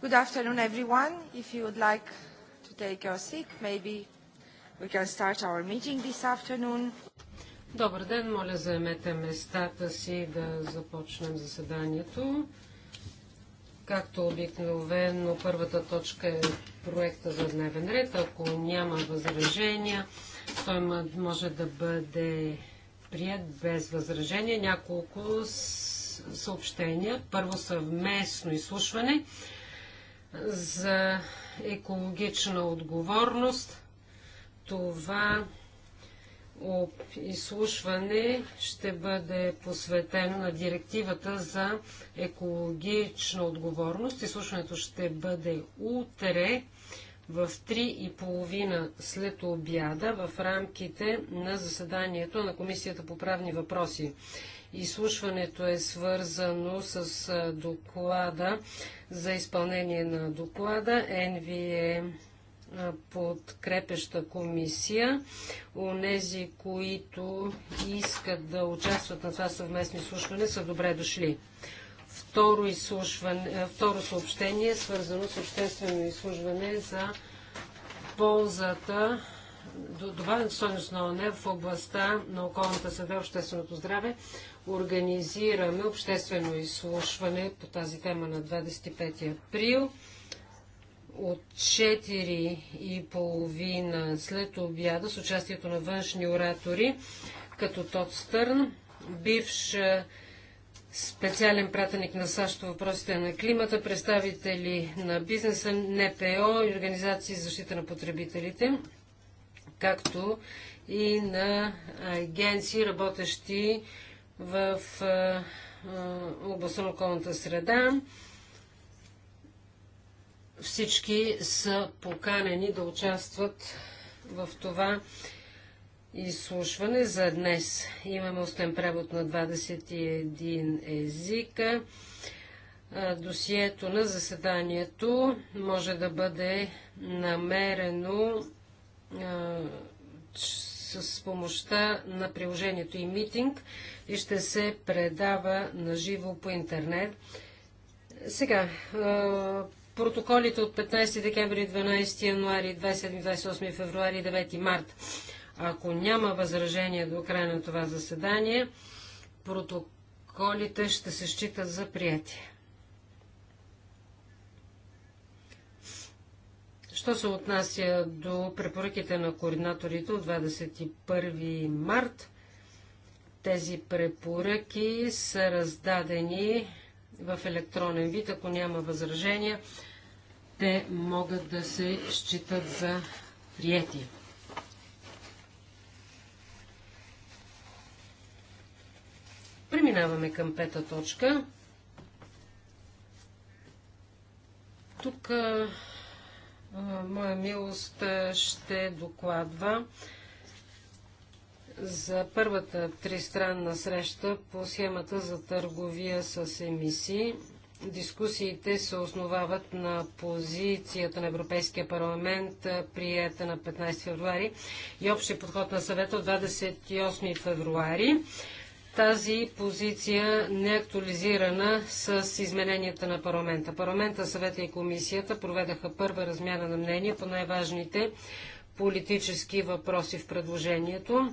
Good afternoon, everyone. If you would like to take your seat, maybe we can start our meeting this afternoon. Добър ден, моля заемете местата си да започнем заседанието. Както обикновено, първата точка е проекта за дневен ред. Ако няма възражения, той може да бъде прият без възражение. Няколко съобщения. Първо съвместно изслушване за екологична отговорност. Това изслушване ще бъде посветено на директивата за екологична отговорност. Изслушването ще бъде утре в 3.30 след обяда в рамките на заседанието на Комисията по правни въпроси. Изслушването е свързано с доклада за изпълнение на доклада. ЕНВИ е подкрепеща комисия. Онези, които искат да участват на това съвместно изслушване, са добре дошли. Второ, второ съобщение е свързано с обществено изслушване за ползата добавената стойност на ОНЕ в областта на околната среда и общественото здраве организираме обществено изслушване по тази тема на 25 април от 4 и половина след обяда с участието на външни оратори, като Тод Стърн, бивш специален пратеник на САЩ по въпросите на климата, представители на бизнеса, НПО и организации за защита на потребителите, както и на агенции, работещи в областта на околната среда. Всички са поканени да участват в това изслушване за днес. Имаме устен превод на 21 езика. Досието на заседанието може да бъде намерено с помощта на приложението и митинг и ще се предава на живо по интернет. Сега, протоколите от 15 декември, 12 януари, 27, 28 февруари и 9 март. Ако няма възражение до края на това заседание, протоколите ще се считат за приятие. Що се отнася до препоръките на координаторите от 21 март, тези препоръки са раздадени в електронен вид. Ако няма възражения, те могат да се считат за прияти. Преминаваме към пета точка. Тук Моя милост ще докладва за първата тристранна среща по схемата за търговия с емисии. Дискусиите се основават на позицията на Европейския парламент, приета на 15 февруари и общия подход на съвета от 28 февруари тази позиция не е актуализирана с измененията на парламента. Парламента, съвета и комисията проведаха първа размяна на мнения по най-важните политически въпроси в предложението.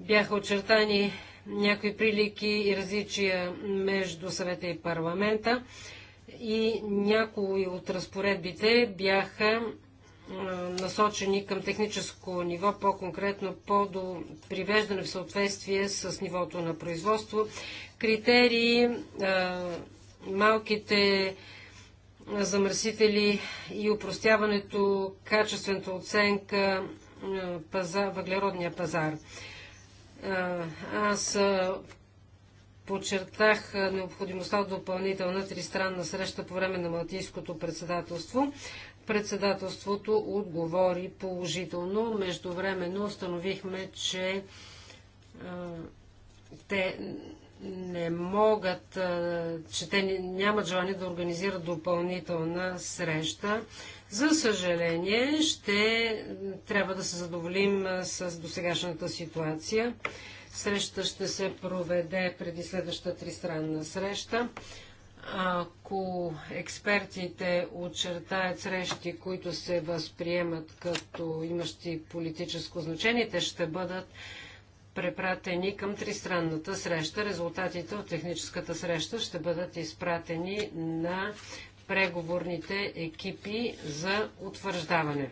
Бяха очертани някои прилики и различия между съвета и парламента и някои от разпоредбите бяха насочени към техническо ниво, по-конкретно по до привеждане в съответствие с нивото на производство. Критерии, малките замърсители и упростяването, качествената оценка, пазар, въглеродния пазар. Аз подчертах необходимостта от допълнителна тристранна среща по време на Малтийското председателство. Председателството отговори положително. Междувременно установихме, че а, е, те не могат, а, е, че те нямат желание да организират допълнителна среща. За съжаление, ще трябва да се задоволим е, с досегашната ситуация. Среща ще се проведе преди следващата тристранна среща ако експертите очертаят срещи, които се възприемат като имащи политическо значение, те ще бъдат препратени към тристранната среща. Резултатите от техническата среща ще бъдат изпратени на преговорните екипи за утвърждаване.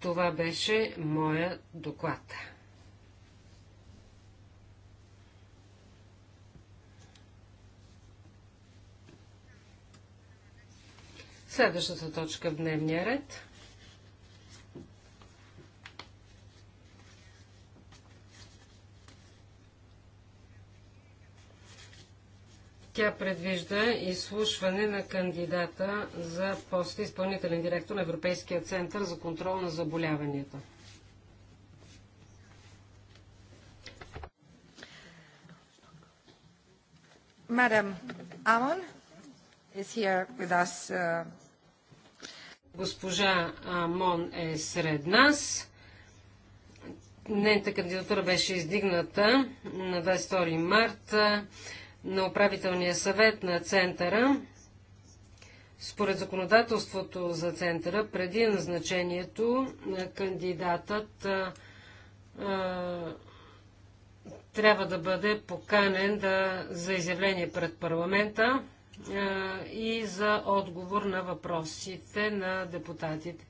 Това беше моя доклад. Следващата точка в дневния ред. Тя предвижда изслушване на кандидата за пост изпълнителен директор на Европейския център за контрол на заболяванията. Мадам Amon is here with us uh, Госпожа Мон е сред нас. Нейната кандидатура беше издигната на 22 марта на управителния съвет на центъра. Според законодателството за центъра, преди назначението, кандидатът а, а, трябва да бъде поканен да, за изявление пред парламента. Е, и за отговор на въпросите на депутатите.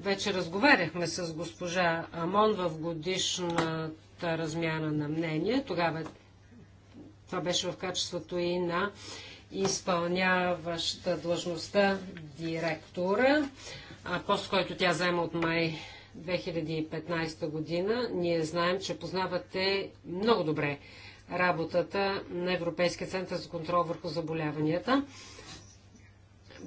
Вече разговаряхме с госпожа Амон в годишната размяна на мнение. Тогава това беше в качеството и на изпълняваща длъжността директора, а пост, който тя заема от май 2015 година. Ние знаем, че познавате много добре работата на Европейския център за контрол върху заболяванията.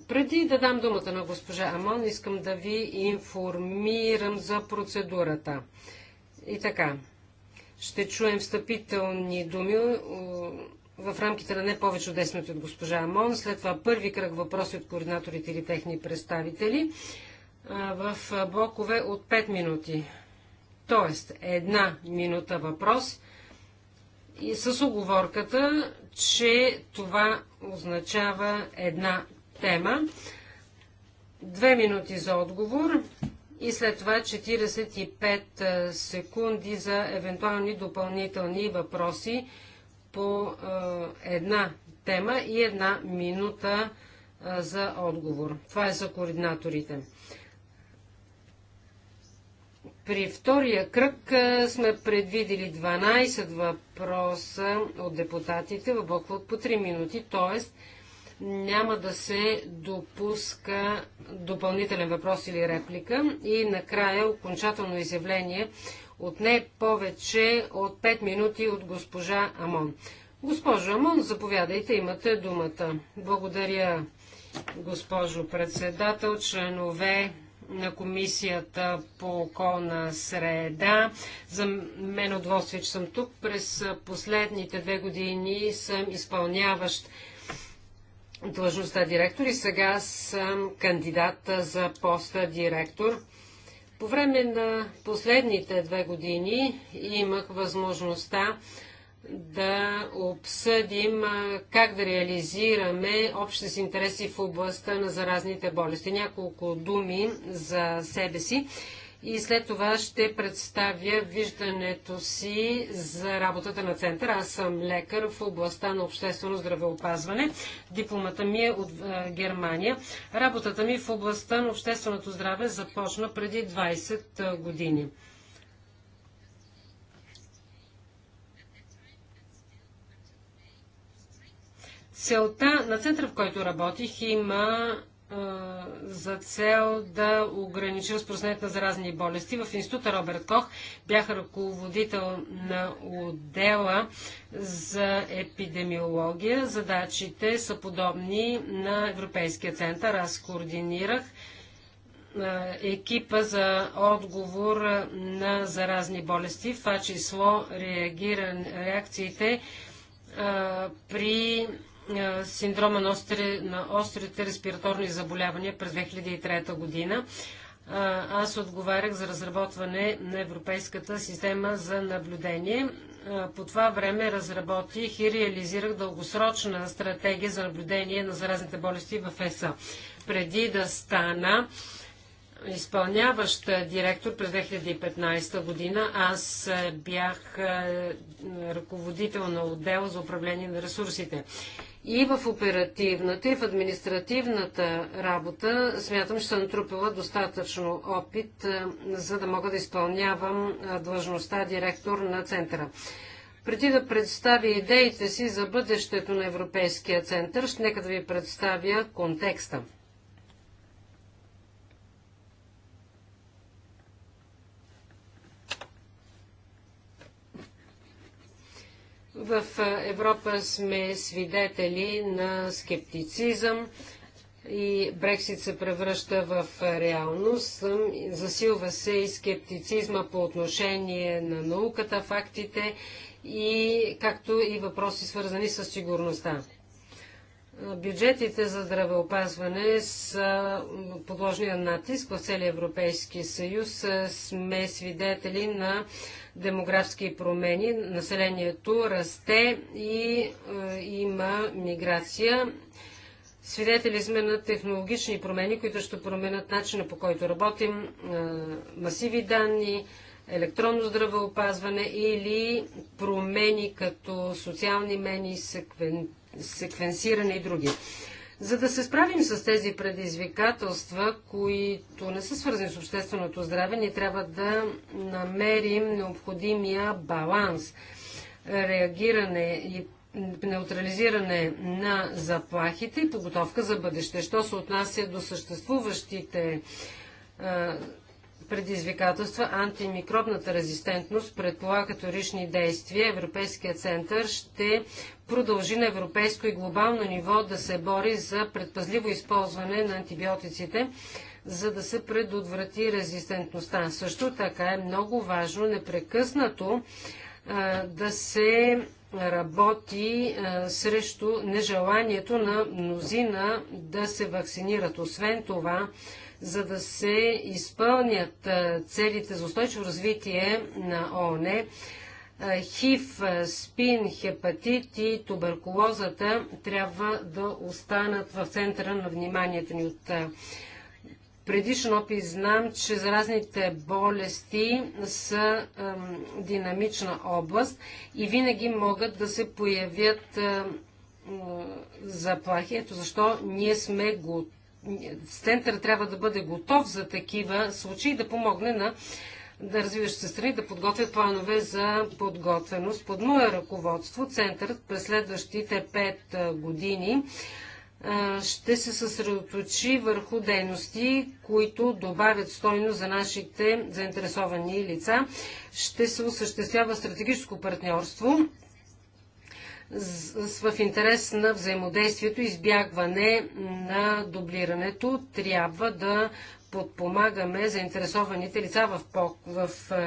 Преди да дам думата на госпожа Амон, искам да ви информирам за процедурата. И така, ще чуем встъпителни думи в рамките на не повече от 10 минути от госпожа Амон, след това първи кръг въпроси от координаторите или техни представители в блокове от 5 минути. Тоест, една минута въпрос, и с оговорката, че това означава една тема. Две минути за отговор и след това 45 секунди за евентуални допълнителни въпроси по една тема и една минута за отговор. Това е за координаторите. При втория кръг сме предвидили 12 въпроса от депутатите в блокове от по 3 минути, т.е. няма да се допуска допълнителен въпрос или реплика и накрая окончателно изявление от не повече от 5 минути от госпожа Амон. Госпожо Амон, заповядайте, имате думата. Благодаря, госпожо председател, членове на Комисията по околна среда. За мен удоволствие, че съм тук. През последните две години съм изпълняващ длъжността директор и сега съм кандидат за поста директор. По време на последните две години имах възможността да обсъдим как да реализираме общите си интереси в областта на заразните болести. Няколко думи за себе си и след това ще представя виждането си за работата на центъра. Аз съм лекар в областта на обществено здравеопазване. Дипломата ми е от Германия. Работата ми в областта на общественото здраве започна преди 20 години. Целта на центъра, в който работих, има а, за цел да ограничи разпространението на заразни болести. В института Роберт Кох бях ръководител на отдела за епидемиология. Задачите са подобни на Европейския център. Аз координирах екипа за отговор на заразни болести, в това число реагиран, реакциите а, при е, синдрома на, остри, на острите респираторни заболявания през 2003 година. Е, аз отговарях за разработване на Европейската система за наблюдение. Е, по това време разработих и реализирах дългосрочна стратегия за наблюдение на заразните болести в ЕСА. Преди да стана изпълняващ директор през 2015 година. Аз бях ръководител на отдел за управление на ресурсите и в оперативната, и в административната работа смятам, че съм трупила достатъчно опит, е, за да мога да изпълнявам е, длъжността директор на центъра. Преди да представя идеите си за бъдещето на Европейския център, ще нека да ви представя контекста. В Европа сме свидетели на скептицизъм и Брексит се превръща в реалност. Засилва се и скептицизма по отношение на науката, фактите и както и въпроси свързани с сигурността. Бюджетите за здравеопазване са подложния натиск в целия Европейски съюз. Сме свидетели на демографски промени. Населението расте и е, има миграция. Свидетели сме на технологични промени, които ще променят начина по който работим, е, масиви данни, електронно здравеопазване или промени като социални мени, секвен... секвенсиране и други. За да се справим с тези предизвикателства, които не са свързани с общественото здраве, ние трябва да намерим необходимия баланс. Реагиране и неутрализиране на заплахите и подготовка за бъдеще. Що се отнася до съществуващите предизвикателства. Антимикробната резистентност предполага категорични действия. Европейският център ще продължи на европейско и глобално ниво да се бори за предпазливо използване на антибиотиците, за да се предотврати резистентността. Също така е много важно непрекъснато а, да се работи а, срещу нежеланието на мнозина да се вакцинират. Освен това, за да се изпълнят целите за устойчиво развитие на ООН. ХИВ, СПИН, хепатит и туберкулозата трябва да останат в центъра на вниманието ни от предишен опит знам, че заразните болести са ем, динамична област и винаги могат да се появят е, заплахи. Ето защо ние сме готови център трябва да бъде готов за такива случаи да помогне на да развиващите страни да подготвят планове за подготвеност. Под мое ръководство центърът през следващите 5 години ще се съсредоточи върху дейности, които добавят стойност за нашите заинтересовани лица. Ще се осъществява стратегическо партньорство в интерес на взаимодействието и избягване на дублирането. Трябва да подпомагаме заинтересованите лица в, в а,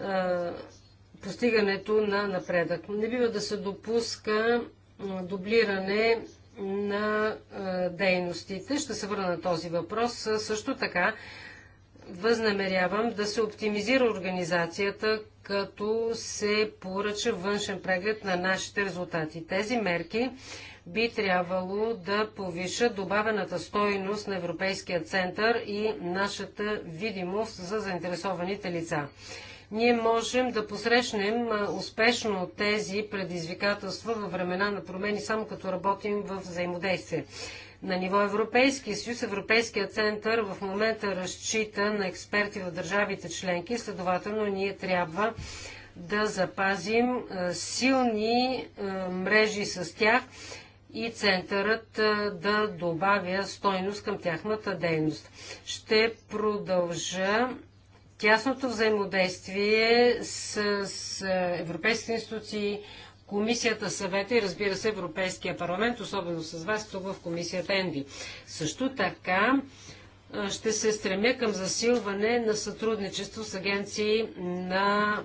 е, е, постигането на напредък. Не бива да се допуска дублиране на е, дейностите. Ще се върна на този въпрос. Също така възнамерявам да се оптимизира организацията, като се поръча външен преглед на нашите резултати. Тези мерки би трябвало да повишат добавената стойност на Европейския център и нашата видимост за заинтересованите лица. Ние можем да посрещнем успешно тези предизвикателства във времена на промени, само като работим в взаимодействие. На ниво Европейски съюз, Европейския център в момента разчита на експерти в държавите членки, следователно ние трябва да запазим силни мрежи с тях и центърът да добавя стойност към тяхната дейност. Ще продължа тясното взаимодействие с, с европейските институции, Комисията, съвета и разбира се Европейския парламент, особено с вас тук в Комисията Енди. Също така ще се стремя към засилване на сътрудничество с агенции на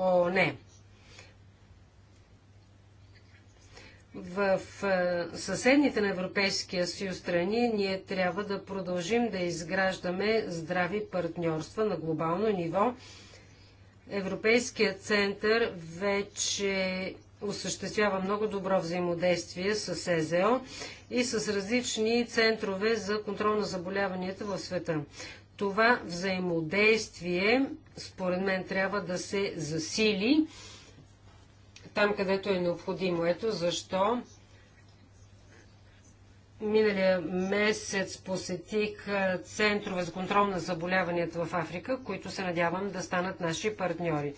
ООН. В съседните на Европейския съюз страни ние трябва да продължим да изграждаме здрави партньорства на глобално ниво. Европейският център вече осъществява много добро взаимодействие с ЕЗО и с различни центрове за контрол на заболяванията в света. Това взаимодействие, според мен, трябва да се засили там, където е необходимо. Ето защо миналия месец посетих центрове за контрол на заболяванията в Африка, които се надявам да станат наши партньори.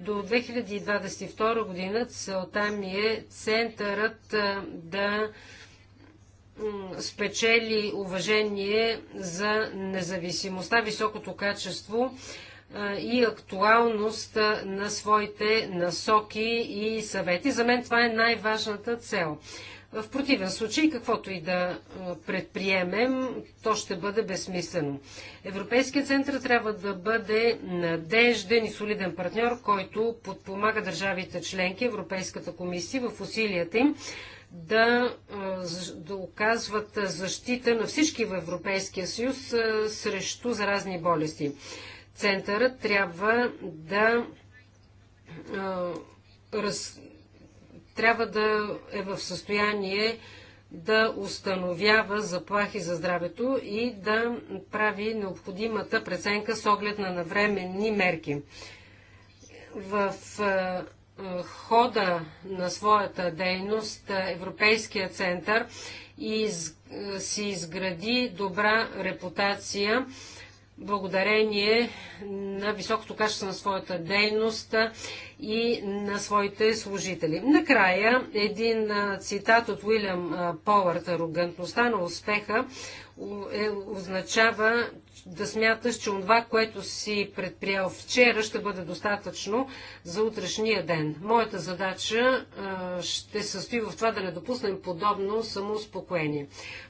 До 2022 година целта ми е центърът да спечели уважение за независимостта, високото качество и актуалност на своите насоки и съвети. За мен това е най-важната цел. В противен случай, каквото и да предприемем, то ще бъде безсмислено. Европейският център трябва да бъде надежден и солиден партньор, който подпомага държавите членки, Европейската комисия в усилията им да, да оказват защита на всички в Европейския съюз срещу заразни болести. Центърът трябва да раз, трябва да е в състояние да установява заплахи за здравето и да прави необходимата преценка с оглед на навременни мерки. В е, е, хода на своята дейност е, Европейския център си изгради добра репутация благодарение на високото качество на своята дейност и на своите служители. Накрая един цитат от Уилям Повърт. Арогантността на успеха е, означава, да смяташ, че това, което си предприял вчера, ще бъде достатъчно за утрешния ден. Моята задача а, ще състои в това да не допуснем подобно самоуспокоение.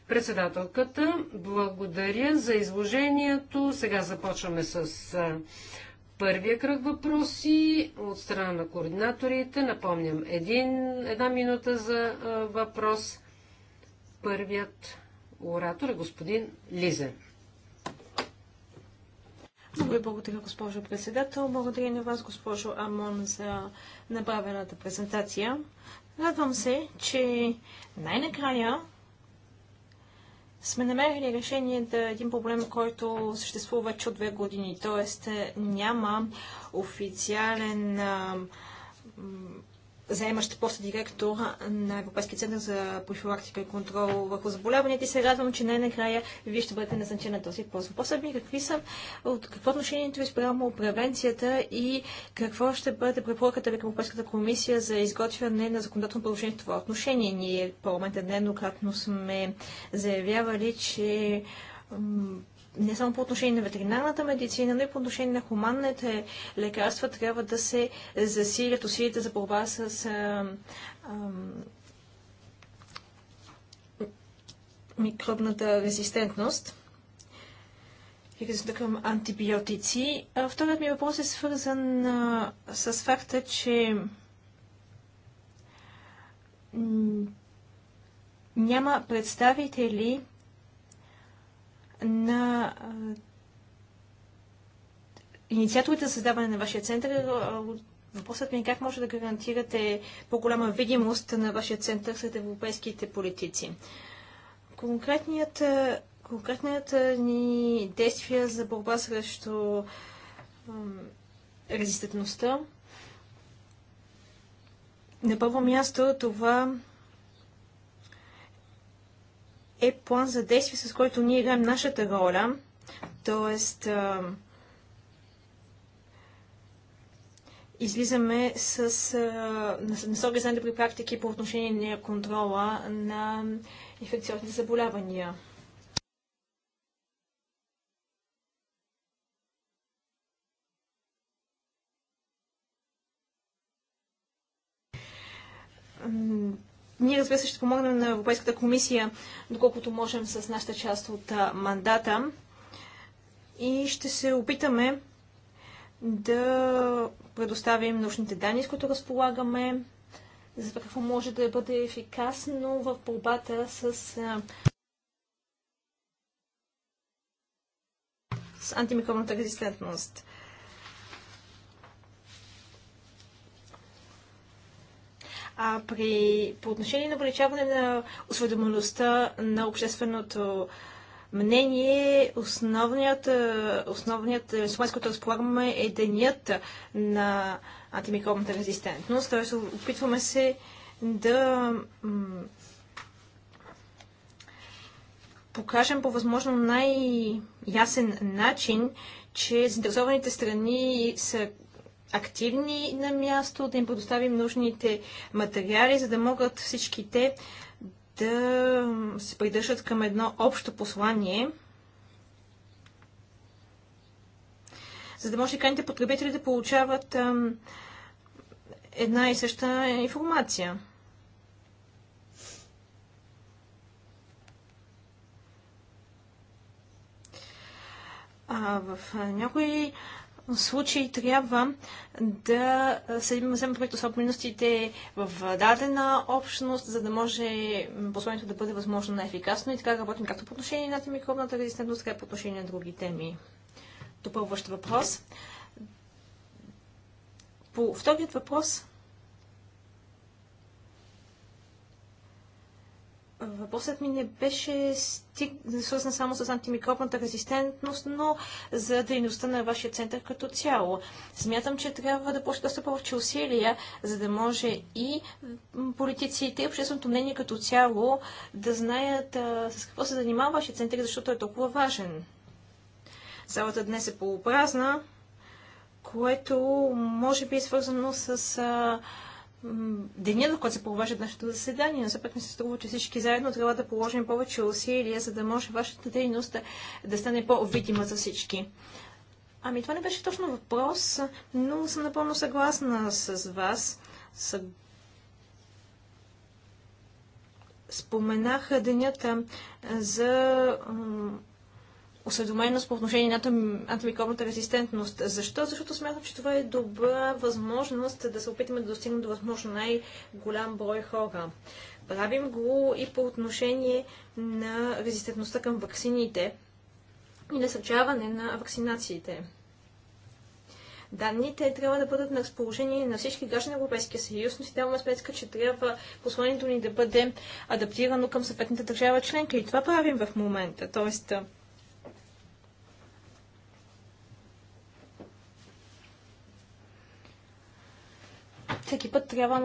Председателката, благодаря за изложението. Сега започваме с а, първия кръг въпроси от страна на координаторите. Напомням, един, една минута за а, въпрос. Първият оратор е господин Лизе. Много ви благодаря, госпожо председател. Благодаря на вас, госпожо Амон, за направената презентация. Радвам се, че най-накрая сме намерили решение да е един проблем, който съществува вече от две години. Тоест няма официален заемащ пост директор на Европейския център за профилактика и контрол върху заболяванията и се радвам, че най-накрая вие ще бъдете назначена на този пост. Въпросът ми е какви са, от какво отношението е ви спрямо превенцията и какво ще бъде препоръката ви към Европейската комисия за изготвяне на законодателно положение в това отношение? Ние парламента нееднократно сме заявявали, че не само по отношение на ветеринарната медицина, но и по отношение на хуманните лекарства трябва да се засилят усилията за борба с микробната резистентност и към антибиотици. вторият ми въпрос е свързан а, с факта, че няма представители на инициаторите за създаване на вашия център. Въпросът ми е как може да гарантирате по-голяма видимост на вашия център сред европейските политици. Конкретният, конкретният ни действия за борба срещу резистентността. На първо място това е план за действие, с който ние играем нашата роля, т.е. излизаме с а, насоки за практики по отношение на контрола на инфекциозни заболявания. Ние, разбира се, ще помогнем на Европейската комисия, доколкото можем с нашата част от мандата и ще се опитаме да предоставим научните данни, с които разполагаме, за какво може да бъде ефикасно в борбата с, с антимикробната резистентност. А при, по отношение на увеличаване на осведомеността на общественото мнение, основният, е, основният инструмент, който разполагаме е денят на антимикробната резистентност. Т.е. опитваме се да покажем по възможно най-ясен начин, че заинтересованите страни са активни на място, да им предоставим нужните материали, за да могат всичките да се придържат към едно общо послание, за да може крайните потребители да получават ам, една и съща информация. А в някои случай трябва да се вземем проект особеностите в дадена общност, за да може посланието да бъде възможно най-ефикасно и така работим както по отношение на антимикробната резистентност, така и по отношение на други теми. Допълващ въпрос. По вторият въпрос Въпросът ми не беше стиг... свързан само с антимикробната резистентност, но за дейността на вашия център като цяло. Смятам, че трябва да почне доста повече усилия, за да може и политиците, и общественото мнение като цяло да знаят а, с какво се занимава вашия център, защото е толкова важен. Залата днес е полупразна, което може би е свързано с. А, деня, на който се провежда нашето заседание, но все пак ми се струва, че всички заедно трябва да положим повече усилия, за да може вашата дейност да, стане по-видима за всички. Ами това не беше точно въпрос, но съм напълно съгласна с вас. Съ... Споменах денята за осведоменост по отношение на антимикробната резистентност. Защо? Защото смятам, че това е добра възможност да се опитаме да достигнем до възможно най-голям брой хора. Правим го и по отношение на резистентността към ваксините и насърчаване на вакцинациите. Данните трябва да бъдат на разположение на всички граждани на Европейския съюз, но си даваме сметка, че трябва посланието ни да бъде адаптирано към съветната държава членка. И това правим в момента. Тоест, всеки път трябва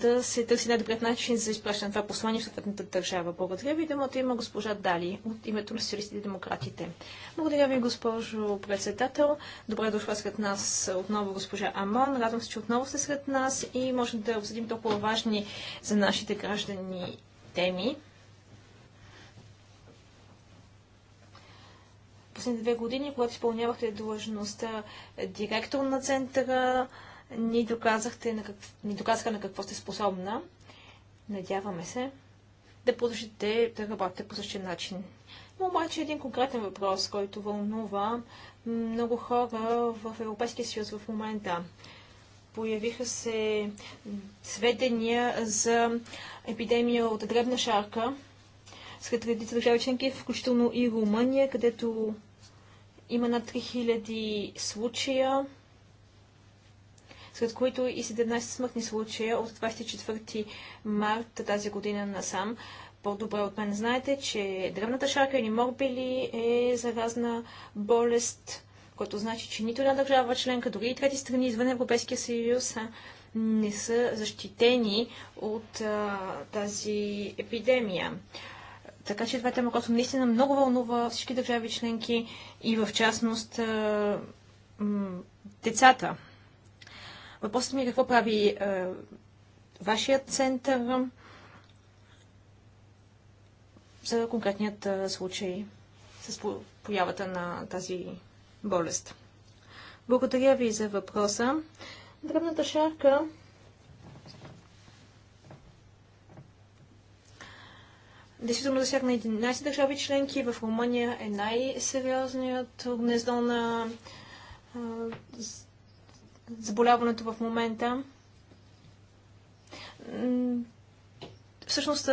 да се търси най-добрият начин за изпращане на това послание в съответната държава. Благодаря ви. Думата има госпожа Дали от името на социалистите и демократите. Благодаря ви, госпожо председател. Добре дошла сред нас отново госпожа Амон. Радвам се, че отново сте сред нас и можем да обсъдим толкова важни за нашите граждани теми. Последните две години, когато изпълнявахте длъжността директор на центъра, ни, доказахте на как... ни доказаха на какво сте способна. Надяваме се да продължите да работите по същия начин. Има обаче един конкретен въпрос, който вълнува много хора в Европейския съюз в момента. Появиха се сведения за епидемия от дребна шарка сред редица държави членки, включително и Румъния, където има над 3000 случая сред които и 17 смъртни случая от 24 март тази година насам. По-добре от мен знаете, че древната шарка или морбили е заразна болест, което значи, че нито една държава членка, дори и трети страни извън Европейския съюз, не са защитени от а, тази епидемия. Така че това е тема, която наистина много вълнува всички държави членки и в частност а, децата, Въпросът ми е какво прави е, вашият център за конкретният е, случай с появата на тази болест. Благодаря ви за въпроса. Дръбната шарка Действително засягна 11 държави членки. В Румъния е най-сериозният гнездо на е, заболяването в момента. Всъщност,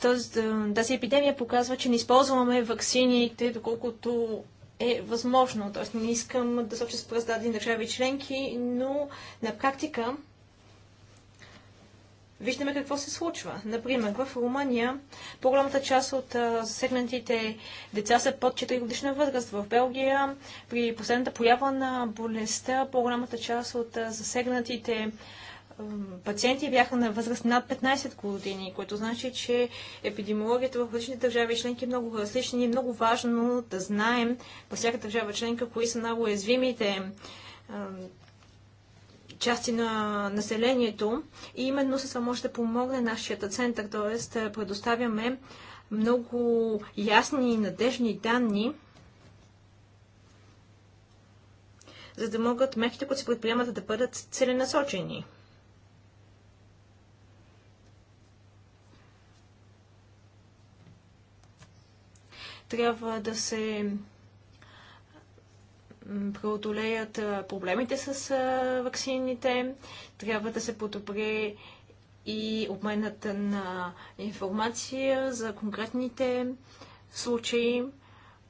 тази, тази епидемия показва, че не използваме вакцините, доколкото е възможно. Тоест не искам да соча с пръст дадени държави членки, но на практика виждаме какво се случва. Например, в Румъния по-голямата част от засегнатите деца са под 4 годишна възраст. В Белгия при последната поява на болестта по-голямата част от засегнатите пациенти бяха на възраст над 15 години, което значи, че епидемиологията в различните държави членки е много различна и е много важно да знаем във всяка държава членка кои са най-уязвимите части на населението и именно с това може да помогне нашия център, т.е. предоставяме много ясни и надежни данни, за да могат мерките, които се предприемат, да бъдат целенасочени. Трябва да се преодолеят проблемите с вакцините, трябва да се подобри и обменът на информация за конкретните случаи.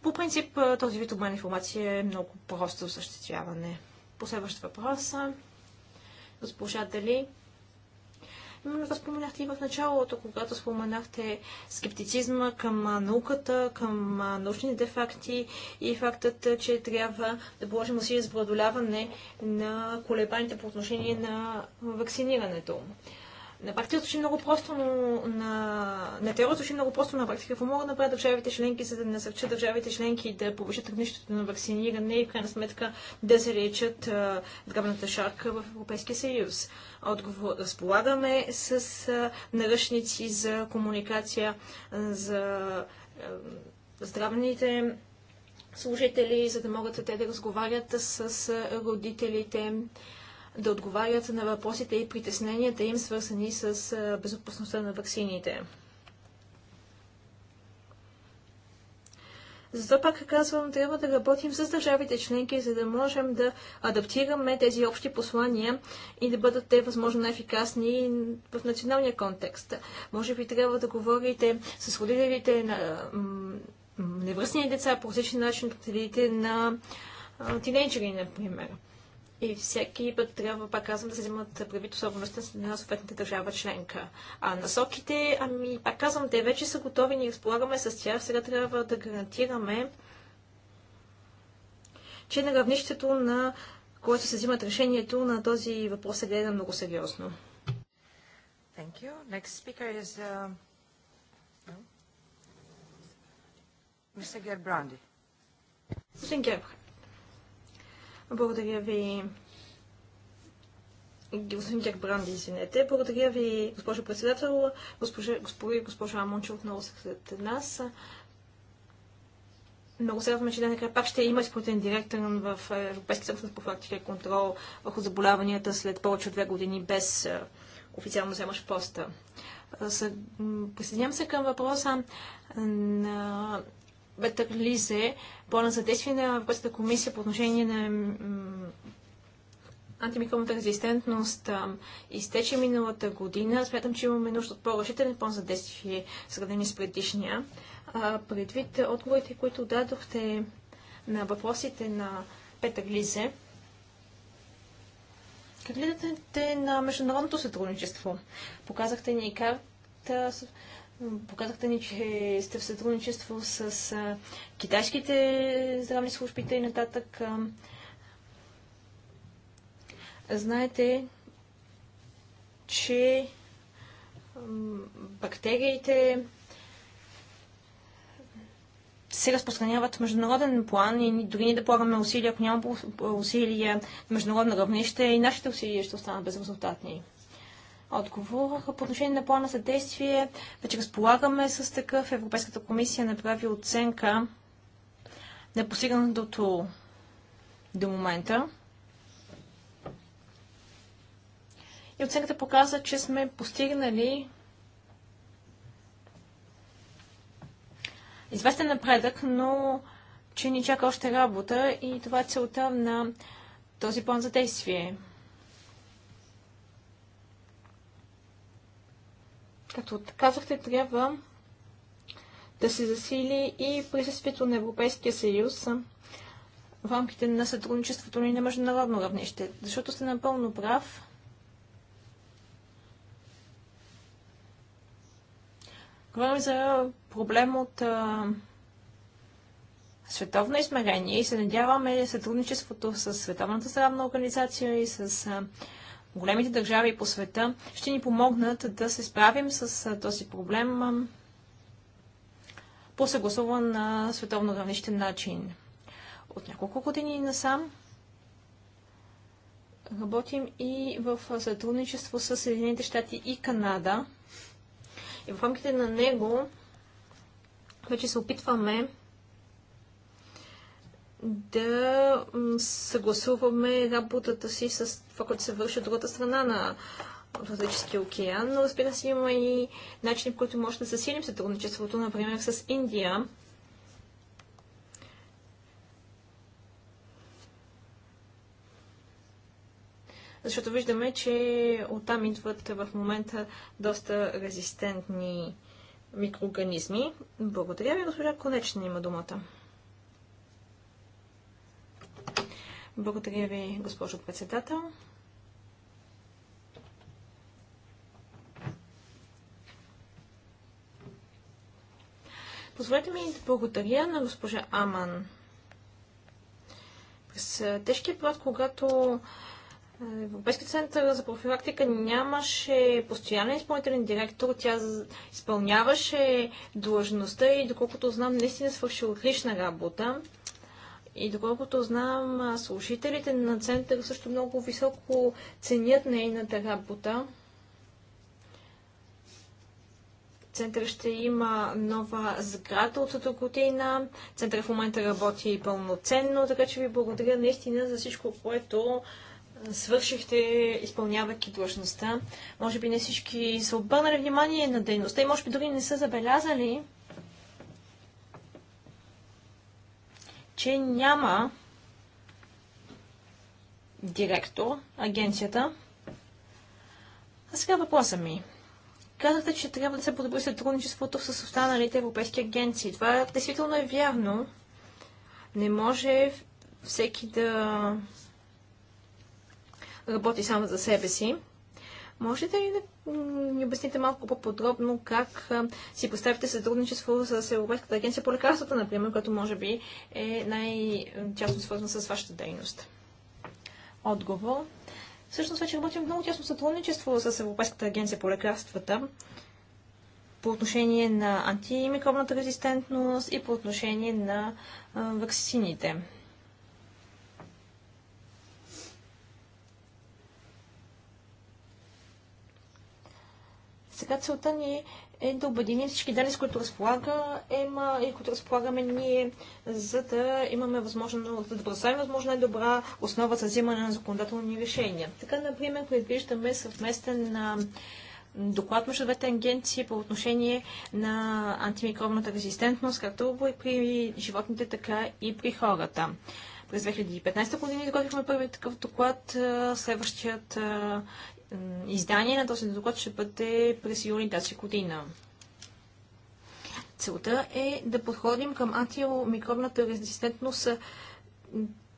По принцип, този вид обмен информация е много просто осъществяване. Последващ въпрос. Госпожа Дали Именно споменахте и в началото, когато споменахте скептицизма към науката, към научните факти и фактът, че трябва да положим усилия за преодоляване на колебаните по отношение на вакцинирането. На практика звучи много просто, но на, на теория звучи много просто, на практика какво могат да направят държавите членки, за да насърчат държавите членки да повишат равнището на вакциниране и в крайна сметка да речат здравната шарка в Европейския съюз. Отговор разполагаме с а, наръчници за комуникация а, за а, здравните служители, за да могат те да разговарят с родителите да отговарят на въпросите и притесненията им, свързани с безопасността на ваксините. Затова пак казвам, трябва да работим с държавите членки, за да можем да адаптираме тези общи послания и да бъдат те възможно най-ефикасни в националния контекст. Може би трябва да говорите с родителите на невръстни деца по различен начин, родителите на тинейджери, например. И всеки път трябва, пак казвам, да се вземат правито особеността на съответната държава членка. А насоките, ами, пак казвам, те вече са готови, ние разполагаме с тях. Сега трябва да гарантираме, че на равнището, на което се взимат решението на този въпрос се гледа много сериозно. Thank you. Next speaker is uh, no? Mr. Gerbrandi. Благодаря ви, господин Гербранди, извинете. Благодаря ви, госпожо председател, госпожа, госпожа, госпожа отново са нас. Много се радваме, че накрая пак ще има изпълнителен директор в Европейския център за профилактика и контрол върху заболяванията след повече от две години без официално вземаш поста. Присъединявам се към въпроса на Петър Лизе, плана за действие на Европейската комисия по отношение на антимикробната резистентност изтече миналата година. Смятам, че имаме нужда от по-решителен план за действие, сравнени с предишния. А, предвид отговорите, които дадохте на въпросите на Петър Лизе, как гледате на международното сътрудничество? Показахте ни карта, Показахте ни, че сте в сътрудничество с китайските здравни служби и нататък. Знаете, че бактериите се разпространяват в международен план и дори ние да полагаме усилия, ако няма усилия на международно равнище, и нашите усилия ще останат безрезултатни отговор. По отношение на плана за действие, вече разполагаме с такъв. Европейската комисия направи оценка на постигнатото до момента. И оценката показа, че сме постигнали известен напредък, но че ни чака още работа и това е целта на този план за действие. Както казахте, трябва да се засили и присъствието на Европейския съюз в рамките на сътрудничеството ни на международно равнище. Защото сте напълно прав. Говорим за проблем от а, световно измерение и се надяваме сътрудничеството с Световната здравна организация и с а, големите държави по света ще ни помогнат да се справим с този проблем по съгласуван на световно равнищен начин. От няколко години насам работим и в сътрудничество с Съединените щати и Канада. И в рамките на него вече се опитваме да съгласуваме работата си с това, което се върши от другата страна на Атлантическия океан, но разбира се има и начини, по които може да засилим сътрудничеството, например с Индия. Защото виждаме, че оттам идват в момента доста резистентни микроорганизми. Благодаря ви, госпожа Конечна има думата. Благодаря ви, госпожо председател. Позволете ми да благодаря на госпожа Аман. През тежкия период, когато Европейския център за профилактика нямаше постоянен изпълнителен директор, тя изпълняваше длъжността и доколкото знам, наистина свърши отлична работа. И доколкото знам, служителите на центъра също много високо ценят нейната работа. Център ще има нова сграда от до година. Център в момента работи пълноценно, така че ви благодаря наистина за всичко, което свършихте, изпълнявайки длъжността. Може би не всички са обърнали внимание на дейността и може би дори не са забелязали, че няма директор, агенцията. А сега въпроса ми. Казахте, че трябва да се подобри сътрудничеството с останалите европейски агенции. Това действително е вярно. Не може всеки да работи само за себе си. Можете ли да ни обясните малко по-подробно как си поставите сътрудничество с Европейската агенция по лекарствата, например, като може би е най-тясно свързана с вашата дейност? Отговор. Всъщност вече работим много тясно сътрудничество с Европейската агенция по лекарствата по отношение на антимикробната резистентност и по отношение на ваксините. Сега целта ни е е да обединим всички данни, с които разполага ЕМА и които разполагаме ние, за да имаме възможно, да представим възможно най-добра основа за взимане на законодателни решения. Така, например, предвиждаме съвместен на доклад между двете агенции по отношение на антимикробната резистентност, както при животните, така и при хората. През 2015 година изготвихме първият такъв доклад. Следващият издание на този доклад ще бъде през юли тази година. Целта е да подходим към антимикробната резистентност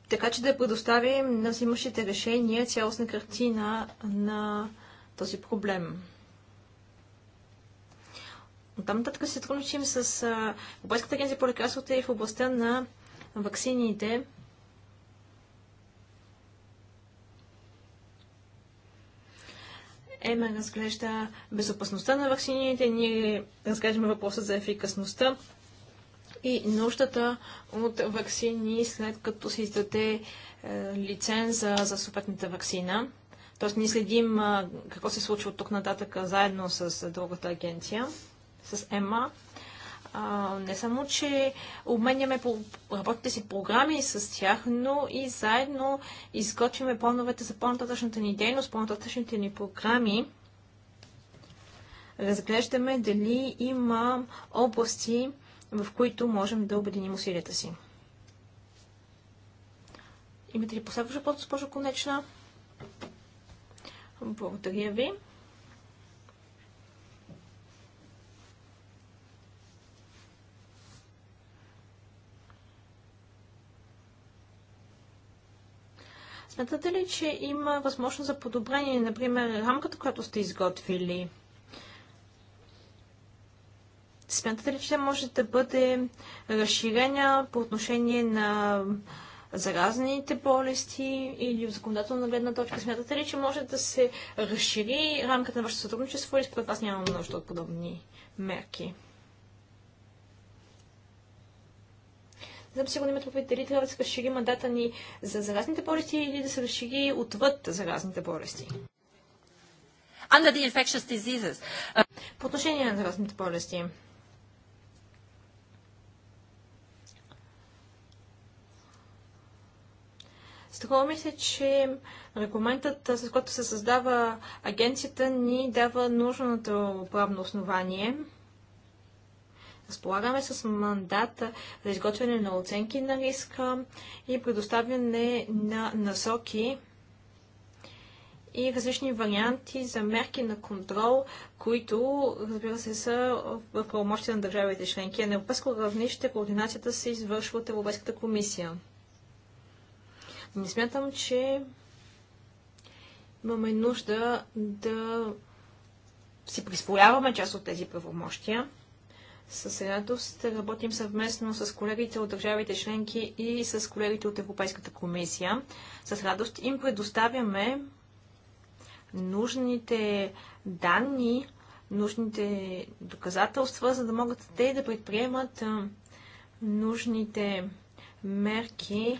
така, че да предоставим на взимащите решения цялостна картина на този проблем. Оттам нататък се сътрудничим с Европейската агенция по лекарствата и в областта на ваксините. ЕМА разглежда безопасността на вакцините, ние разглеждаме въпроса за ефикасността и нуждата от вакцини след като се издаде е, лиценза за съответната вакцина. Тоест ние следим какво се случва от тук нататък заедно с другата агенция, с ЕМА не само, че обменяме по работите си програми с тях, но и заедно изготвяме плановете за по-нататъчната ни дейност, по-нататъчните ни програми. Разглеждаме дали има области, в които можем да обединим усилията си. Имате ли последващ въпрос, госпожо Конечна? Благодаря ви. Смятате ли, че има възможност за подобрение, например, рамката, която сте изготвили? Смятате ли, че може да бъде разширена по отношение на заразните болести или в законодателна гледна точка? Смятате ли, че може да се разшири рамката на вашето сътрудничество или според вас няма нужда от подобни мерки? Не съм сигурно имат да дали трябва да се разшири мандата ни за заразните болести или да се разшири отвъд заразните болести. Under the infectious diseases. По отношение на заразните болести. Струва ми се, че регламентът, с който се създава агенцията, ни дава нужното правно основание. Разполагаме с мандата за изготвяне на оценки на риска и предоставяне на насоки и различни варианти за мерки на контрол, които, разбира се, са в правомощите на държавите членки. На европейско равнище координацията се извършва от Европейската комисия. Не смятам, че имаме нужда да си присвояваме част от тези правомощия. С радост работим съвместно с колегите от държавите членки и с колегите от Европейската комисия. С радост им предоставяме нужните данни, нужните доказателства, за да могат те да предприемат нужните мерки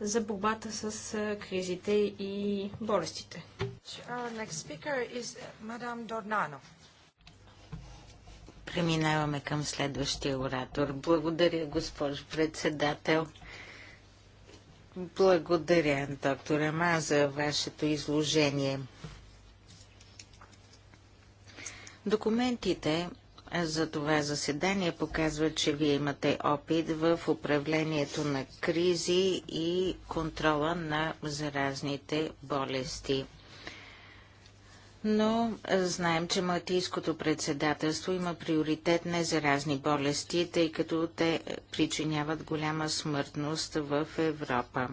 за борбата с кризите и болестите. Our next speaker is Madame Dornano. Преминаваме към следващия оратор. Благодаря, госпожо председател. Благодаря, доктор Ама, за вашето изложение. Документите за това заседание показват, че вие имате опит в управлението на кризи и контрола на заразните болести но е, знаем, че Малтийското председателство има приоритет не за разни болести, тъй като те е, причиняват голяма смъртност в Европа.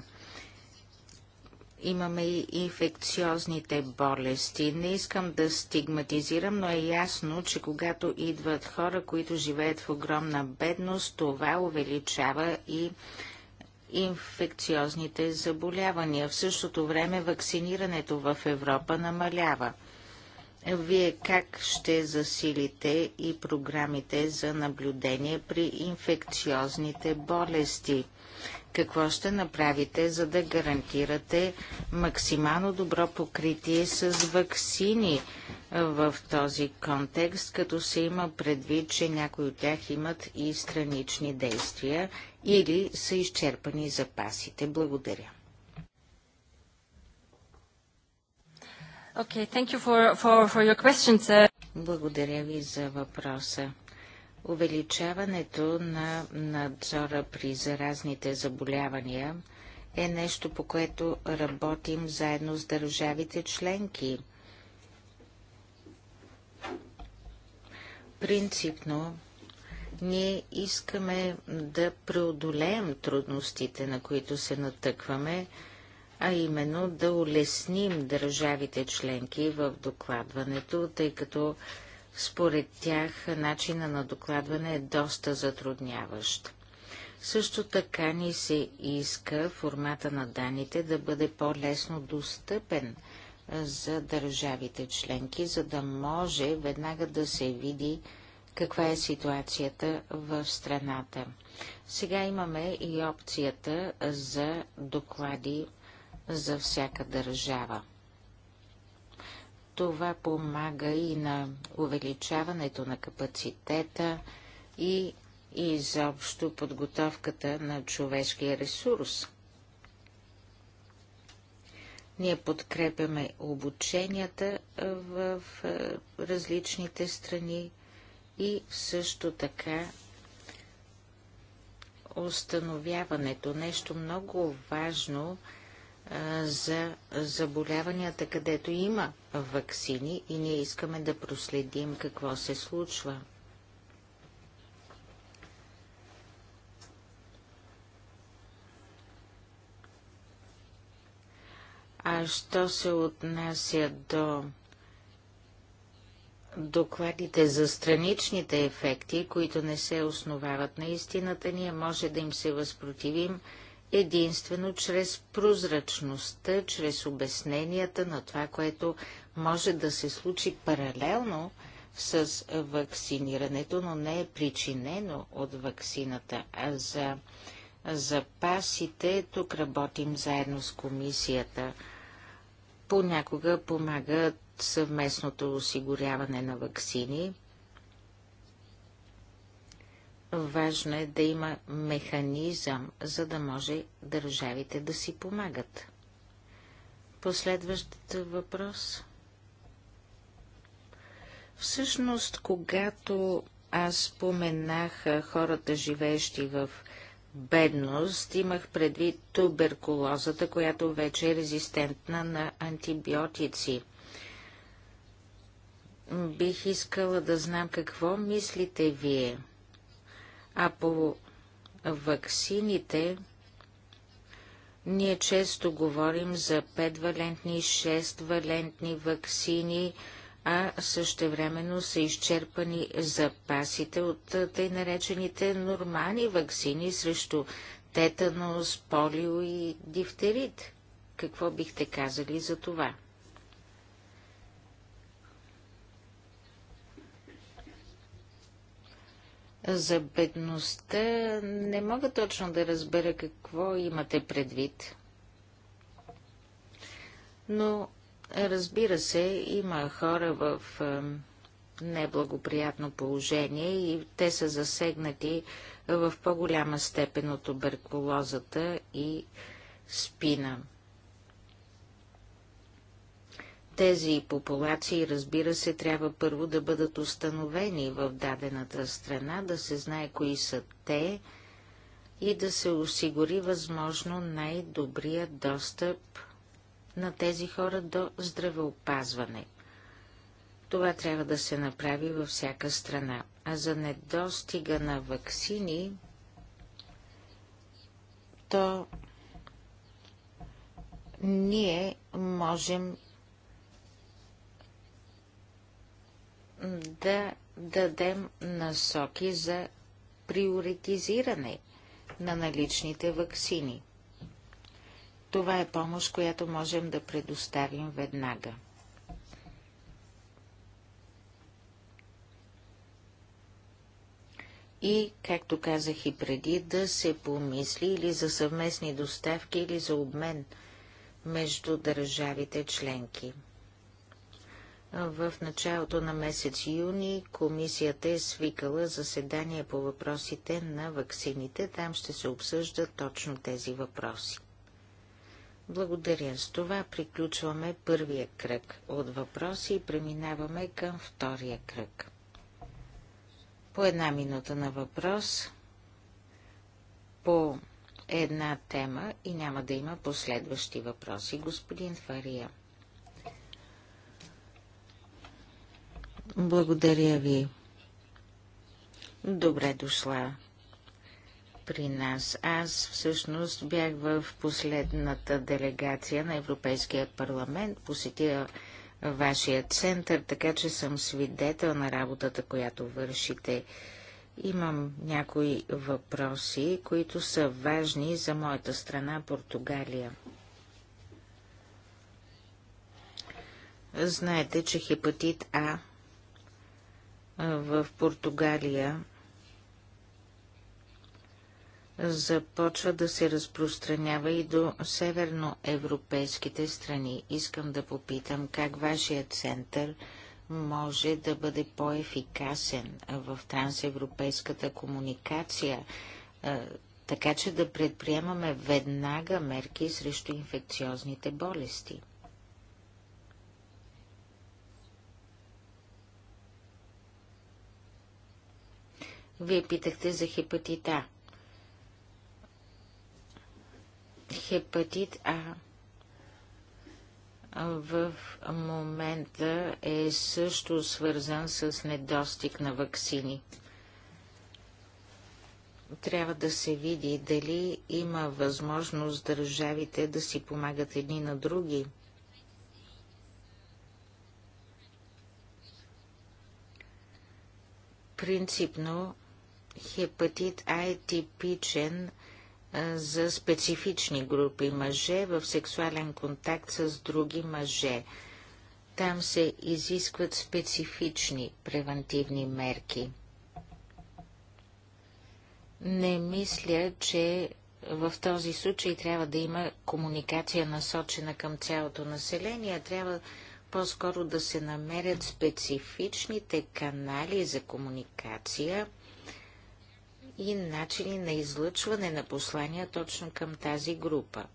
Имаме и инфекциозните болести. Не искам да стигматизирам, но е ясно, че когато идват хора, които живеят в огромна бедност, това увеличава и инфекциозните заболявания. В същото време вакцинирането в Европа намалява вие как ще засилите и програмите за наблюдение при инфекциозните болести? Какво ще направите, за да гарантирате максимално добро покритие с вакцини в този контекст, като се има предвид, че някои от тях имат и странични действия или са изчерпани запасите? Благодаря. Okay, thank you for, for, for your questions. Благодаря ви за въпроса. Увеличаването на надзора при заразните заболявания е нещо, по което работим заедно с държавите членки. Принципно, ние искаме да преодолеем трудностите, на които се натъкваме, а именно да улесним държавите членки в докладването, тъй като според тях начина на докладване е доста затрудняващ. Също така ни се иска формата на данните да бъде по-лесно достъпен за държавите членки, за да може веднага да се види каква е ситуацията в страната. Сега имаме и опцията за доклади за всяка държава. Това помага и на увеличаването на капацитета и изобщо подготовката на човешкия ресурс. Ние подкрепяме обученията в е, различните страни и също така установяването. Нещо много важно е за заболяванията, където има вакцини и ние искаме да проследим какво се случва. А що се отнася до докладите за страничните ефекти, които не се основават на истината, ние може да им се възпротивим, единствено чрез прозрачността, чрез обясненията на това, което може да се случи паралелно с вакцинирането, но не е причинено от вакцината. А за запасите тук работим заедно с комисията. Понякога помагат съвместното осигуряване на вакцини – Важно е да има механизъм, за да може държавите да си помагат. Последващ въпрос. Всъщност, когато аз споменах хората, живеещи в бедност, имах предвид туберкулозата, която вече е резистентна на антибиотици. Бих искала да знам какво мислите вие. А по ваксините ние често говорим за 5-валентни, 6-валентни ваксини, а същевременно са изчерпани запасите от тъй наречените нормални ваксини срещу тетанос, полио и дифтерит. Какво бихте казали за това? за бедността, не мога точно да разбера какво имате предвид. Но, разбира се, има хора в неблагоприятно положение и те са засегнати в по-голяма степен от туберкулозата и спина. Тези популации, разбира се, трябва първо да бъдат установени в дадената страна, да се знае кои са те и да се осигури възможно най-добрия достъп на тези хора до здравеопазване. Това трябва да се направи във всяка страна. А за недостига на вакцини, то ние можем да дадем насоки за приоритизиране на наличните ваксини. Това е помощ, която можем да предоставим веднага. И, както казах и преди, да се помисли или за съвместни доставки, или за обмен между държавите членки. В началото на месец юни комисията е свикала заседание по въпросите на ваксините. Там ще се обсъждат точно тези въпроси. Благодаря. С това приключваме първия кръг от въпроси и преминаваме към втория кръг. По една минута на въпрос, по една тема и няма да има последващи въпроси. Господин Фария. Благодаря ви. Добре дошла при нас. Аз всъщност бях в последната делегация на Европейския парламент, посетила вашия център, така че съм свидетел на работата, която вършите. Имам някои въпроси, които са важни за моята страна Португалия. Знаете, че хепатит А в Португалия започва да се разпространява и до северноевропейските страни. Искам да попитам как вашия център може да бъде по-ефикасен в трансевропейската комуникация, така че да предприемаме веднага мерки срещу инфекциозните болести. Вие питахте за хепатита. Хепатит А в момента е също свързан с недостиг на вакцини. Трябва да се види дали има възможност държавите да си помагат едни на други. Принципно Хепатит А е типичен за специфични групи мъже в сексуален контакт с други мъже. Там се изискват специфични превентивни мерки. Не мисля, че в този случай трябва да има комуникация насочена към цялото население, трябва по-скоро да се намерят специфичните канали за комуникация – и начини на излъчване на послания точно към тази група.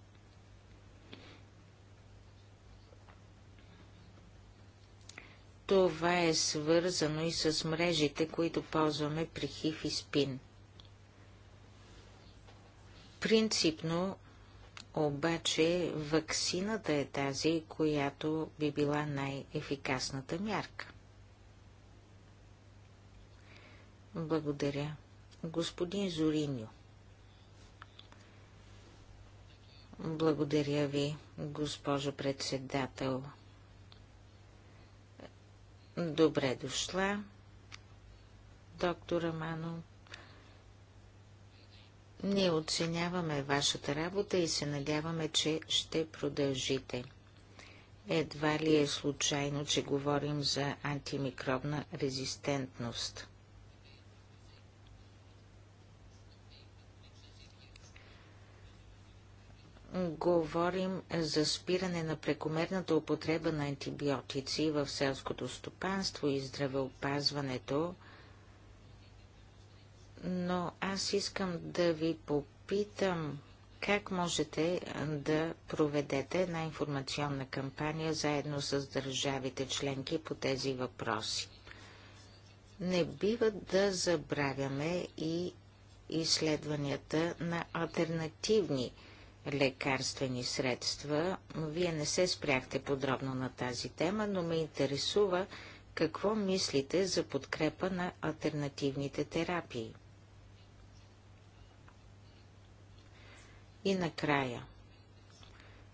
Това е свързано и с мрежите, които ползваме при ХИФ и СПИН. Принципно, обаче, ваксината е тази, която би била най-ефикасната мярка. Благодаря. Господин Зориньо. Благодаря ви, госпожо председател. Добре дошла, доктор Амано. Ние оценяваме вашата работа и се надяваме, че ще продължите. Едва ли е случайно, че говорим за антимикробна резистентност. говорим за спиране на прекомерната употреба на антибиотици в селското стопанство и здравеопазването, но аз искам да ви попитам как можете да проведете една информационна кампания заедно с държавите членки по тези въпроси. Не бива да забравяме и изследванията на альтернативни лекарствени средства. Вие не се спряхте подробно на тази тема, но ме интересува какво мислите за подкрепа на альтернативните терапии. И накрая.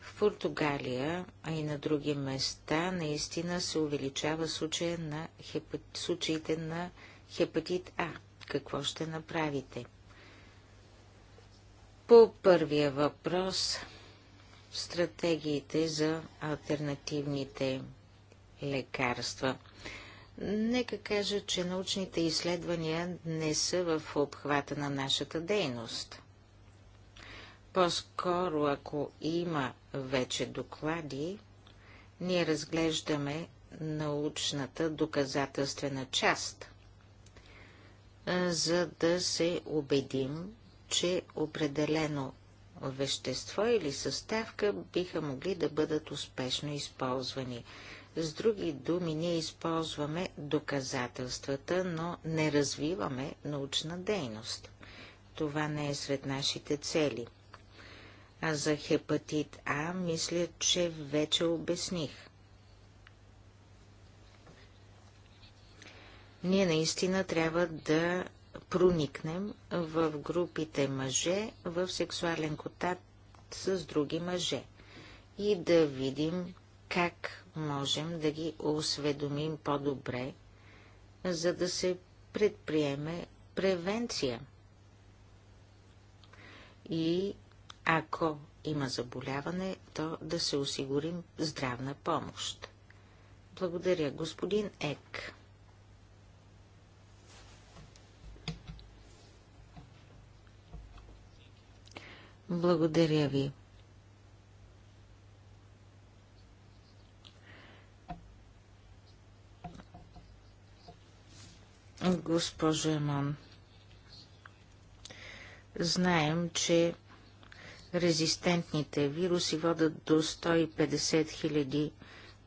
В Португалия, а и на други места, наистина се увеличава случаите на хепатит А. Какво ще направите? По първия въпрос стратегиите за альтернативните лекарства. Нека кажа, че научните изследвания не са в обхвата на нашата дейност. По-скоро, ако има вече доклади, ние разглеждаме научната доказателствена част, за да се убедим, че определено вещество или съставка биха могли да бъдат успешно използвани. С други думи, ние използваме доказателствата, но не развиваме научна дейност. Това не е сред нашите цели. А за хепатит А мисля, че вече обясних. Ние наистина трябва да проникнем в групите мъже в сексуален контакт с други мъже и да видим как можем да ги осведомим по-добре, за да се предприеме превенция. И ако има заболяване, то да се осигурим здравна помощ. Благодаря, господин Ек. Благодаря ви. Госпожо Емон, знаем, че резистентните вируси водат до 150 хиляди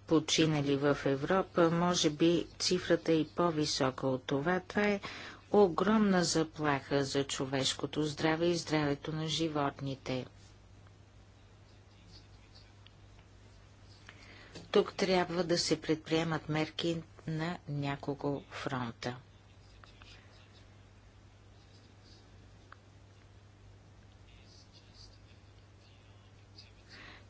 починали в Европа. Може би цифрата е и по-висока от това. Това е огромна заплаха за човешкото здраве и здравето на животните. Тук трябва да се предприемат мерки на няколко фронта.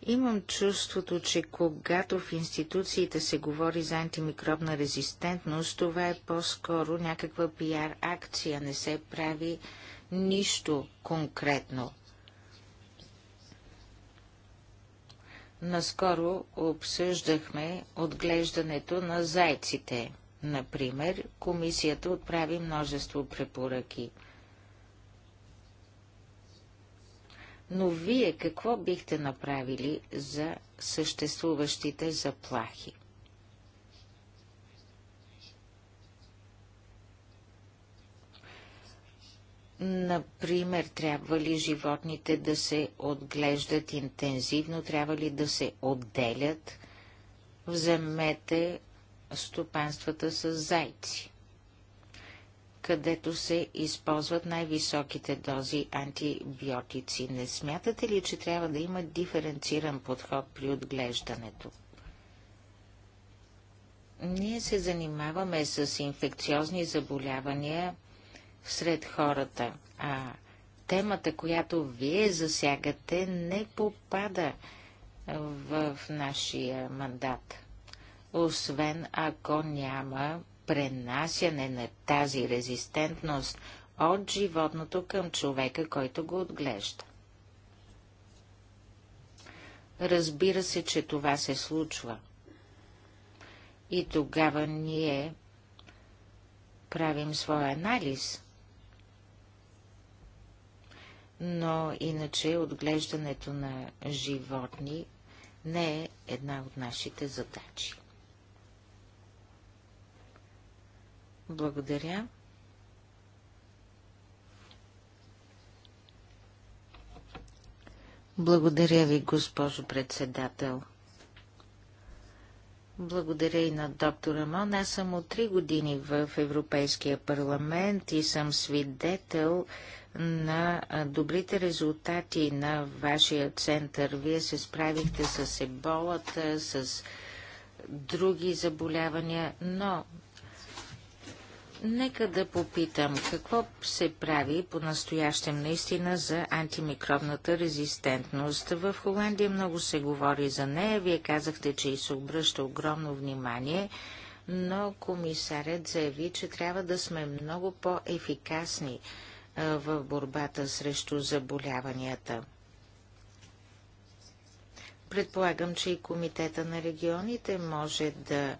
Имам чувството, че когато в институциите се говори за антимикробна резистентност, това е по-скоро някаква пиар акция, не се прави нищо конкретно. Наскоро обсъждахме отглеждането на зайците. Например, комисията отправи множество препоръки – но вие какво бихте направили за съществуващите заплахи? Например, трябва ли животните да се отглеждат интензивно, трябва ли да се отделят? Вземете стопанствата с зайци където се използват най-високите дози антибиотици. Не смятате ли, че трябва да има диференциран подход при отглеждането? Ние се занимаваме с инфекциозни заболявания сред хората, а темата, която вие засягате, не попада в нашия мандат. Освен ако няма пренасяне на тази резистентност от животното към човека, който го отглежда. Разбира се, че това се случва. И тогава ние правим своя анализ. Но иначе отглеждането на животни не е една от нашите задачи. Благодаря. Благодаря ви, госпожо председател. Благодаря и на доктор Амон. Аз съм от три години в Европейския парламент и съм свидетел на добрите резултати на вашия център. Вие се справихте с еболата, с други заболявания, но Нека да попитам, какво се прави по-настоящем наистина за антимикробната резистентност? В Холандия много се говори за нея. Вие казахте, че и се обръща огромно внимание, но комисарят заяви, че трябва да сме много по-ефикасни в борбата срещу заболяванията. Предполагам, че и Комитета на регионите може да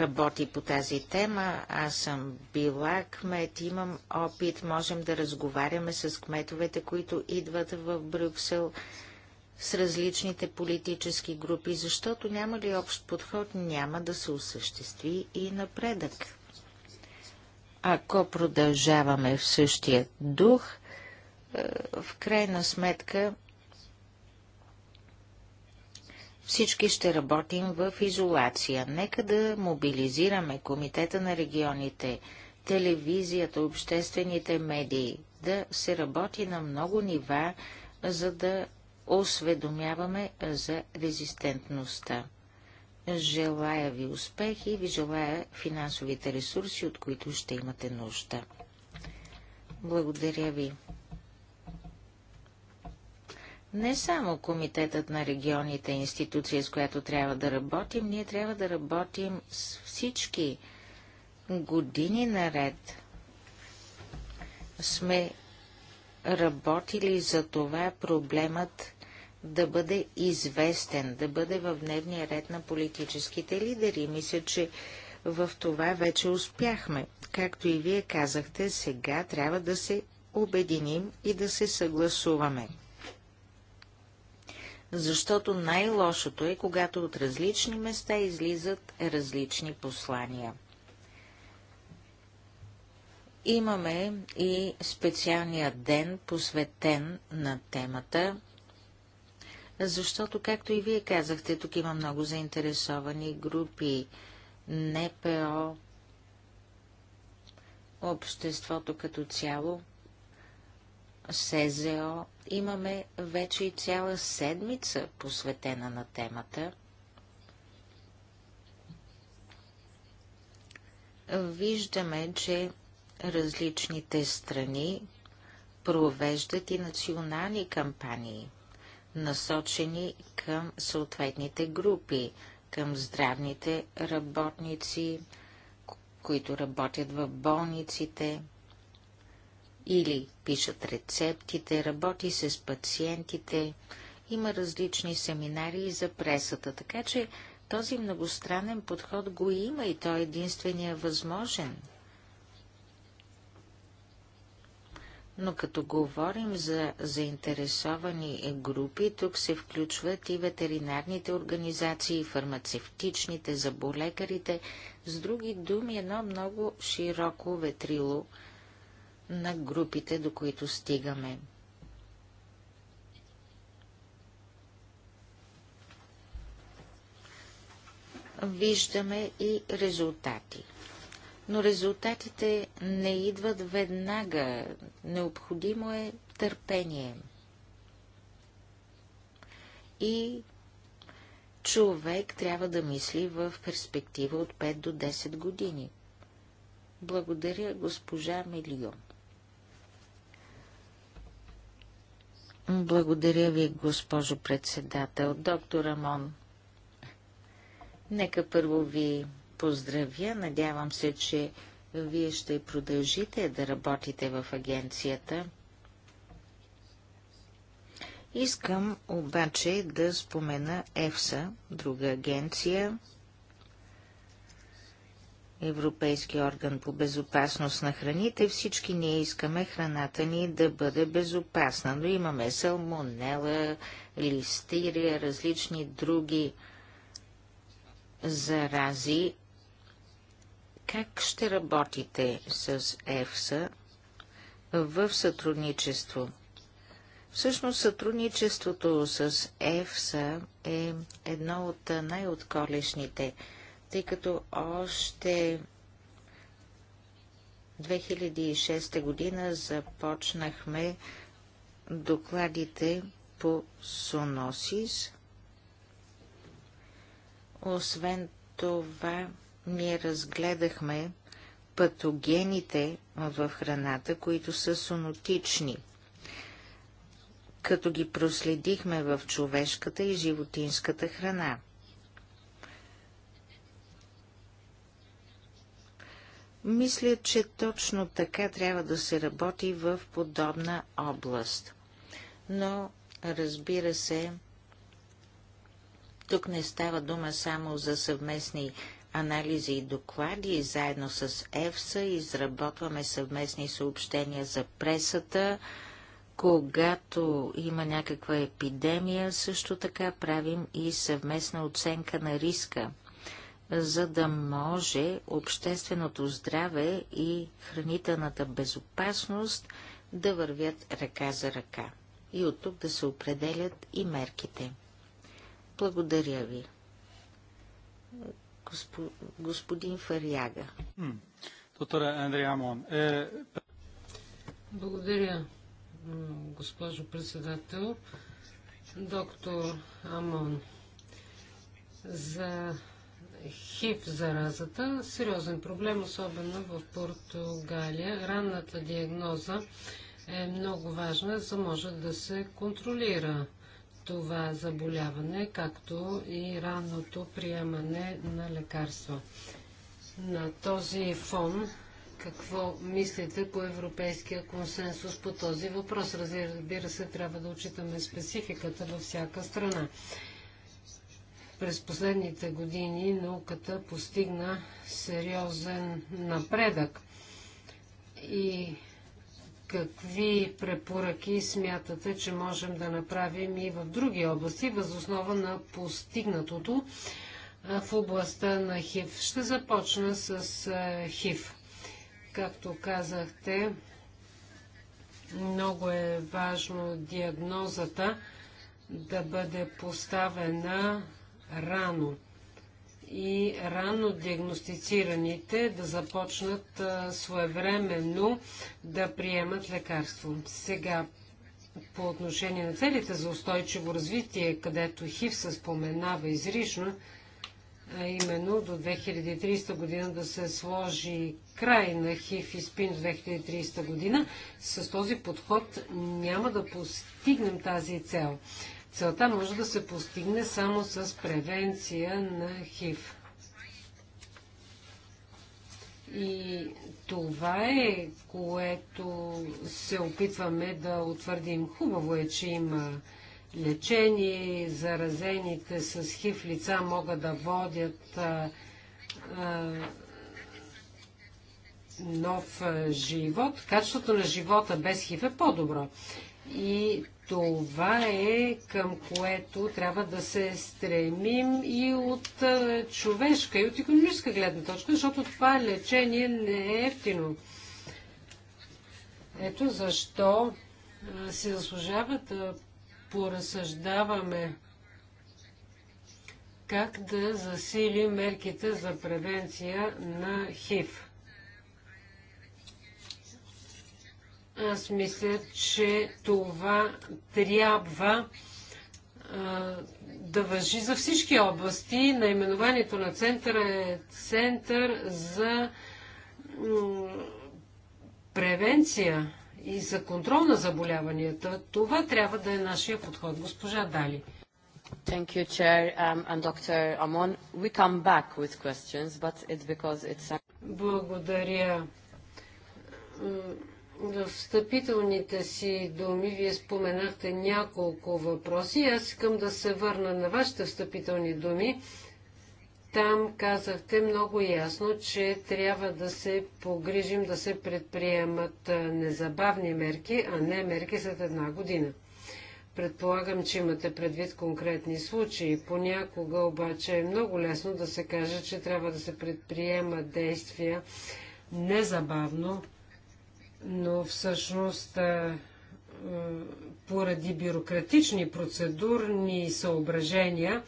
работи по тази тема. Аз съм била кмет, имам опит, можем да разговаряме с кметовете, които идват в Брюксел с различните политически групи, защото няма ли общ подход, няма да се осъществи и напредък. Ако продължаваме в същия дух, е, в крайна сметка всички ще работим в изолация. Нека да мобилизираме Комитета на регионите, телевизията, обществените медии, да се работи на много нива, за да осведомяваме за резистентността. Желая ви успех и ви желая финансовите ресурси, от които ще имате нужда. Благодаря ви не само Комитетът на регионите е институция, с която трябва да работим, ние трябва да работим с всички години наред. Сме работили за това проблемът да бъде известен, да бъде в дневния ред на политическите лидери. Мисля, че в това вече успяхме. Както и вие казахте, сега трябва да се обединим и да се съгласуваме защото най-лошото е, когато от различни места излизат различни послания. Имаме и специалния ден, посветен на темата, защото, както и вие казахте, тук има много заинтересовани групи, НПО, обществото като цяло – СЗО имаме вече и цяла седмица посветена на темата. Виждаме, че различните страни провеждат и национални кампании, насочени към съответните групи, към здравните работници, които работят в болниците – или пишат рецептите, работи се с пациентите, има различни семинари за пресата, така че този многостранен подход го има и той е единствения възможен. Но като говорим за заинтересовани групи, тук се включват и ветеринарните организации, и фармацевтичните, заболекарите. С други думи, едно много широко ветрило – на групите, до които стигаме. Виждаме и резултати. Но резултатите не идват веднага. Необходимо е търпение. И човек трябва да мисли в перспектива от 5 до 10 години. Благодаря, госпожа Милион. Благодаря ви, госпожо председател. Доктор Амон, нека първо ви поздравя. Надявам се, че вие ще продължите да работите в агенцията. Искам обаче да спомена ЕФСА, друга агенция, Европейски орган по безопасност на храните. Всички ние искаме храната ни да бъде безопасна, но имаме салмонела, листирия, различни други зарази. Как ще работите с ЕФСА в сътрудничество? Всъщност сътрудничеството с ЕФСА е едно от най-отколешните тъй като още 2006 година започнахме докладите по Соносис. Освен това, ние разгледахме патогените в храната, които са сонотични. Като ги проследихме в човешката и животинската храна – Мисля, че точно така трябва да се работи в подобна област. Но, разбира се, тук не става дума само за съвместни анализи и доклади. Заедно с ЕФСА изработваме съвместни съобщения за пресата. Когато има някаква епидемия, също така правим и съвместна оценка на риска за да може общественото здраве и хранителната безопасност да вървят ръка за ръка. И от тук да се определят и мерките. Благодаря ви. Госп... Господин Фаряга. Доктора Андрея Амон. Е, Благодаря, госпожо председател. Доктор Амон, за хив заразата, сериозен проблем, особено в Португалия. Ранната диагноза е много важна, за може да се контролира това заболяване, както и ранното приемане на лекарства. На този фон, какво мислите по европейския консенсус по този въпрос? Разбира се, трябва да учитаме спецификата във всяка страна. През последните години науката постигна сериозен напредък. И какви препоръки смятате, че можем да направим и в други области, възоснова на постигнатото в областта на ХИВ? Ще започна с ХИВ. Както казахте, много е важно диагнозата да бъде поставена рано и рано диагностицираните да започнат а, своевременно да приемат лекарство. Сега по отношение на целите за устойчиво развитие, където ХИВ се споменава изрично, а именно до 2030 година да се сложи край на ХИВ и СПИН до 2030 година, с този подход няма да постигнем тази цел. Целта може да се постигне само с превенция на ХИВ. И това е, което се опитваме да утвърдим. Хубаво е, че има лечение, заразените с ХИВ лица могат да водят а, а, нов живот. Качеството на живота без ХИВ е по-добро. И това е към което трябва да се стремим и от е, човешка, и от економическа гледна точка, защото това лечение не е ефтино. Ето защо е, се заслужава да поразсъждаваме как да засилим мерките за превенция на ХИВ. Аз мисля, че това трябва а, да въжи за всички области. Наименованието на центъра е Център за превенция и за контрол на заболяванията. Това трябва да е нашия подход, госпожа Дали. Thank you, Chair um, and Dr. Amon. We come back with questions, but it's because it's... Благодаря в встъпителните си думи вие споменахте няколко въпроси. Аз искам да се върна на вашите встъпителни думи. Там казахте много ясно, че трябва да се погрижим да се предприемат незабавни мерки, а не мерки след една година. Предполагам, че имате предвид конкретни случаи. Понякога обаче е много лесно да се каже, че трябва да се предприемат действия незабавно, но всъщност поради бюрократични процедурни съображения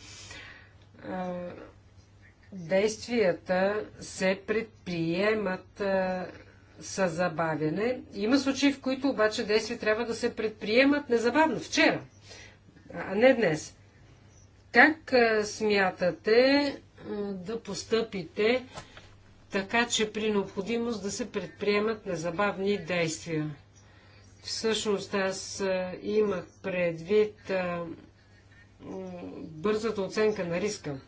действията се предприемат с забавяне. Има случаи, в които обаче действия трябва да се предприемат незабавно, вчера, а не днес. Как смятате да постъпите така че при необходимост да се предприемат незабавни действия. Всъщност аз имах предвид а, бързата оценка на риска.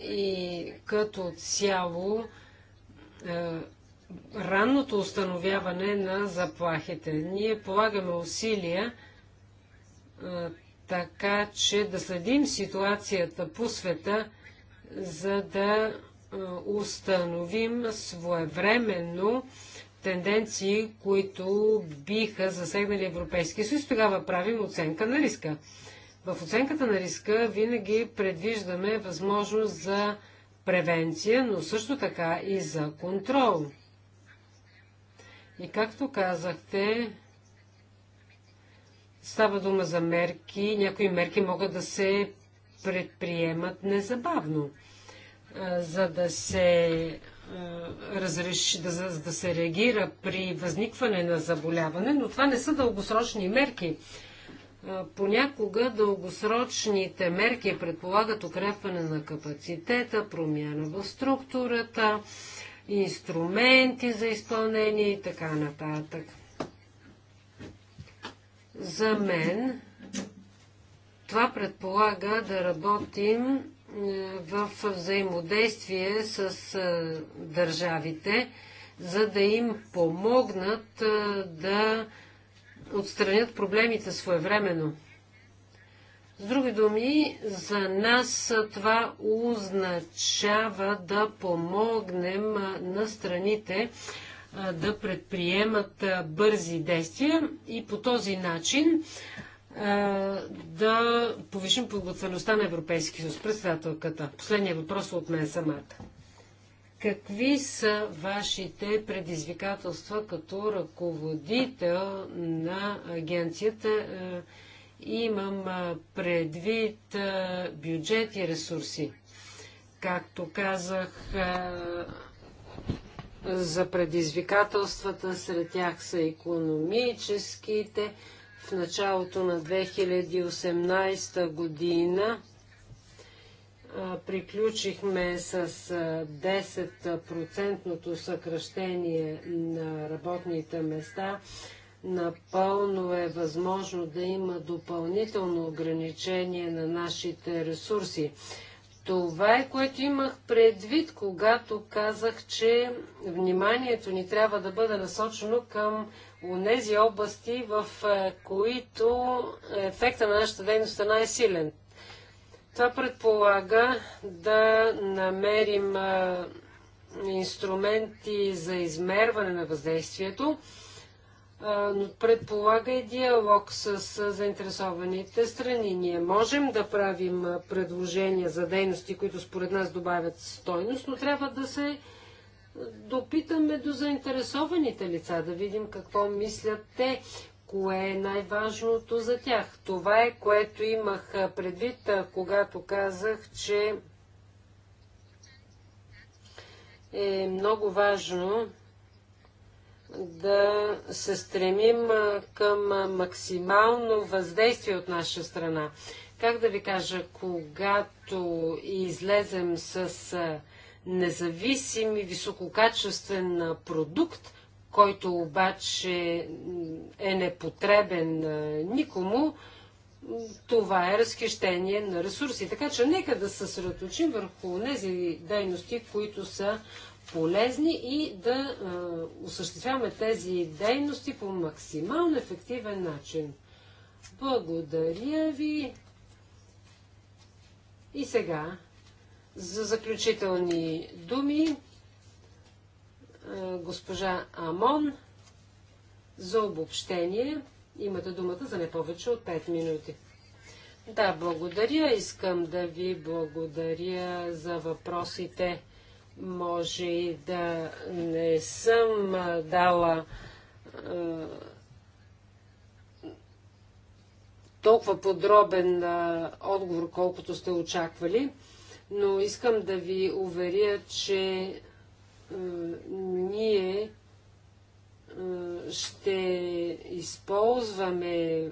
И като цяло а, ранното установяване на заплахите. Ние полагаме усилия а, така, че да следим ситуацията по света, за да е, установим своевременно тенденции, които биха засегнали Европейския съюз, тогава правим оценка на риска. В оценката на риска винаги предвиждаме възможност за превенция, но също така и за контрол. И както казахте, става дума за мерки. Някои мерки могат да се предприемат незабавно за да се разреши, да, за да се реагира при възникване на заболяване, но това не са дългосрочни мерки. Понякога дългосрочните мерки предполагат укрепване на капацитета, промяна в структурата, инструменти за изпълнение и така нататък. За мен това предполага да работим в взаимодействие с държавите, за да им помогнат да отстранят проблемите своевременно. С други думи, за нас това означава да помогнем на страните да предприемат бързи действия и по този начин да повишим подготвеността на Европейския съюз. Председателката, последния въпрос от мен самата. Какви са вашите предизвикателства като ръководител на агенцията? Имам предвид бюджет и ресурси. Както казах, за предизвикателствата сред тях са економическите, в началото на 2018 година приключихме с 10 съкръщение на работните места. Напълно е възможно да има допълнително ограничение на нашите ресурси. Това е което имах предвид, когато казах, че вниманието ни трябва да бъде насочено към онези области, в е, които ефекта на нашата дейност е най-силен. Това предполага да намерим е, инструменти за измерване на въздействието, е, но предполага и диалог с, с заинтересованите страни. Ние можем да правим предложения за дейности, които според нас добавят стойност, но трябва да се допитаме до заинтересованите лица, да видим какво мислят те, кое е най-важното за тях. Това е което имах предвид, когато казах, че е много важно да се стремим към максимално въздействие от наша страна. Как да ви кажа, когато излезем с независим и висококачествен продукт, който обаче е непотребен никому, това е разхищение на ресурси. Така че нека да се съсредоточим върху тези дейности, които са полезни и да е, осъществяваме тези дейности по максимално ефективен начин. Благодаря ви. И сега за заключителни думи е, госпожа Амон за обобщение. Имате думата за не повече от 5 минути. Да, благодаря. Искам да ви благодаря за въпросите. Може и да не съм дала толкова подробен е, отговор, колкото сте очаквали но искам да ви уверя, че е, ние е, ще използваме е,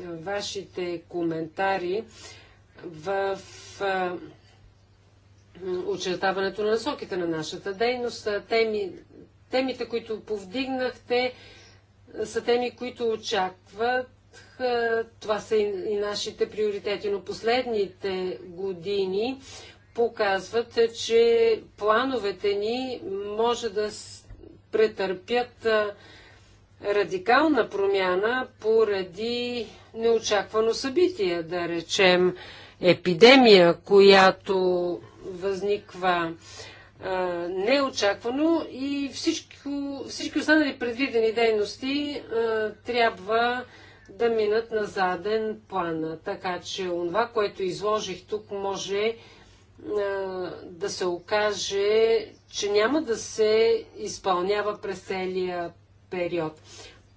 вашите коментари в очертаването на насоките на нашата дейност. Теми, темите, които повдигнахте, са теми, които очакват е, това са и нашите приоритети, но последните години показват, е, че плановете ни може да претърпят е, радикална промяна поради неочаквано събитие, да речем епидемия, която възниква а, неочаквано и всичко, всички останали предвидени дейности а, трябва да минат на заден план. Така че това, което изложих тук, може да се окаже, че няма да се изпълнява през целия период.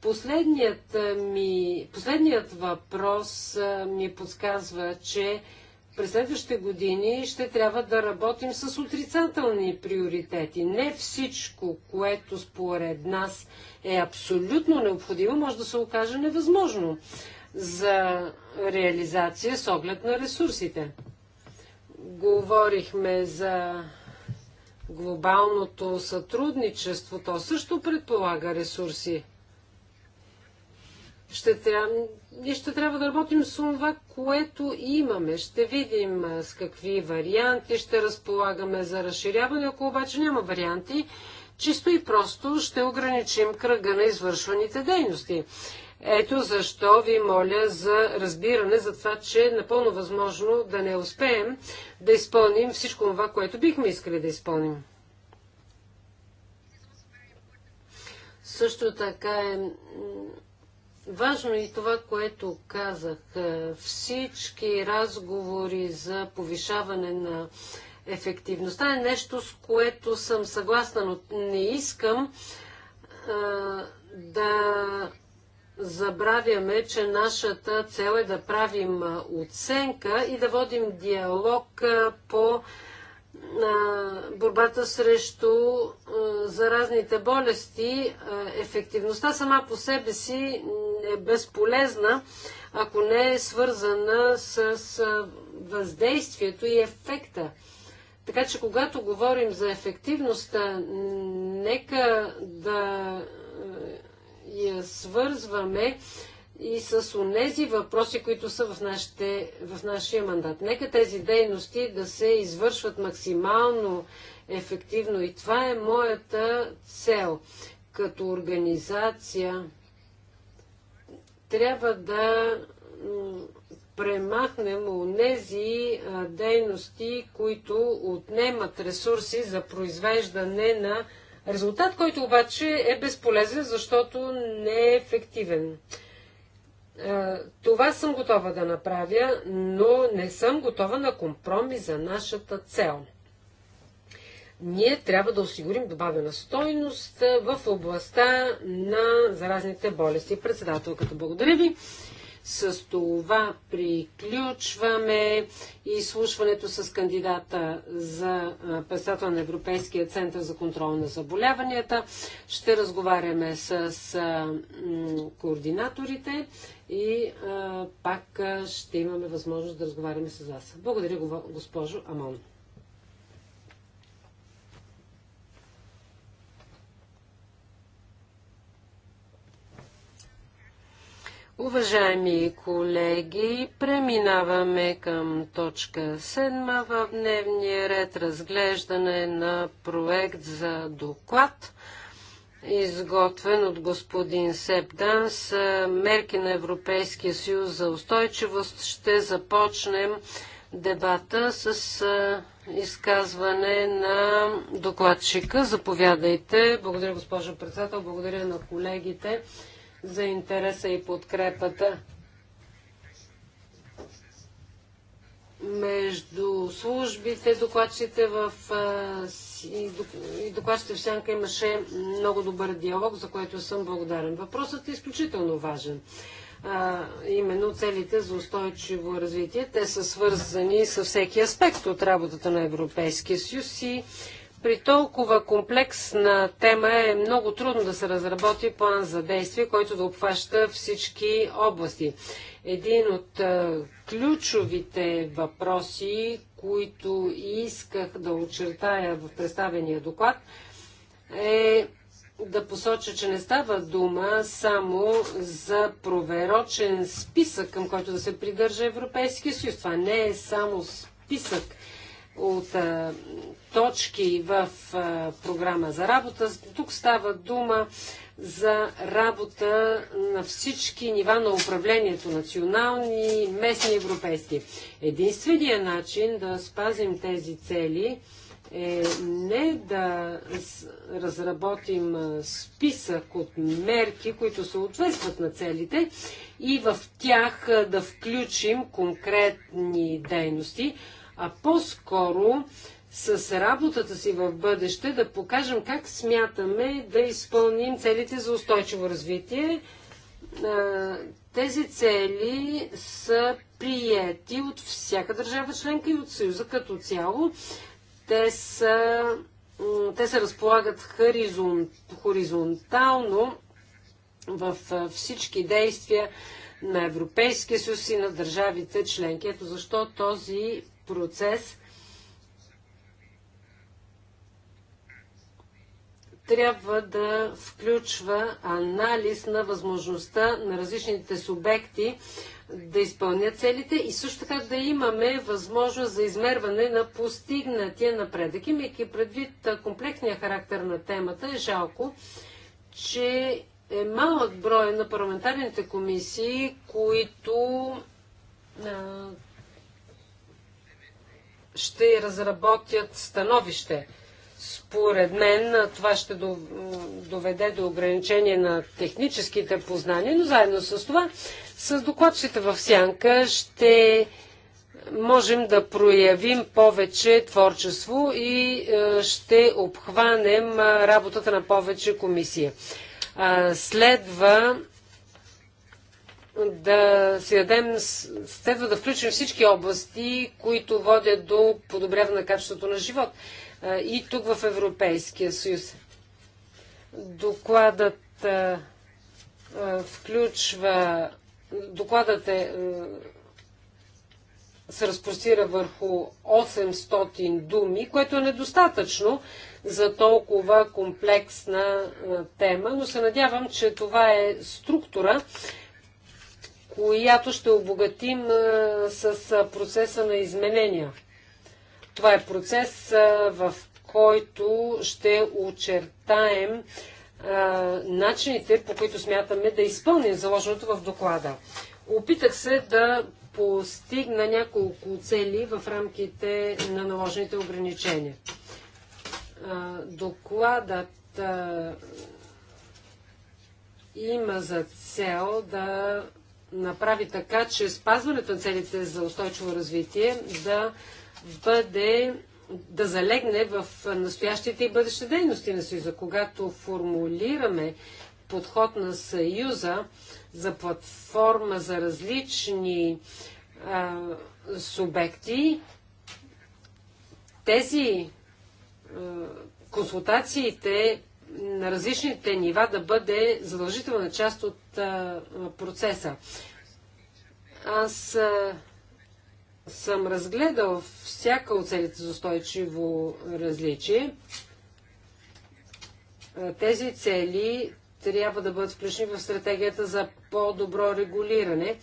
Последният, ми, последният въпрос ми подсказва, че през следващите години ще трябва да работим с отрицателни приоритети. Не всичко, което според нас е абсолютно необходимо, може да се окаже невъзможно за реализация с оглед на ресурсите. Говорихме за глобалното сътрудничество. То също предполага ресурси. Ще трябва, ние ще трябва да работим с това, което имаме. Ще видим с какви варианти ще разполагаме за разширяване. Ако обаче няма варианти, Чисто и просто ще ограничим кръга на извършваните дейности. Ето защо ви моля за разбиране за това, че е напълно възможно да не успеем да изпълним всичко това, което бихме искали да изпълним. Също така е важно и това, което казах. Всички разговори за повишаване на ефективността е нещо, с което съм съгласна, но не искам а, да забравяме, че нашата цел е да правим оценка и да водим диалог по борбата срещу заразните болести. Ефективността сама по себе си е безполезна, ако не е свързана с въздействието и ефекта. Така че, когато говорим за ефективността, нека да е, я свързваме и с онези въпроси, които са в, нашите, в нашия мандат. Нека тези дейности да се извършват максимално ефективно и това е моята цел. Като организация трябва да премахнем онези дейности, които отнемат ресурси за произвеждане на резултат, който обаче е безполезен, защото не е ефективен. Това съм готова да направя, но не съм готова на компромис за нашата цел. Ние трябва да осигурим добавена стойност в областта на заразните болести. Председателката, благодаря ви. С това приключваме изслушването с кандидата за председател на Европейския център за контрол на заболяванията. Ще разговаряме с координаторите и пак ще имаме възможност да разговаряме с вас. Благодаря, госпожо Амон. Уважаеми колеги, преминаваме към точка 7 в дневния ред разглеждане на проект за доклад, изготвен от господин Септан с Мерки на Европейския съюз за устойчивост. Ще започнем дебата с изказване на докладчика. Заповядайте. Благодаря, госпожо председател. Благодаря на колегите за интереса и подкрепата между службите, докладчите в и докладчите в Сянка имаше много добър диалог, за който съм благодарен. Въпросът е изключително важен. А, именно целите за устойчиво развитие. Те са свързани с всеки аспект от работата на Европейския съюз и при толкова комплексна тема е много трудно да се разработи план за действие, който да обхваща всички области. Един от ключовите въпроси, които исках да очертая в представения доклад, е да посоча, че не става дума само за проверочен списък, към който да се придържа Европейския съюз. Това не е само списък от а, точки в а, програма за работа. Тук става дума за работа на всички нива на управлението, национални, местни, европейски. Единственият начин да спазим тези цели е не да разработим списък от мерки, които се ответстват на целите и в тях да включим конкретни дейности, а по-скоро с работата си в бъдеще да покажем как смятаме да изпълним целите за устойчиво развитие. Тези цели са приети от всяка държава членка и от Съюза като цяло. Те, са, те се разполагат хоризон, хоризонтално в всички действия на Европейския съюз и на държавите членки. Ето защо този процес трябва да включва анализ на възможността на различните субекти да изпълнят целите и също така да имаме възможност за измерване на постигнатия напредък. Имайки предвид комплексния характер на темата, е жалко, че е малък брой на парламентарните комисии, които ще разработят становище. Според мен това ще доведе до ограничение на техническите познания, но заедно с това, с докладчите в сянка ще можем да проявим повече творчество и ще обхванем работата на повече комисия. Следва да си дадем, следва да включим всички области, които водят до подобряване на качеството на живот. И тук в Европейския съюз. Докладът включва. Докладът е, се разпростира върху 800 думи, което е недостатъчно за толкова комплексна тема, но се надявам, че това е структура, която ще обогатим с процеса на изменения. Това е процес, в който ще очертаем начините, по които смятаме да изпълним заложеното в доклада. Опитах се да постигна няколко цели в рамките на наложените ограничения. Докладът има за цел да направи така, че спазването на целите за устойчиво развитие да бъде да залегне в настоящите и бъдещи дейности на Съюза. Когато формулираме подход на Съюза за платформа за различни а, субекти, тези а, консултациите на различните нива да бъде задължителна част от процеса. Аз съм разгледал всяка от целите за устойчиво различие. Тези цели трябва да бъдат включени в стратегията за по-добро регулиране.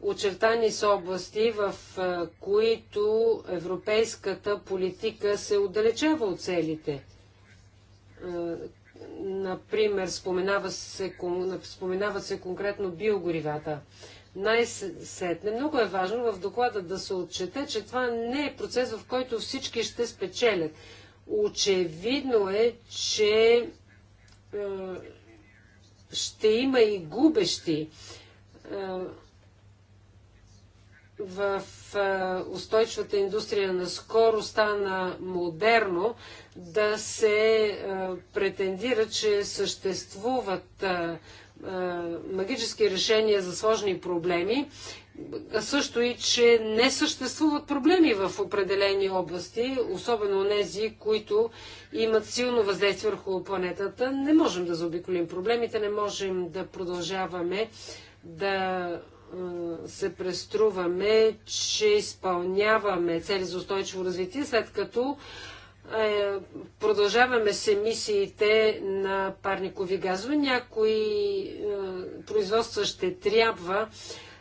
Очертани са области, в които европейската политика се отдалечава от целите Например, споменава се, споменават се конкретно биогоривата. Най-сетне, много е важно в доклада да се отчете, че това не е процес, в който всички ще спечелят. Очевидно е, че е, ще има и губещи. Е, в устойчивата индустрия наскоро стана модерно да се претендира, че съществуват магически решения за сложни проблеми, също и, че не съществуват проблеми в определени области, особено тези, които имат силно въздействие върху планетата. Не можем да заобиколим проблемите, не можем да продължаваме да се преструваме, че изпълняваме цели за устойчиво развитие, след като е, продължаваме с емисиите на парникови газове. Някои производства ще трябва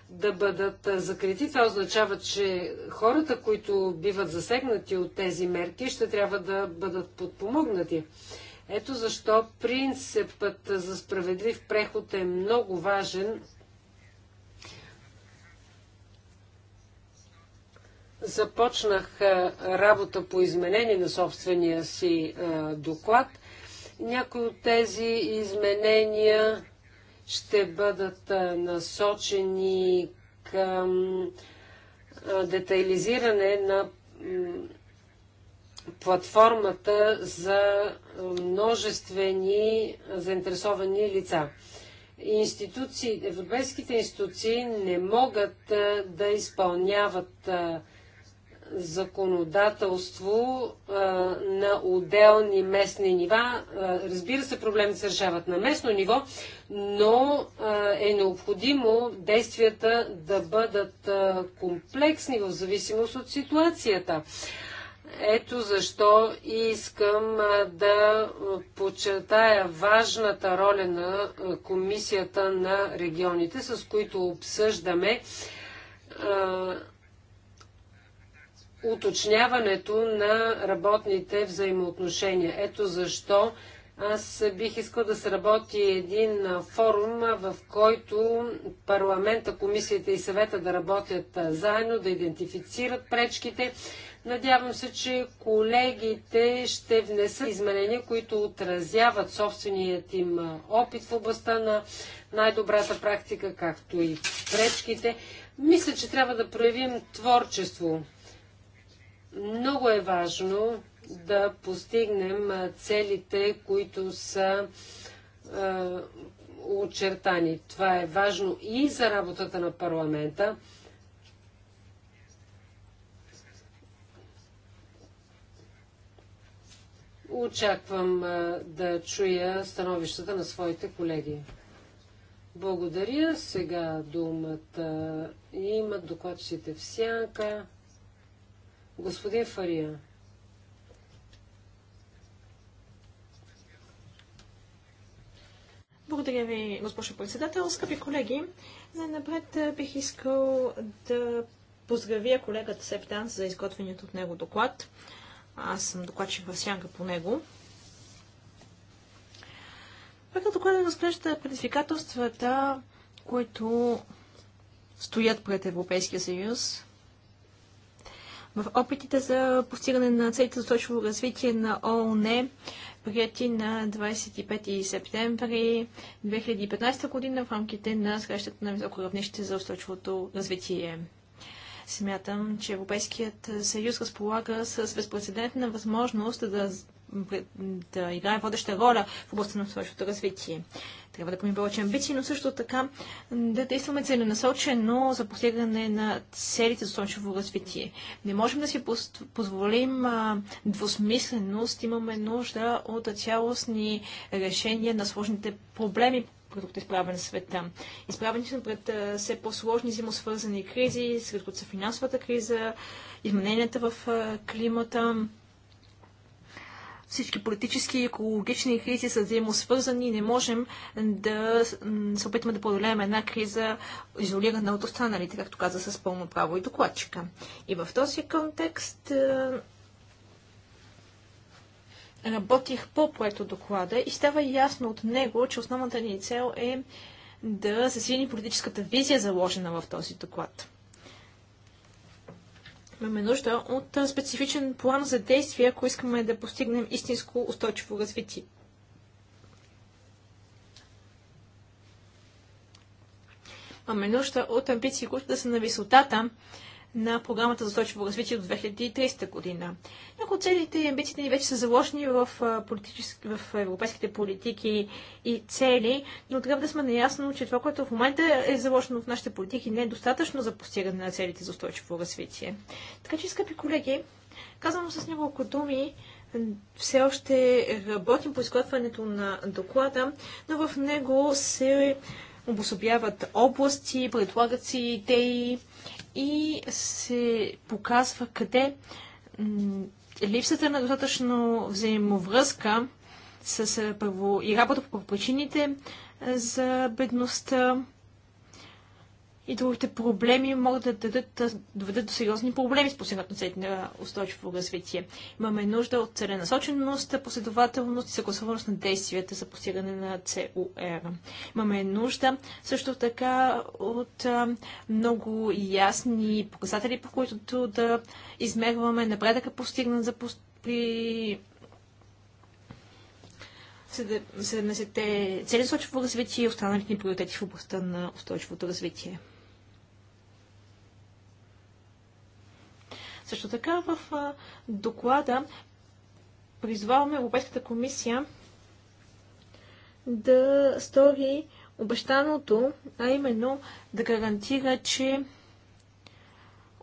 да бъдат закрити. Това означава, че хората, които биват засегнати от тези мерки, ще трябва да бъдат подпомогнати. Ето защо принципът за справедлив преход е много важен започнах работа по изменение на собствения си доклад. Някои от тези изменения ще бъдат насочени към детайлизиране на платформата за множествени заинтересовани лица. Институции, европейските институции не могат да изпълняват законодателство а, на отделни местни нива. А, разбира се, проблемите се решават на местно ниво, но а, е необходимо действията да бъдат комплексни в зависимост от ситуацията. Ето защо искам да подчертая важната роля на Комисията на регионите, с които обсъждаме уточняването на работните взаимоотношения. Ето защо аз бих искал да се работи един форум, в който парламента, комисията и съвета да работят заедно, да идентифицират пречките. Надявам се, че колегите ще внесат изменения, които отразяват собственият им опит в областта на най-добрата практика, както и пречките. Мисля, че трябва да проявим творчество. Много е важно да постигнем целите, които са е, очертани. Това е важно и за работата на парламента. Очаквам да чуя становищата на своите колеги. Благодаря. Сега думата имат докладчите в сянка. Господин Фария. Благодаря ви, госпожо председател. Скъпи колеги, най-напред бих искал да поздравя колегата Септан за изготвеният от него доклад. Аз съм докладчик в сянка по него. Първият доклад да разглежда предизвикателствата, които стоят пред Европейския съюз в опитите за постигане на целите за устойчиво развитие на ООН, прияти на 25 септември 2015 година в рамките на срещата на високо равнище за устойчивото развитие. Смятам, че Европейският съюз разполага с безпредседентна възможност да да играе водеща роля в областта на устойчивото развитие. Трябва да имаме повече амбиции, но също така да действаме целенасочено за постигане на целите за устойчиво развитие. Не можем да си позволим двусмисленост, имаме нужда от цялостни решения на сложните проблеми, пред е изправен света. Изправени сме пред все по-сложни взаимосвързани кризи, сред които са финансовата криза, измененията в климата, всички политически и екологични кризи са взаимосвързани и не можем да се опитаме да подолеем една криза, изолирана от останалите, както каза с пълно право и докладчика. И в този контекст е, работих по проекто доклада и става ясно от него, че основната ни цел е да засилени политическата визия, заложена в този доклад. Имаме нужда от специфичен план за действие, ако искаме да постигнем истинско устойчиво развитие. Имаме нужда от амбиции, които да са на висотата на програмата за устойчиво развитие до 2030 година. Някои от целите и амбициите ни вече са заложени в, в европейските политики и цели, но трябва да сме наясно, че това, което в момента е заложено в нашите политики, не е достатъчно за постигане на целите за устойчиво развитие. Така че, скъпи колеги, казвам с няколко думи, все още работим по изготвянето на доклада, но в него се обособяват области, предлагат си идеи, и се показва къде липсата на достатъчно взаимовръзка с първо и работа по причините за бедността, и другите проблеми могат да дадат, доведат до сериозни проблеми с постигнат на целите на устойчиво развитие. Имаме нужда от целенасоченост, последователност и съгласуваност на действията за постигане на ЦУР. Имаме нужда също така от много ясни показатели, по които да измерваме напредъка постигнат за пост... при 70-те цели сочово развитие и останалите ни приоритети в областта на устойчивото развитие. Също така в доклада призваваме Европейската комисия да стори обещаното, а именно да гарантира, че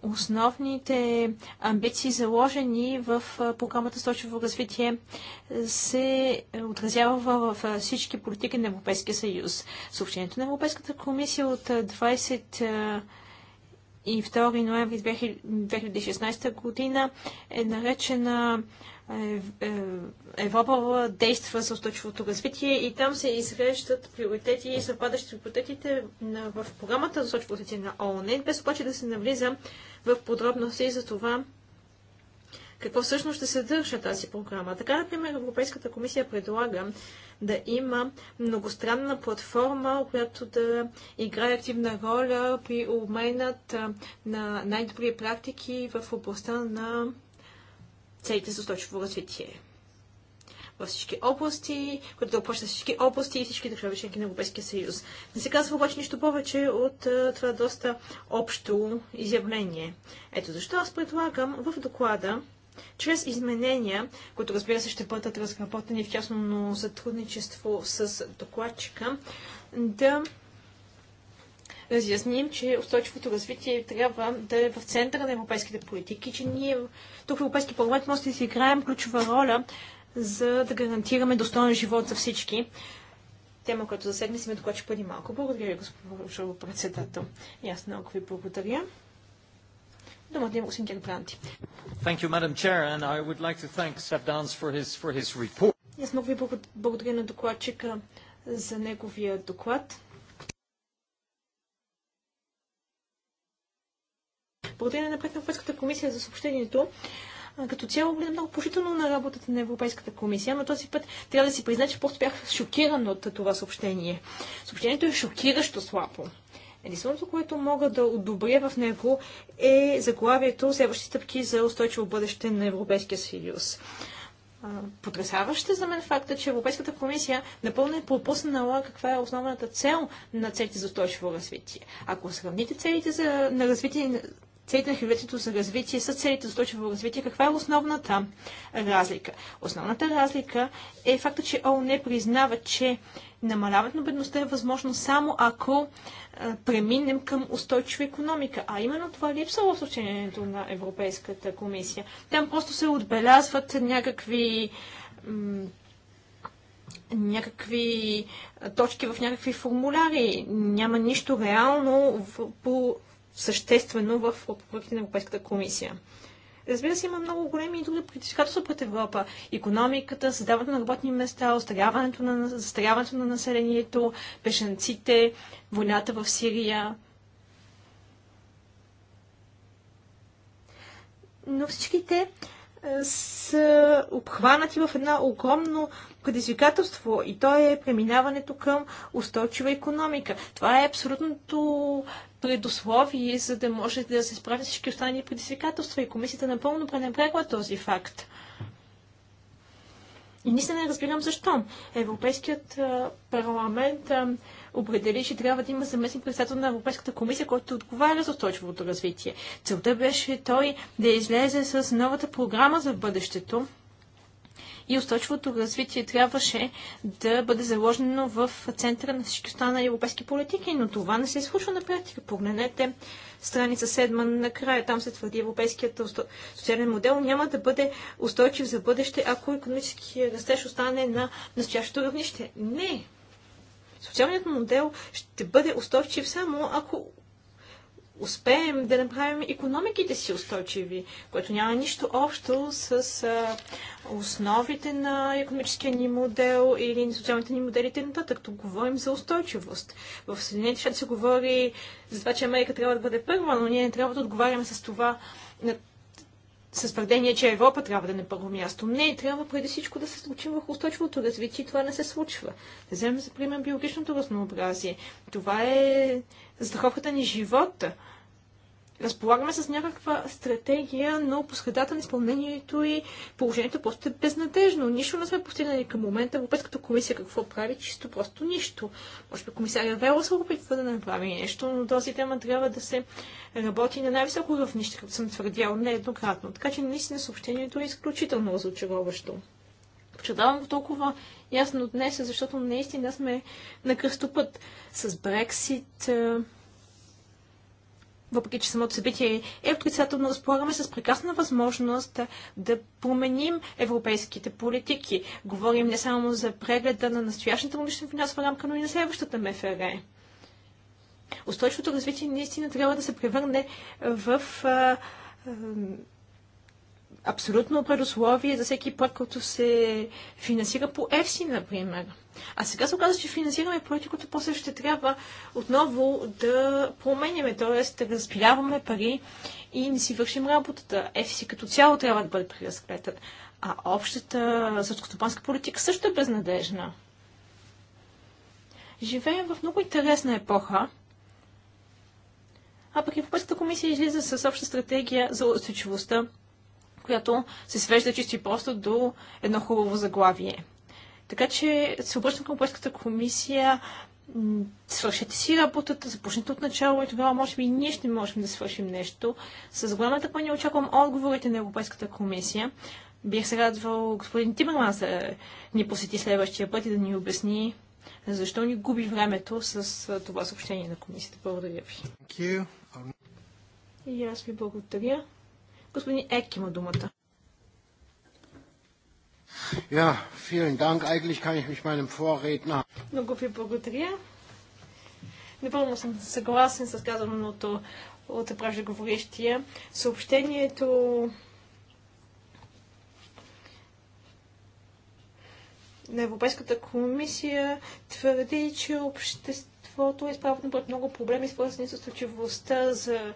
основните амбиции, заложени в програмата Сточево развитие, се отразява в всички политики на Европейския съюз. Съобщението на Европейската комисия от 20 и 2 ноември 2016 година е наречена е, е, Европа действа за устойчивото развитие и там се изреждат приоритети и съвпадащи приоритетите в програмата за устойчиво развитие на ООН, без обаче да се навлиза в подробности за това какво всъщност ще се държа тази програма. Така, например, Европейската комисия предлага да има многостранна платформа, която да играе активна роля при обменът на най-добри практики в областта на целите за устойчиво развитие във всички области, което да обхваща всички области и всички държави членки на Европейския съюз. Не се казва обаче нищо повече от това доста общо изявление. Ето защо аз предлагам в доклада чрез изменения, които разбира се ще бъдат разработени в тясно сътрудничество с докладчика, да разясним, че устойчивото развитие трябва да е в центъра на европейските политики, че ние тук в Европейски парламент може да си играем ключова роля, за да гарантираме достоен живот за всички. Тема, която засегна си ме докладчи преди малко. Благодаря ви, госпожо председател. И аз много ви благодаря. Думата Thank you, Madam Chair, and I would like to thank Seb Dance for his, for his report. Аз много ви благодаря на докладчика за неговия доклад. Благодаря напред на Европейската комисия за съобщението. Като цяло гледам много положително на работата на Европейската комисия, но този път трябва да си призна, че просто бях шокиран от това съобщение. Съобщението е шокиращо слабо. Единственото, което мога да одобря в него е заглавието Следващи стъпки за устойчиво бъдеще на Европейския съюз. Потрясаващ е за мен факта, че Европейската комисия напълно е пропуснала каква е основната цел на целите за устойчиво развитие. Ако сравните целите за, на развитие целите на хилядолетието за развитие с целите за устойчиво развитие, каква е основната разлика? Основната разлика е факта, че ООН признава, че намаляването на бедността е възможно само ако а, преминем към устойчива економика. А именно това липсва в съобщението на Европейската комисия. Там просто се отбелязват някакви някакви точки в някакви формуляри. Няма нищо реално в, по съществено в отпоръките на Европейската комисия. Разбира се, има много големи и други предизвикателства пред Европа. Економиката, създаването на работни места, остаряването на, застаряването на населението, пешенците, войната в Сирия. Но всичките е, са обхванати в едно огромно предизвикателство и то е преминаването към устойчива економика. Това е абсолютното предусловие, за да може да се справи всички останали предизвикателства. И комисията напълно пренебрегла този факт. И наистина не разбирам защо. Европейският парламент определи, че трябва да има заместник председател на Европейската комисия, който отговаря за устойчивото развитие. Целта беше той да излезе с новата програма за бъдещето, и устойчивото развитие трябваше да бъде заложено в центъра на всички останали европейски политики, но това не се случва на практика. Погледнете страница на накрая, там се твърди европейският социален модел няма да бъде устойчив за бъдеще, ако економически растеж остане на настоящото равнище. Не! Социалният модел ще бъде устойчив само ако успеем да направим економиките си устойчиви, което няма нищо общо с а, основите на економическия ни модел или на социалните ни модели и нататък. Тук говорим за устойчивост. В Съединените щати се говори за това, че Америка трябва да бъде първа, но ние не трябва да отговаряме с това на с твърдение, че Европа трябва да е на първо място. Не, трябва преди всичко да се случим върху устойчивото развитие и това не се случва. Да вземем за пример биологичното разнообразие. Това е застраховката ни живота разполагаме с някаква стратегия, но по средата на изпълнението и положението просто е безнадежно. Нищо не сме постигнали към момента. Европейската комисия какво прави? Чисто просто нищо. Може би комисаря Вело се опитва да направи нещо, но този тема трябва да се работи на най-високо равнище, както съм твърдял нееднократно. Така че наистина съобщението е изключително разочароващо. Почетавам го толкова ясно днес, защото наистина сме на кръстопът с Брексит, въпреки че самото събитие е отрицателно, разполагаме с прекрасна възможност да променим европейските политики. Говорим не само за прегледа на настоящата годишна финансова рамка, но и на следващата МФР. Устойчивото развитие наистина трябва да се превърне в а, а, абсолютно предусловие за всеки проект, който се финансира по ЕФСИ, например. А сега се оказва, че финансираме проекти, които после ще трябва отново да променяме, т.е. да разпиляваме пари и не си вършим работата. ЕФСИ като цяло трябва да бъде преразгледан. А общата сърскостопанска политика също е безнадежна. Живеем в много интересна епоха, а пък Европейската комисия излиза с обща стратегия за устойчивостта която се свежда чисто и просто до едно хубаво заглавие. Така че се обръщам към Европейската комисия, свършете си работата, започнете от начало и тогава може би и ние ще можем да свършим нещо. С голяма тъпъня очаквам отговорите на Европейската комисия. Бих се радвал господин Тимерман да ни посети следващия път и да ни обясни защо ни губи времето с това съобщение на комисията. Благодаря ви. И аз ви благодаря. Господин Ек има думата. Ja, vielen Dank. Eigentlich kann ich mich meinem Vorredner... Много ви благодаря. Напълно съм съгласен с казаното от преждеговорещия. Съобщението на Европейската комисия твърди, че обществото е изправено пред много проблеми, свързани с устойчивостта за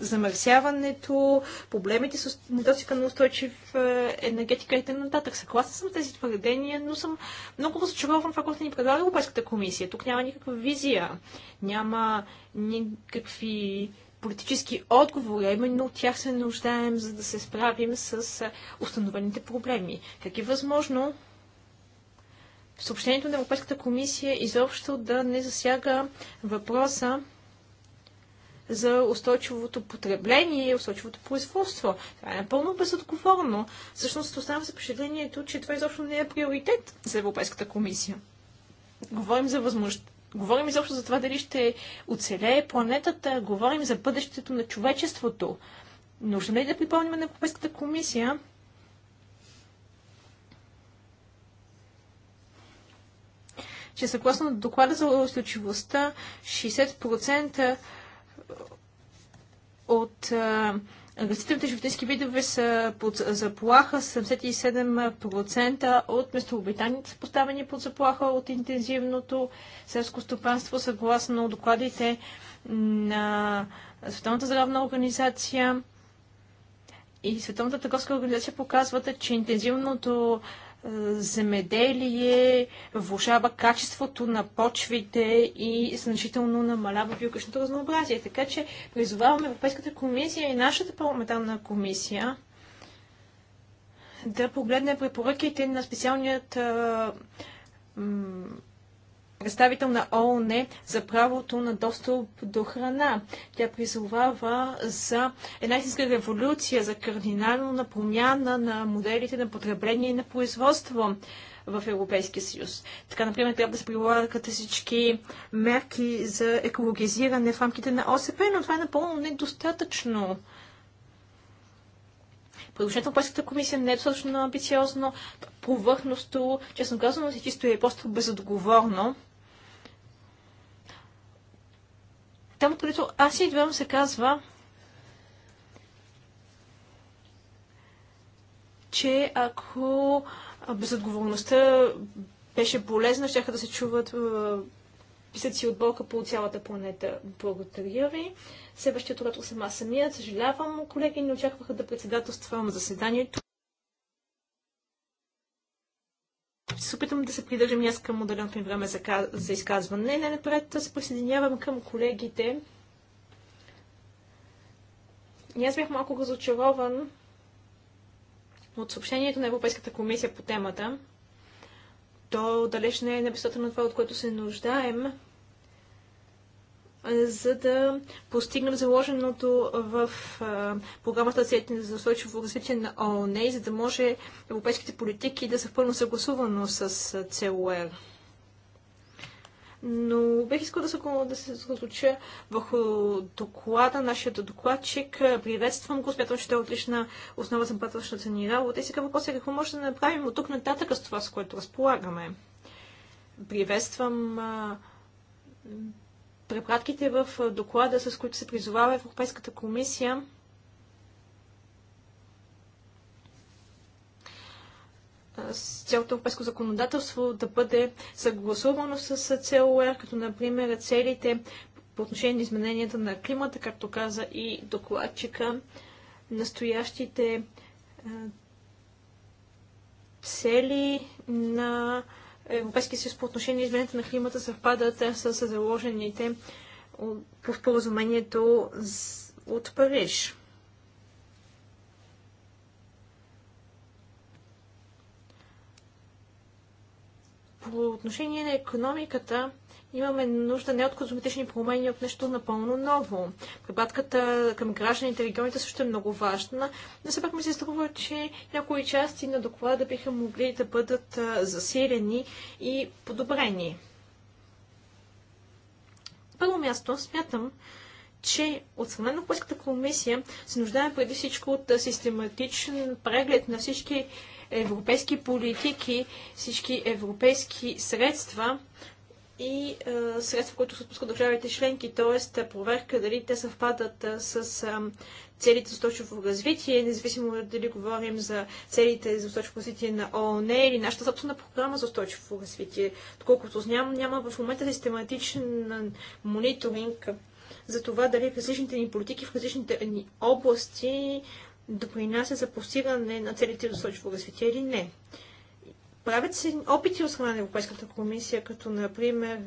замърсяването, проблемите с недостига на устойчив е, енергетика и т.н. Съгласна съм тези твърдения, но съм много разочарован това, което ни предлага Европейската комисия. Тук няма никаква визия, няма никакви политически отговори, а именно от тях се нуждаем, за да се справим с е, установените проблеми. Как е възможно съобщението на Европейската комисия изобщо да не засяга въпроса за устойчивото потребление и устойчивото производство. Това е напълно безотговорно. Всъщност оставам впечатлението, че това изобщо не е приоритет за Европейската комисия. Говорим за възможност. Говорим изобщо за това дали ще оцелее планетата, говорим за бъдещето на човечеството. Нужно ли е да припомним на Европейската комисия, че съгласно доклада за устойчивостта 60% от растителните животински видове са под заплаха. 77% от местообитанията са поставени под заплаха от интензивното селско стопанство, съгласно докладите на Световната здравна организация и Световната търговска организация показват, че интензивното земеделие влушава качеството на почвите и значително намалява биологичното разнообразие. Така че призоваваме Европейската комисия и нашата парламентарна комисия да погледне препоръките на специалният а, представител на ООН за правото на достъп до храна. Тя призовава за една истинска революция, за кардинална промяна на моделите на потребление и на производство в Европейския съюз. Така, например, трябва да се прилагат всички мерки за екологизиране в рамките на ОСП, но това е напълно недостатъчно. Предложението на Европейската комисия не е достатъчно амбициозно, повърхностно, честно казано, е чисто е просто безотговорно. Там, където аз идвам, се казва, че ако безотговорността беше полезна, ще да се чуват писъци от болка по цялата планета. Благодаря ви. Следващият оратор съм аз самия. Съжалявам, колеги, не очакваха да председателствам заседанието. Ще се опитам да се придържам и аз към отделеното ми време за, за изказване. Не, не, напред да се присъединявам към колегите. И аз бях малко разочарован от съобщението на Европейската комисия по темата. То далеч не е написателно това, от което се нуждаем, за да постигнем заложеното в програмата за устойчиво развитие на ООН за да може европейските политики да са пълно съгласувано с ЦОР. Но бих искал да се, да се съсредоточа върху доклада, нашия докладчик. Приветствам го, смятам, че той е отлична основа за бъдващата ни работа. И сега въпросът е какво може да направим от тук нататък с това, с което разполагаме. Приветствам препратките в доклада, с които се призовава Европейската комисия с цялото европейско законодателство да бъде съгласувано с ЦЛР, е като например целите по отношение на измененията на климата, както каза и докладчика, настоящите цели на Европейския съюз по отношение на изменението на климата съвпадат с, е, с заложените по споразумението от Париж. По отношение на економиката, имаме нужда не от козметични промени, от нещо напълно ново. Прибатката към гражданите и регионите също е много важна, но все пак ми се струва, че някои части на доклада биха могли да бъдат засилени и подобрени. Първо място смятам, че от страна на Европейската комисия се нуждаем преди всичко от систематичен преглед на всички европейски политики, всички европейски средства, и а, средства, които се отпускат държавите членки, т.е. проверка дали те съвпадат а, с а, целите за устойчиво развитие, независимо дали говорим за целите за устойчиво развитие на ООН или нашата собствена програма за устойчиво развитие. Доколкото знам, няма в момента систематичен мониторинг за това дали различните ни политики в различните ни области допринася за постигане на целите за устойчиво развитие или не. Правят се опити от страна на Европейската комисия, като например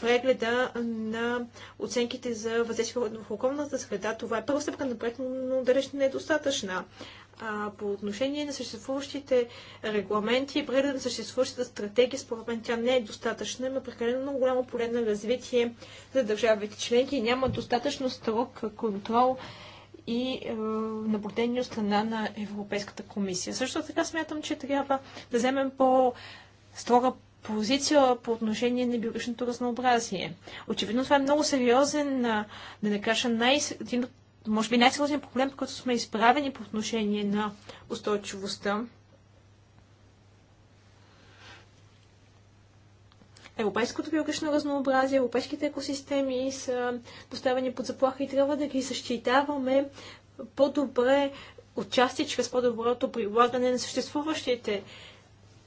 прегледа на оценките за въздействие в околната среда. Това е първа стъпка напред, но далеч не е достатъчна. по отношение на съществуващите регламенти и прегледа на съществуващата стратегия, според мен тя не е достатъчна. Има прекалено много голямо поле на развитие за държавите членки и няма достатъчно строг контрол и е, наблюдение от страна на Европейската комисия. Също така смятам, че трябва да вземем по-строга позиция по отношение на биологичното разнообразие. Очевидно това е много сериозен, е, да не кажа най- може би най-сериозен проблем, който сме изправени по отношение на устойчивостта Европейското биологично разнообразие, европейските екосистеми са поставени под заплаха и трябва да ги защитаваме по-добре отчасти чрез по-доброто прилагане на съществуващите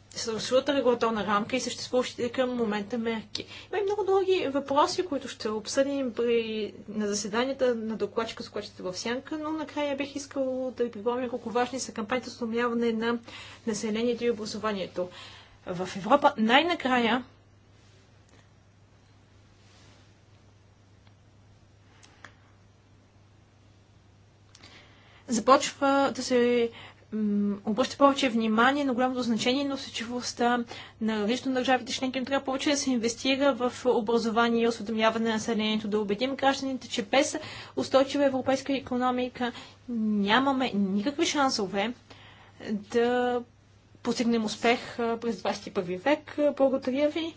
съществуващата регулаторна рамка и съществуващите към момента мерки. Има и много други въпроси, които ще обсъдим при, на заседанията на докладчика с докладчите в Сянка, но накрая бих искал да ви припомня колко важни са кампанията за на населението и образованието. В Европа най-накрая започва да се обръща повече внимание на голямото значение на усечивостта на различно държавите членки, но трябва повече да се инвестира в образование и осведомяване на населението, да убедим гражданите, че без устойчива европейска економика нямаме никакви шансове да постигнем успех през 21 век. Благодаря ви.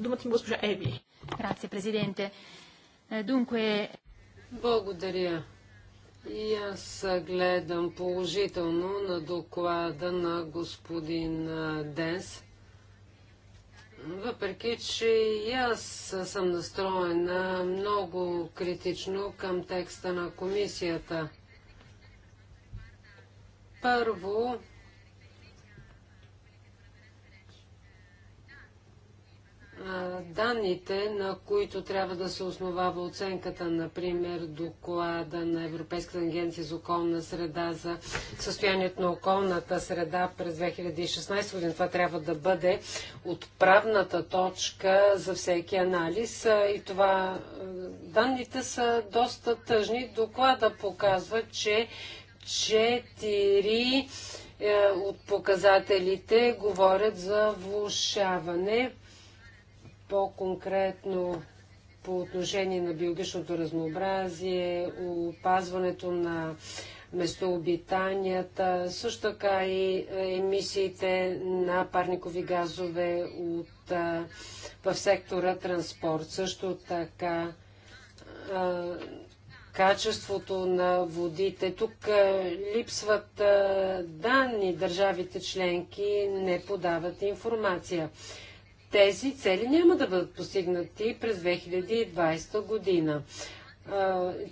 Думата им госпожа Еви. Грация, президенте. Е, Дунко е... Благодаря, и аз гледам положително на доклада на господин Денс. Въпреки, че и аз съм настроена много критично към текста на комисията. Първо, данните, на които трябва да се основава оценката, например доклада на Европейската агенция за околна среда за състоянието на околната среда през 2016 година. Това трябва да бъде отправната точка за всеки анализ. И това данните са доста тъжни. Доклада показва, че 4 е, от показателите говорят за влушаване по-конкретно по отношение на биологичното разнообразие, опазването на местообитанията, също така и емисиите на парникови газове от, в сектора транспорт. Също така качеството на водите. Тук липсват данни. Държавите членки не подават информация тези цели няма да бъдат постигнати през 2020 година.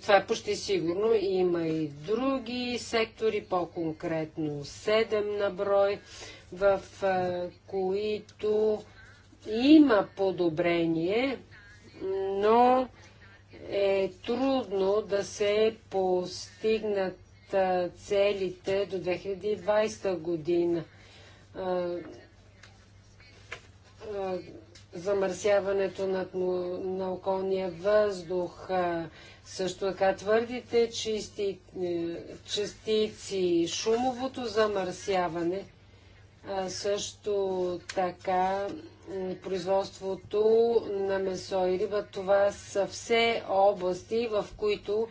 Това е почти сигурно. Има и други сектори, по-конкретно 7 на брой, в които има подобрение, но е трудно да се постигнат целите до 2020 година замърсяването на, на околния въздух. Също така твърдите чисти, е, частици, шумовото замърсяване, също така е, производството на месо и риба. Това са все области, в които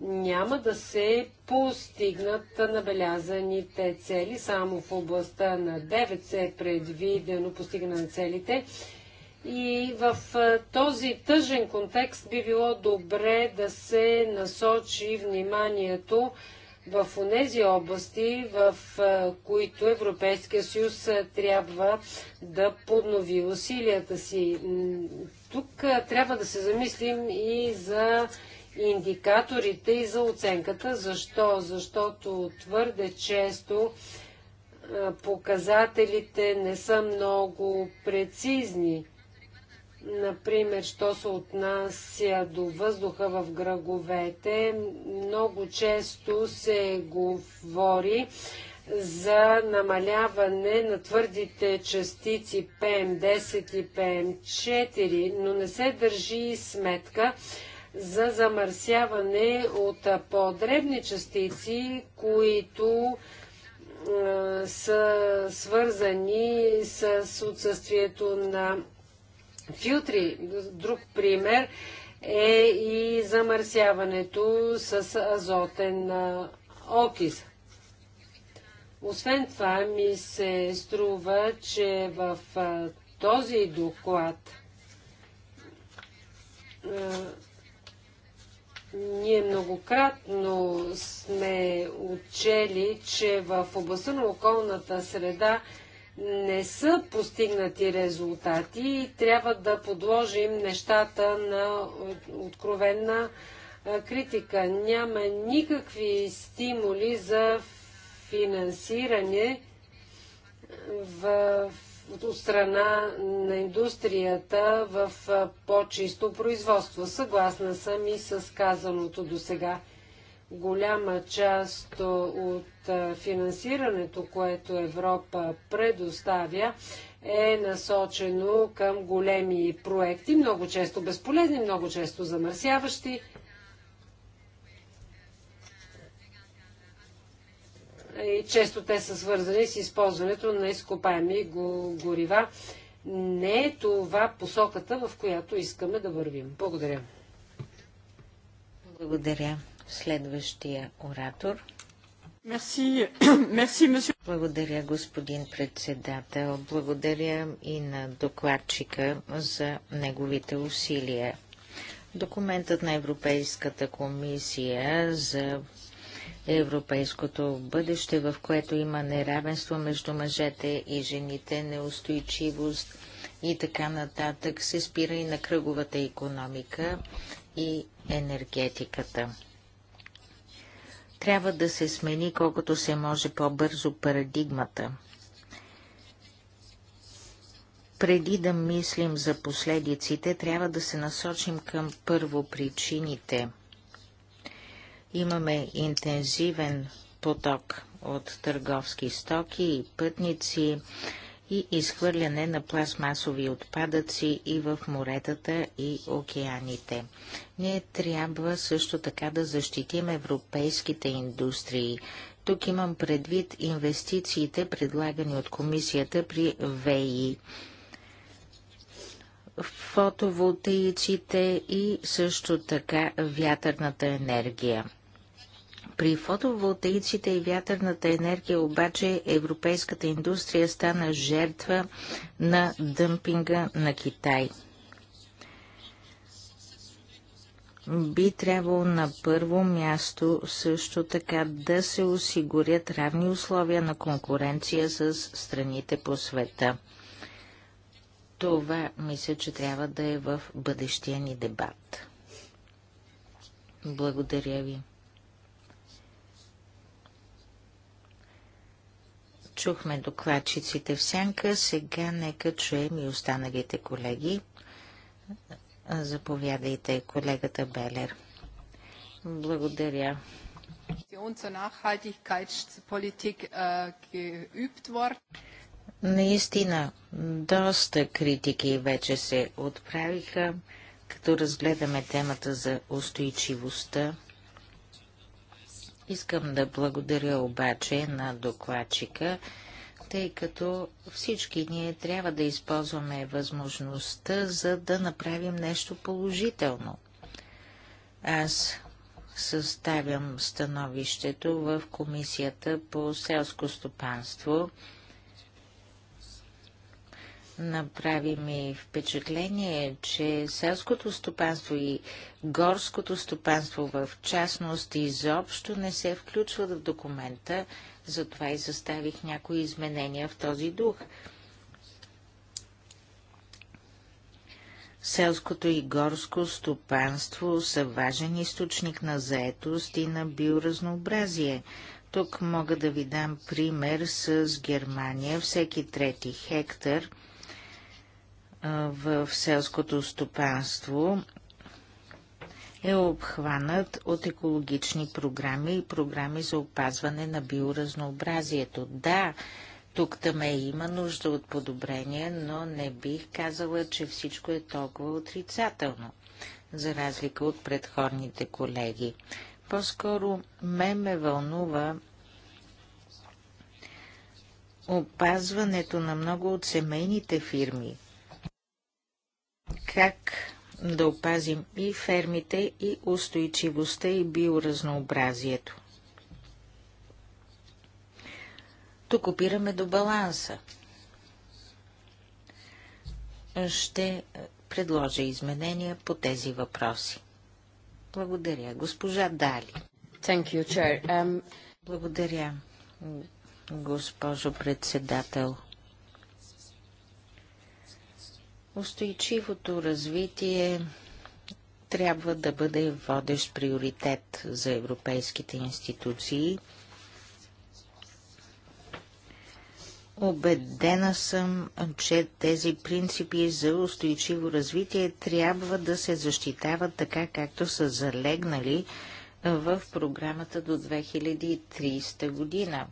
няма да се постигнат набелязаните цели. Само в областта на 9 се е предвидено постигане на целите. И в този тъжен контекст би било добре да се насочи вниманието в тези области, в които Европейския съюз трябва да поднови усилията си. Тук трябва да се замислим и за индикаторите и за оценката. Защо? Защото твърде често показателите не са много прецизни. Например, що се отнася до въздуха в граговете, много често се говори за намаляване на твърдите частици PM10 и PM4, но не се държи сметка за замърсяване от по-дребни частици, които са свързани с отсъствието на филтри. Друг пример е и замърсяването с азотен окис. Освен това ми се струва, че в този доклад ние многократно сме учели, че в областта на околната среда не са постигнати резултати и трябва да подложим нещата на откровенна критика. Няма никакви стимули за финансиране в от страна на индустрията в по-чисто производство. Съгласна съм и с казаното до сега. Голяма част от финансирането, което Европа предоставя, е насочено към големи проекти, много често безполезни, много често замърсяващи. и често те са свързани с използването на изкопаеми горива. Не е това посоката, в която искаме да вървим. Благодаря. Благодаря. Следващия оратор. Мерси, мерси, Благодаря, господин председател. Благодаря и на докладчика за неговите усилия. Документът на Европейската комисия за европейското бъдеще, в което има неравенство между мъжете и жените, неустойчивост и така нататък, се спира и на кръговата економика и енергетиката. Трябва да се смени колкото се може по-бързо парадигмата. Преди да мислим за последиците, трябва да се насочим към първопричините – Имаме интензивен поток от търговски стоки и пътници и изхвърляне на пластмасови отпадъци и в моретата и океаните. Ние трябва също така да защитим европейските индустрии. Тук имам предвид инвестициите, предлагани от комисията при ВИ фотоволтаиците и също така вятърната енергия. При фотоволтаиците и вятърната енергия обаче европейската индустрия стана жертва на дъмпинга на Китай. Би трябвало на първо място също така да се осигурят равни условия на конкуренция с страните по света. Това мисля, че трябва да е в бъдещия ни дебат. Благодаря ви. Чухме докладчиците в сянка, сега нека чуем и останалите колеги. Заповядайте, колегата Белер. Благодаря. Наистина, доста критики вече се отправиха, като разгледаме темата за устойчивостта Искам да благодаря обаче на докладчика, тъй като всички ние трябва да използваме възможността, за да направим нещо положително. Аз съставям становището в Комисията по селско стопанство – Направи ми впечатление, че селското стопанство и горското стопанство в частност изобщо не се включват в документа, затова и заставих някои изменения в този дух. Селското и горско стопанство са важен източник на заетост и на биоразнообразие. Тук мога да ви дам пример с Германия. Всеки трети хектар – в селското стопанство е обхванат от екологични програми и програми за опазване на биоразнообразието. Да, тук е има нужда от подобрение, но не бих казала, че всичко е толкова отрицателно, за разлика от предходните колеги. По-скоро ме ме вълнува опазването на много от семейните фирми, как да опазим и фермите, и устойчивостта, и биоразнообразието? Тук опираме до баланса. Ще предложа изменения по тези въпроси. Благодаря. Госпожа Дали. Thank you, chair. Um... Благодаря, госпожо председател. Устойчивото развитие трябва да бъде водещ приоритет за европейските институции. Обедена съм, че тези принципи за устойчиво развитие трябва да се защитават така, както са залегнали в програмата до 2030 година.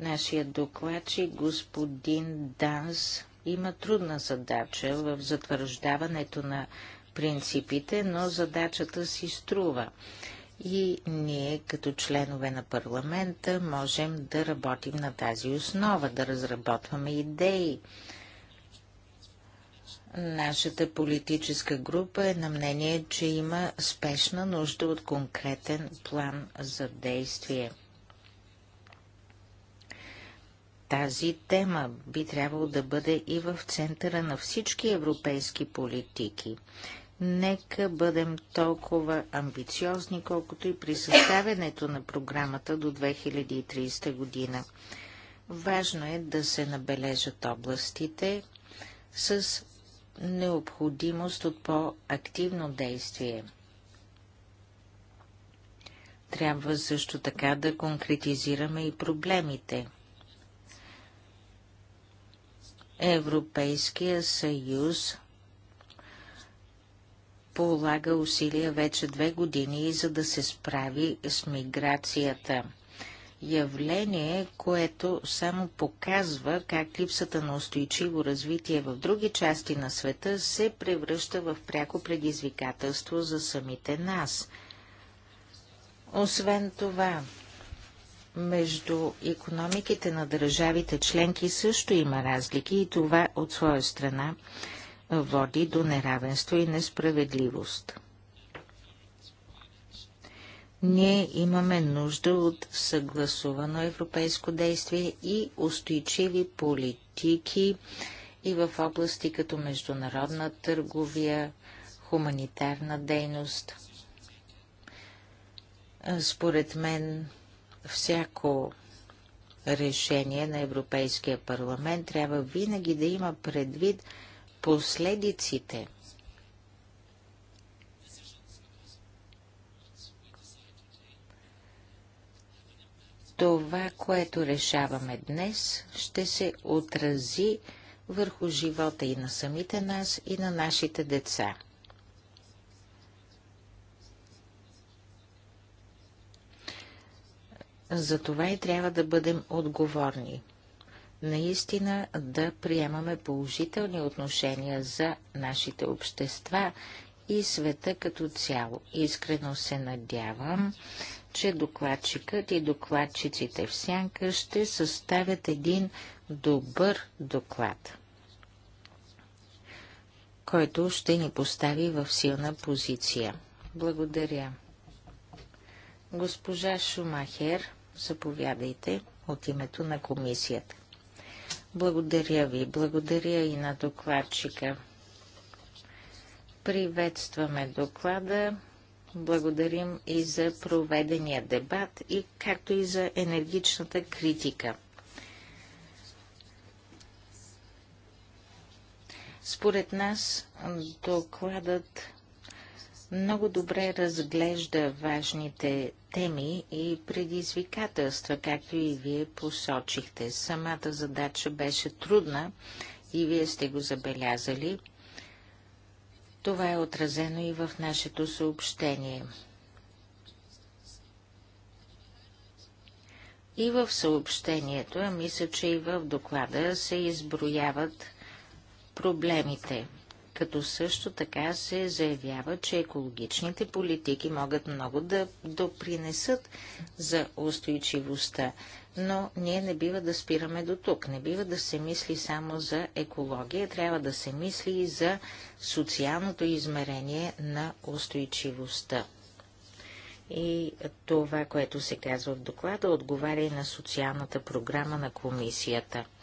Нашия докладчик господин Данс има трудна задача в затвърждаването на принципите, но задачата си струва. И ние, като членове на парламента, можем да работим на тази основа, да разработваме идеи. Нашата политическа група е на мнение, че има спешна нужда от конкретен план за действие – тази тема би трябвало да бъде и в центъра на всички европейски политики. Нека бъдем толкова амбициозни, колкото и при съставянето на програмата до 2030 година. Важно е да се набележат областите с необходимост от по-активно действие. Трябва също така да конкретизираме и проблемите – Европейския съюз полага усилия вече две години, за да се справи с миграцията. Явление, което само показва как липсата на устойчиво развитие в други части на света се превръща в пряко предизвикателство за самите нас. Освен това, между економиките на държавите членки също има разлики и това от своя страна води до неравенство и несправедливост. Ние имаме нужда от съгласувано европейско действие и устойчиви политики и в области като международна търговия, хуманитарна дейност. Според мен всяко решение на Европейския парламент трябва винаги да има предвид последиците. Това, което решаваме днес, ще се отрази върху живота и на самите нас, и на нашите деца. Затова и трябва да бъдем отговорни. Наистина да приемаме положителни отношения за нашите общества и света като цяло. Искрено се надявам, че докладчикът и докладчиците в сянка ще съставят един добър доклад, който ще ни постави в силна позиция. Благодаря. Госпожа Шумахер. Заповядайте от името на комисията. Благодаря ви, благодаря и на докладчика. Приветстваме доклада, благодарим и за проведения дебат и както и за енергичната критика. Според нас докладът много добре разглежда важните теми и предизвикателства, както и вие посочихте. Самата задача беше трудна и вие сте го забелязали. Това е отразено и в нашето съобщение. И в съобщението, а мисля, че и в доклада се изброяват проблемите – като също така се заявява, че екологичните политики могат много да допринесат за устойчивостта. Но ние не бива да спираме до тук. Не бива да се мисли само за екология, трябва да се мисли и за социалното измерение на устойчивостта. И това, което се казва в доклада, отговаря и на социалната програма на комисията –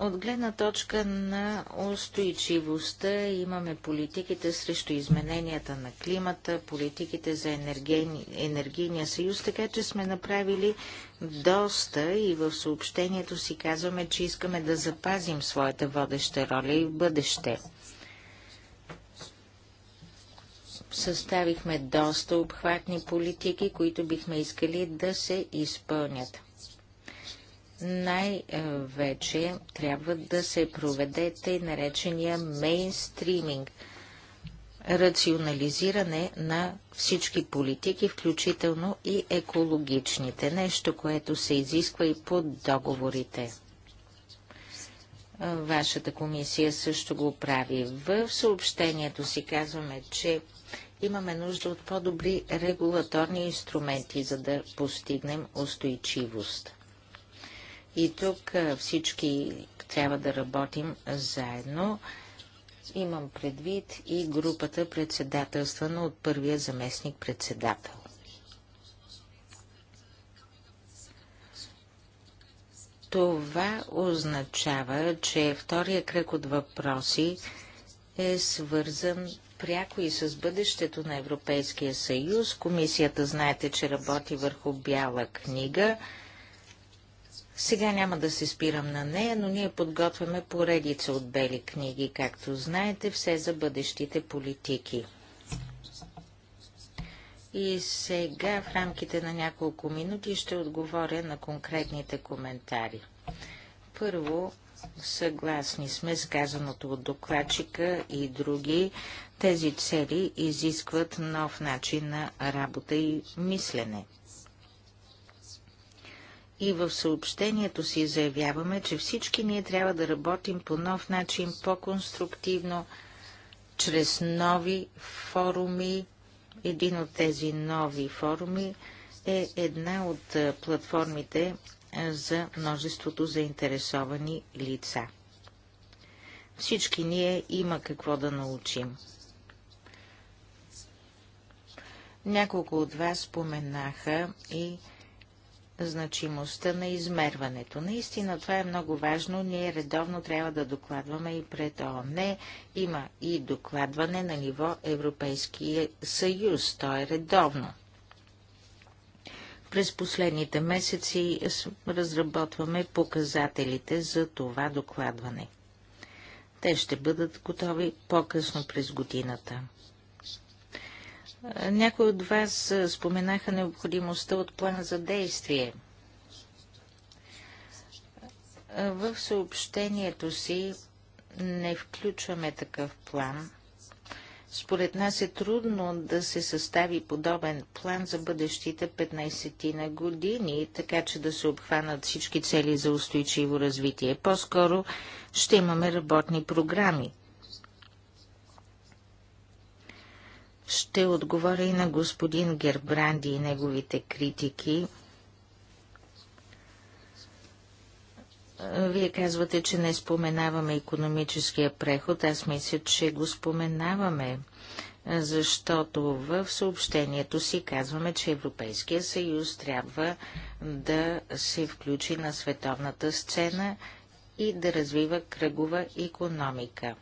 от гледна точка на устойчивостта имаме политиките срещу измененията на климата, политиките за енергийни, енергийния съюз, така че сме направили доста и в съобщението си казваме, че искаме да запазим своята водеща роля и в бъдеще. Съставихме доста обхватни политики, които бихме искали да се изпълнят най-вече трябва да се проведе тъй наречения мейнстриминг – рационализиране на всички политики, включително и екологичните, нещо, което се изисква и по договорите. Вашата комисия също го прави. В съобщението си казваме, че имаме нужда от по-добри регулаторни инструменти, за да постигнем устойчивост. И тук всички трябва да работим заедно. Имам предвид и групата председателствана от първия заместник председател. Това означава, че втория кръг от въпроси е свързан пряко и с бъдещето на Европейския съюз. Комисията знаете, че работи върху бяла книга – сега няма да се спирам на нея, но ние подготвяме поредица от бели книги, както знаете, все за бъдещите политики. И сега в рамките на няколко минути ще отговоря на конкретните коментари. Първо, съгласни сме с казаното от докладчика и други, тези цели изискват нов начин на работа и мислене и в съобщението си заявяваме, че всички ние трябва да работим по нов начин, по-конструктивно, чрез нови форуми. Един от тези нови форуми е една от платформите за множеството заинтересовани лица. Всички ние има какво да научим. Няколко от вас споменаха и значимостта на измерването. Наистина това е много важно. Ние редовно трябва да докладваме и пред ООН. Има и докладване на ниво Европейския съюз. То е редовно. През последните месеци разработваме показателите за това докладване. Те ще бъдат готови по-късно през годината. Някои от вас споменаха необходимостта от план за действие. В съобщението си не включваме такъв план. Според нас е трудно да се състави подобен план за бъдещите 15 на години, така че да се обхванат всички цели за устойчиво развитие. По-скоро ще имаме работни програми – Ще отговоря и на господин Гербранди и неговите критики. Вие казвате, че не споменаваме економическия преход. Аз мисля, че го споменаваме, защото в съобщението си казваме, че Европейския съюз трябва да се включи на световната сцена и да развива кръгова економика.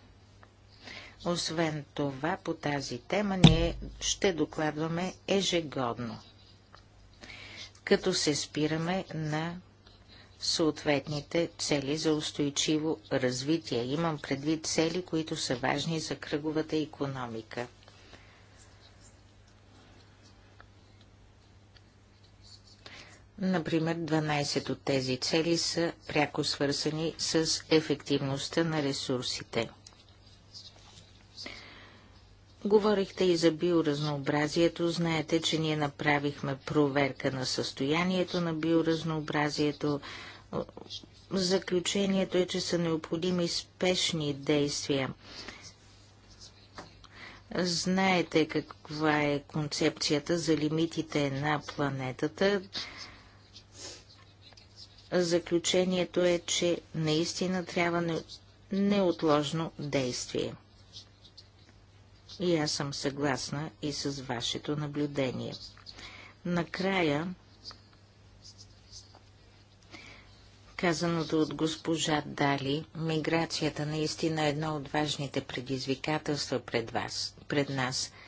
Освен това, по тази тема ние ще докладваме ежегодно, като се спираме на съответните цели за устойчиво развитие. Имам предвид цели, които са важни за кръговата економика. Например, 12 от тези цели са пряко свързани с ефективността на ресурсите – Говорихте и за биоразнообразието. Знаете, че ние направихме проверка на състоянието на биоразнообразието. Заключението е, че са необходими спешни действия. Знаете каква е концепцията за лимитите на планетата. Заключението е, че наистина трябва неотложно действие. И аз съм съгласна и с вашето наблюдение. Накрая, казаното от госпожа Дали, миграцията наистина е едно от важните предизвикателства пред вас, пред нас –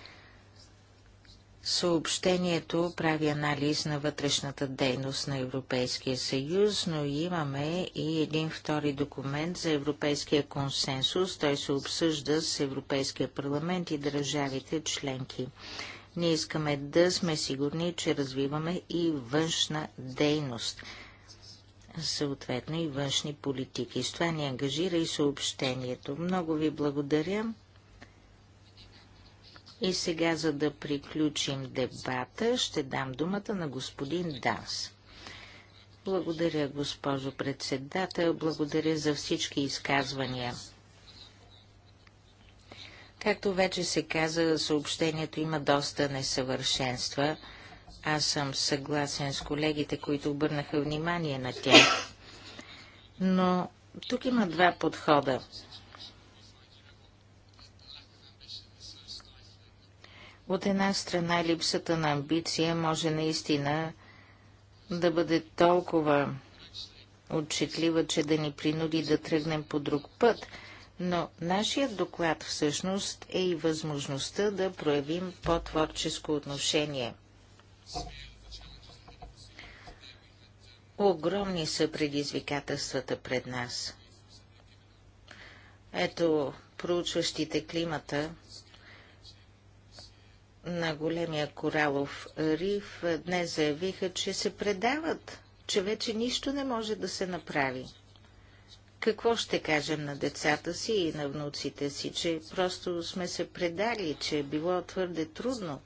Съобщението прави анализ на вътрешната дейност на Европейския съюз, но имаме и един втори документ за европейския консенсус. Той се обсъжда с Европейския парламент и държавите членки. Ние искаме да сме сигурни, че развиваме и външна дейност, съответно и външни политики. С това ни ангажира и съобщението. Много ви благодаря. И сега, за да приключим дебата, ще дам думата на господин Данс. Благодаря, госпожо председател. Благодаря за всички изказвания. Както вече се каза, съобщението има доста несъвършенства. Аз съм съгласен с колегите, които обърнаха внимание на тях. Но тук има два подхода. От една страна липсата на амбиция може наистина да бъде толкова отчетлива, че да ни принуди да тръгнем по друг път, но нашият доклад всъщност е и възможността да проявим по-творческо отношение. Огромни са предизвикателствата пред нас. Ето, проучващите климата на големия коралов риф е, днес заявиха, че се предават, че вече нищо не може да се направи. Какво ще кажем на децата си и на внуците си, че просто сме се предали, че е било твърде трудно?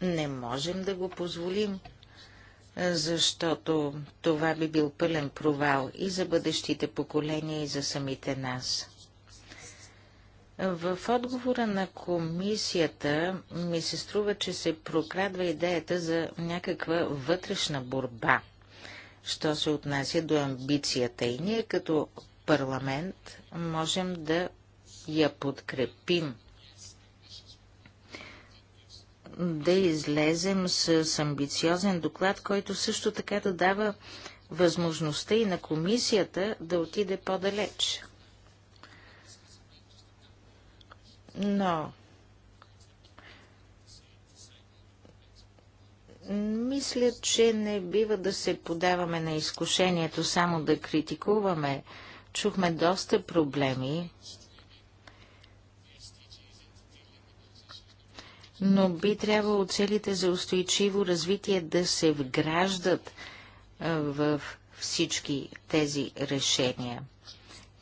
Не можем да го позволим, е, защото това би бил пълен провал и за бъдещите поколения, и за самите нас. В отговора на комисията ми се струва, че се прокрадва идеята за някаква вътрешна борба, що се отнася до амбицията. И ние като парламент можем да я подкрепим, да излезем с амбициозен доклад, който също така да дава възможността и на комисията да отиде по-далеч. Но мисля, че не бива да се подаваме на изкушението само да критикуваме. Чухме доста проблеми, но би трябвало целите за устойчиво развитие да се вграждат в всички тези решения.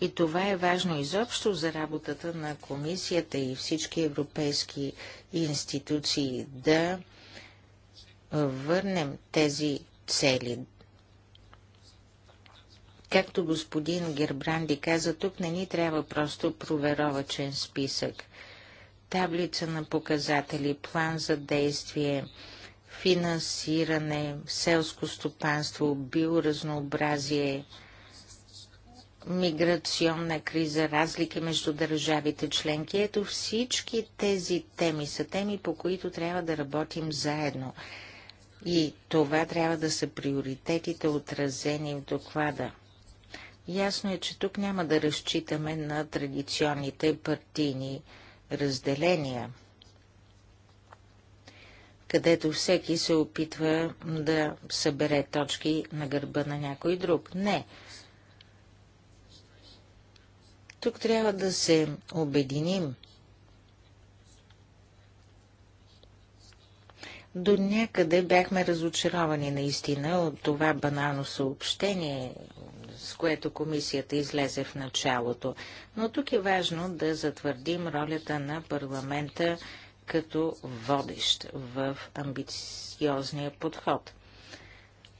И това е важно изобщо за работата на комисията и всички европейски институции да върнем тези цели. Както господин Гербранди каза, тук не ни трябва просто проверовачен списък. Таблица на показатели, план за действие, финансиране, селско стопанство, биоразнообразие – миграционна криза, разлики между държавите членки. Ето всички тези теми са теми, по които трябва да работим заедно. И това трябва да са приоритетите, отразени в доклада. Ясно е, че тук няма да разчитаме на традиционните партийни разделения, където всеки се опитва да събере точки на гърба на някой друг. Не, тук трябва да се обединим. До някъде бяхме разочаровани наистина от това банално съобщение, с което комисията излезе в началото. Но тук е важно да затвърдим ролята на парламента като водещ в амбициозния подход.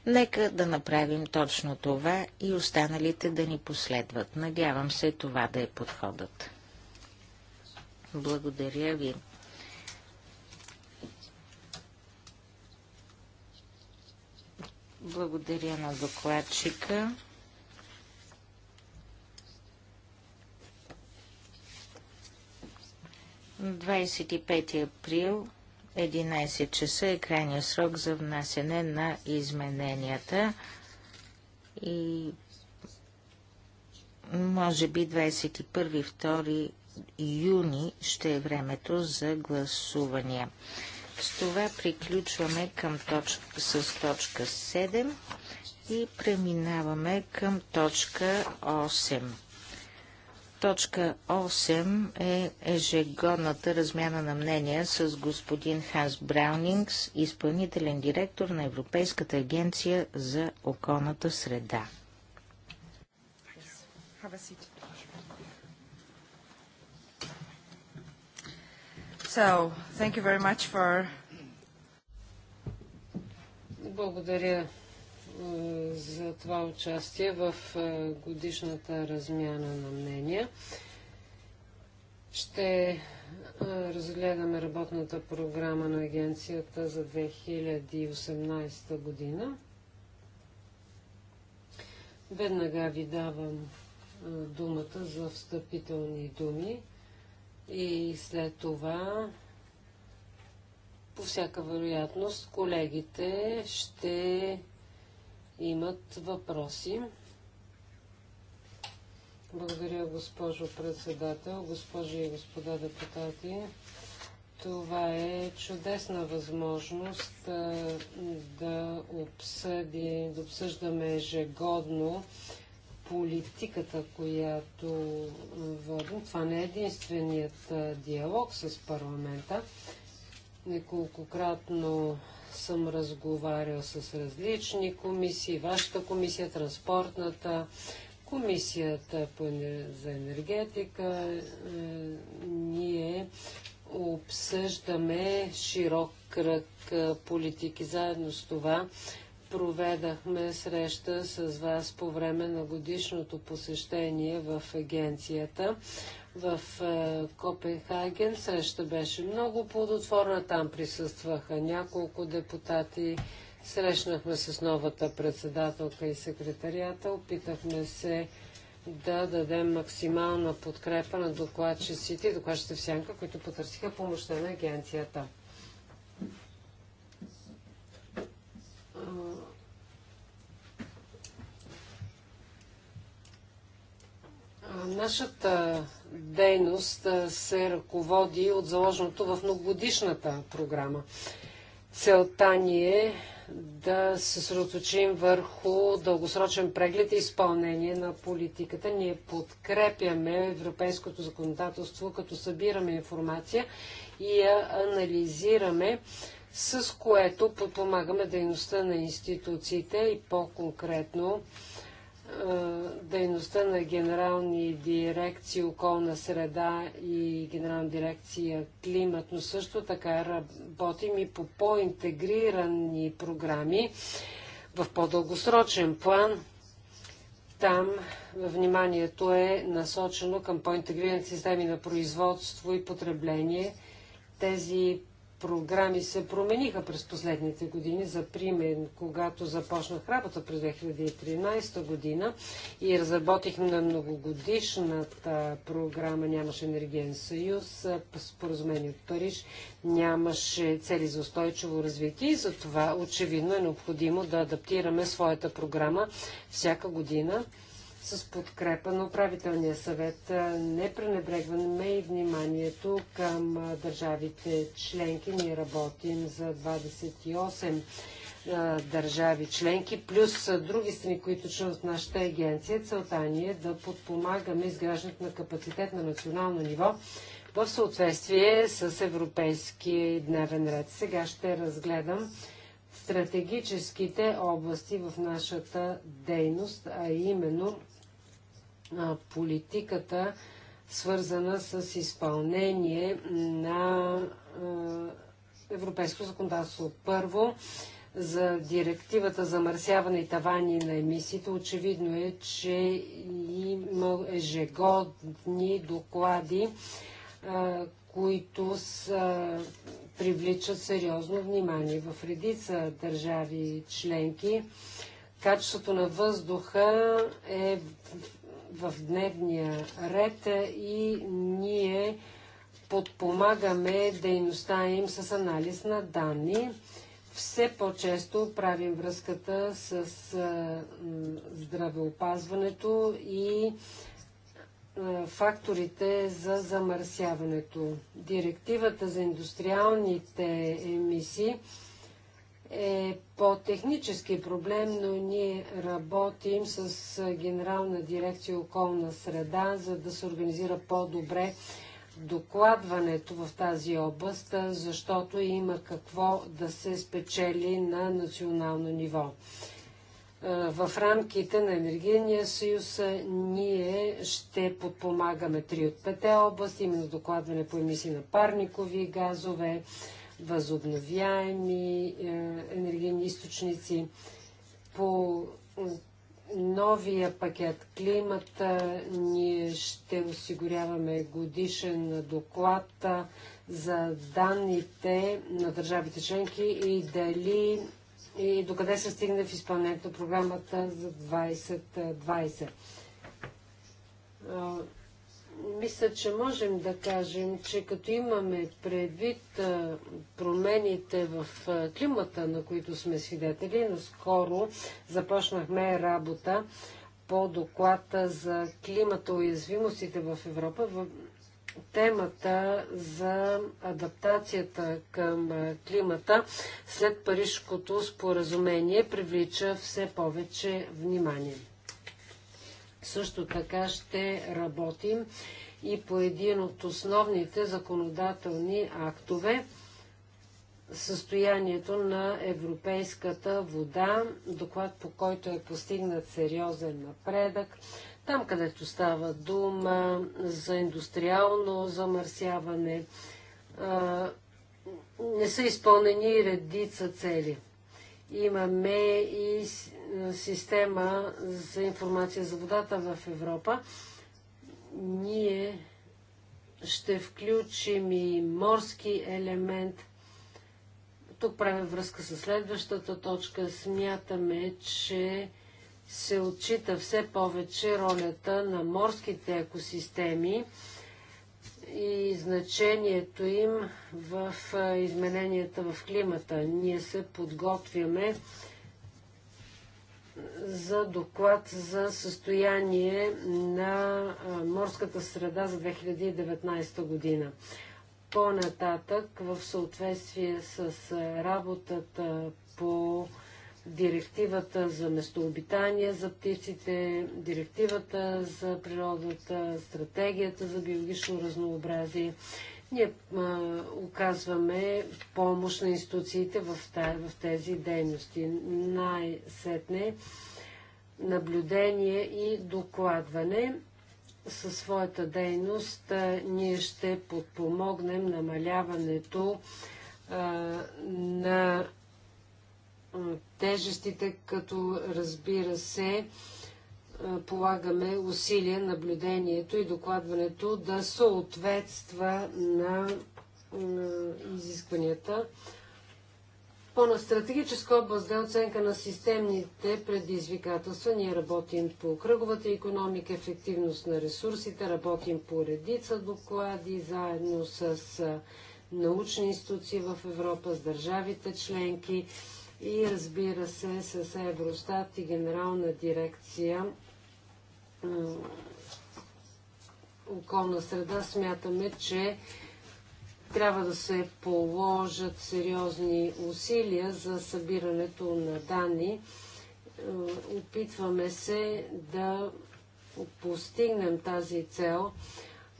Нека да направим точно това и останалите да ни последват. Надявам се това да е подходът. Благодаря ви. Благодаря на докладчика. Двадесет април 11 часа е крайния срок за внасяне на измененията и може би 21-2 юни ще е времето за гласувания. С това приключваме към точ... с точка 7 и преминаваме към точка 8. Точка 8 е ежегодната размяна на мнения с господин Ханс Браунингс, изпълнителен директор на Европейската агенция за околната среда. So, for... Благодаря за това участие в годишната размяна на мнения. Ще разгледаме работната програма на агенцията за 2018 година. Веднага ви давам думата за встъпителни думи и след това по всяка вероятност колегите ще имат въпроси. Благодаря, госпожо председател, госпожи и господа депутати. Това е чудесна възможност да, обсъди, да обсъждаме ежегодно политиката, която водим. Това не е единственият диалог с парламента. Неколкократно съм разговарял с различни комисии, вашата комисия, транспортната, комисията за енергетика. Е, ние обсъждаме широк кръг е, политики. Заедно с това проведахме среща с вас по време на годишното посещение в агенцията в е, Копенхаген. Среща беше много плодотворна. Там присъстваха няколко депутати. Срещнахме с новата председателка и секретарията. Опитахме се да дадем максимална подкрепа на докладчиците и докладчите в сянка, които потърсиха помощта на агенцията. Нашата дейност се ръководи от заложеното в многогодишната програма. Целта ни е да се съсредоточим върху дългосрочен преглед и изпълнение на политиката. Ние подкрепяме европейското законодателство, като събираме информация и я анализираме, с което подпомагаме дейността на институциите и по-конкретно дейността на генерални дирекции околна среда и генерална дирекция климат, но също така работим и по по-интегрирани програми в по-дългосрочен план. Там вниманието е насочено към по-интегрирани системи на производство и потребление. Тези програми се промениха през последните години. За пример, когато започнах работа през 2013 година и разработихме на многогодишната програма Нямаше енергиен съюз, споразумение от Париж, нямаше цели за устойчиво развитие и затова очевидно е необходимо да адаптираме своята програма всяка година с подкрепа на управителния съвет. Не пренебрегваме и вниманието към държавите членки. Ние работим за 28 държави членки, плюс други страни, които членуват нашата агенция. Целта ни е да подпомагаме изграждането на капацитет на национално ниво в съответствие с европейския дневен ред. Сега ще разгледам стратегическите области в нашата дейност, а именно политиката, свързана с изпълнение на европейско законодателство. Първо, за директивата за мърсяване и тавани на емисиите, очевидно е, че има ежегодни доклади, а, които са, привличат сериозно внимание в редица държави членки. Качеството на въздуха е в дневния ред и ние подпомагаме дейността им с анализ на данни. Все по-често правим връзката с здравеопазването и факторите за замърсяването. Директивата за индустриалните емисии е по-технически проблем, но ние работим с Генерална дирекция околна среда, за да се организира по-добре докладването в тази област, защото има какво да се спечели на национално ниво. Е, в рамките на Енергийния съюз е, ние ще подпомагаме три от пете области, именно докладване по емисии на парникови газове, възобновяеми е, енергийни източници. По новия пакет климата ние ще осигуряваме годишен доклад за данните на държавите членки и дали и докъде се стигне в изпълнението на програмата за 2020 мисля, че можем да кажем, че като имаме предвид промените в климата, на които сме свидетели, но скоро започнахме работа по доклада за климата уязвимостите в Европа, в темата за адаптацията към климата след Парижското споразумение привлича все повече внимание. Също така ще работим и по един от основните законодателни актове състоянието на европейската вода, доклад по който е постигнат сериозен напредък. Там, където става дума за индустриално замърсяване, не са изпълнени редица цели. Имаме и система за информация за водата в Европа, ние ще включим и морски елемент. Тук правим връзка с следващата точка. Смятаме, че се отчита все повече ролята на морските екосистеми и значението им в измененията в климата. Ние се подготвяме за доклад за състояние на морската среда за 2019 година. По-нататък, в съответствие с работата по директивата за местообитание за птиците, директивата за природата, стратегията за биологично разнообразие, ние а, оказваме помощ на институциите в, в тези дейности. Най-сетне наблюдение и докладване. Със своята дейност а, ние ще подпомогнем намаляването а, на тежестите, като разбира се, а, полагаме усилия наблюдението и докладването да съответства на, изискванията. По-на стратегическа област за е оценка на системните предизвикателства ние работим по кръговата економика, ефективност на ресурсите, работим по редица доклади заедно с научни институции в Европа, с държавите членки и разбира се с Евростат и Генерална дирекция околна среда, смятаме, че трябва да се положат сериозни усилия за събирането на данни. Е, опитваме се да постигнем тази цел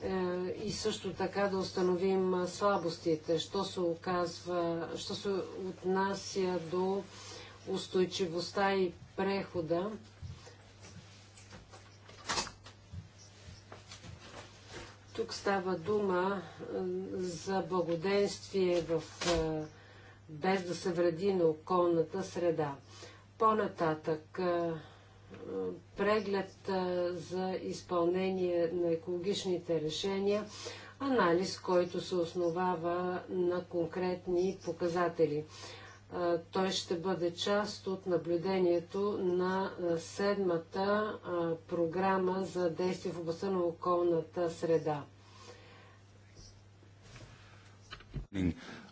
е, и също така да установим слабостите, що се оказва, що се отнася до устойчивостта и прехода. Тук става дума за благоденствие в, без да се вреди на околната среда. По-нататък преглед за изпълнение на екологичните решения, анализ, който се основава на конкретни показатели. Той ще бъде част от наблюдението на седмата програма за действие в областта на околната среда.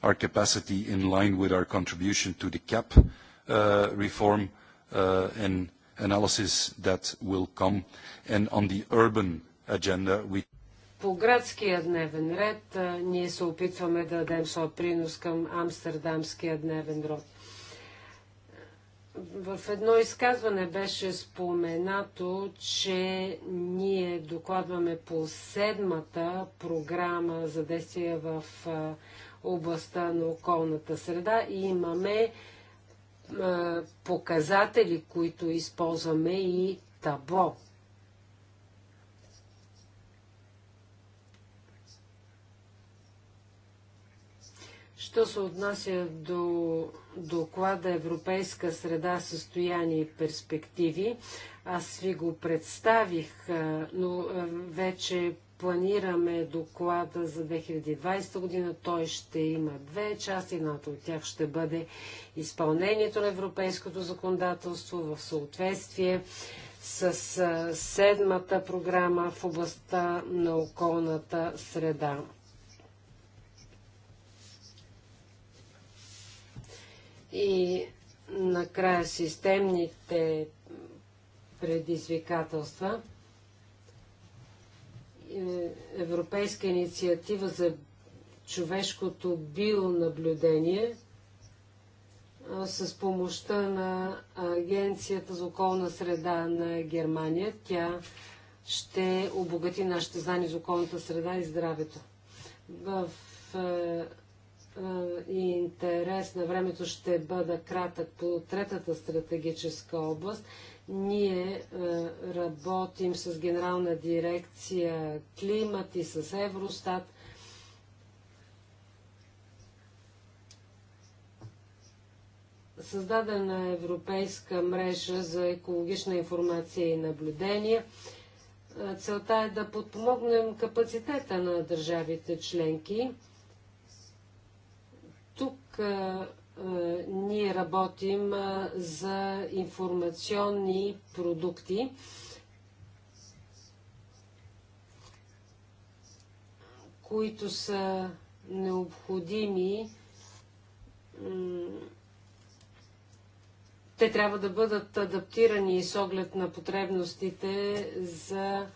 Our capacity in line with our contribution to the CAP uh, reform uh, and analysis that will come. And on the urban agenda, we по градския дневен ред ние се опитваме да дадем своя принос към амстердамския дневен род. В едно изказване беше споменато, че ние докладваме по седмата програма за действие в областта на околната среда и имаме показатели, които използваме и табло. Що се отнася до доклада Европейска среда, състояние и перспективи, аз ви го представих, но вече планираме доклада за 2020 година. Той ще има две части. Едната от тях ще бъде изпълнението на европейското законодателство в съответствие с седмата програма в областта на околната среда. И накрая системните предизвикателства. Е, европейска инициатива за човешкото бионаблюдение с помощта на Агенцията за околна среда на Германия. Тя ще обогати нашите знания за околната среда и здравето. В е, е, и интерес на времето ще бъда кратък по третата стратегическа област. Ние е, работим с Генерална дирекция Климат и с Евростат – създадена е европейска мрежа за екологична информация и наблюдение. Целта е да подпомогнем капацитета на държавите членки тук а, а, ние работим а, за информационни продукти. които са необходими, те трябва да бъдат адаптирани с оглед на потребностите за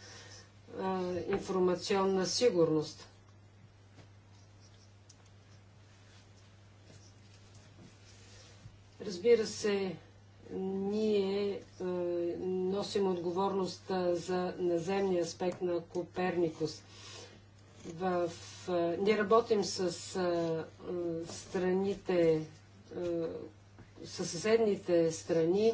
информационна сигурност. Разбира се, ние е, носим отговорност е, за наземния аспект на Коперникус. В, е, ние работим с страните, със съседните страни,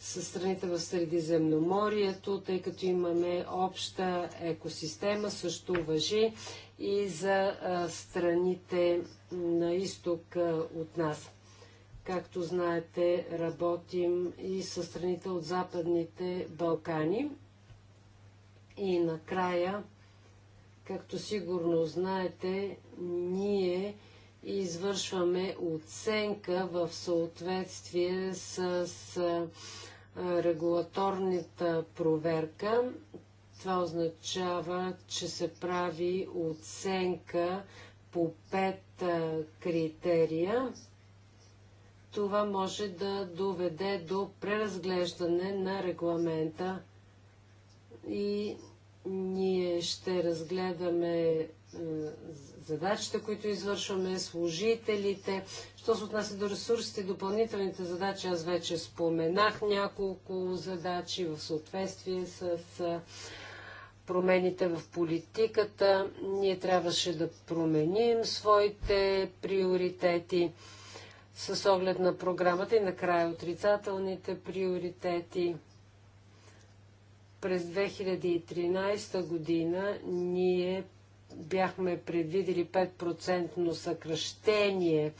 с страните в Средиземноморието, тъй като имаме обща екосистема, също въжи и за страните на изток от нас. Както знаете, работим и с страните от Западните Балкани. И накрая, както сигурно знаете, ние извършваме оценка в съответствие с, регулаторната проверка. Това означава, че се прави оценка по пет критерия това може да доведе до преразглеждане на регламента и ние ще разгледаме е, задачите, които извършваме, служителите. Що се отнася до ресурсите допълнителните задачи, аз вече споменах няколко задачи в съответствие с е, промените в политиката. Ние трябваше да променим своите приоритети с оглед на програмата и накрая отрицателните приоритети. През 2013 година ние бяхме предвидели 5% съкръщение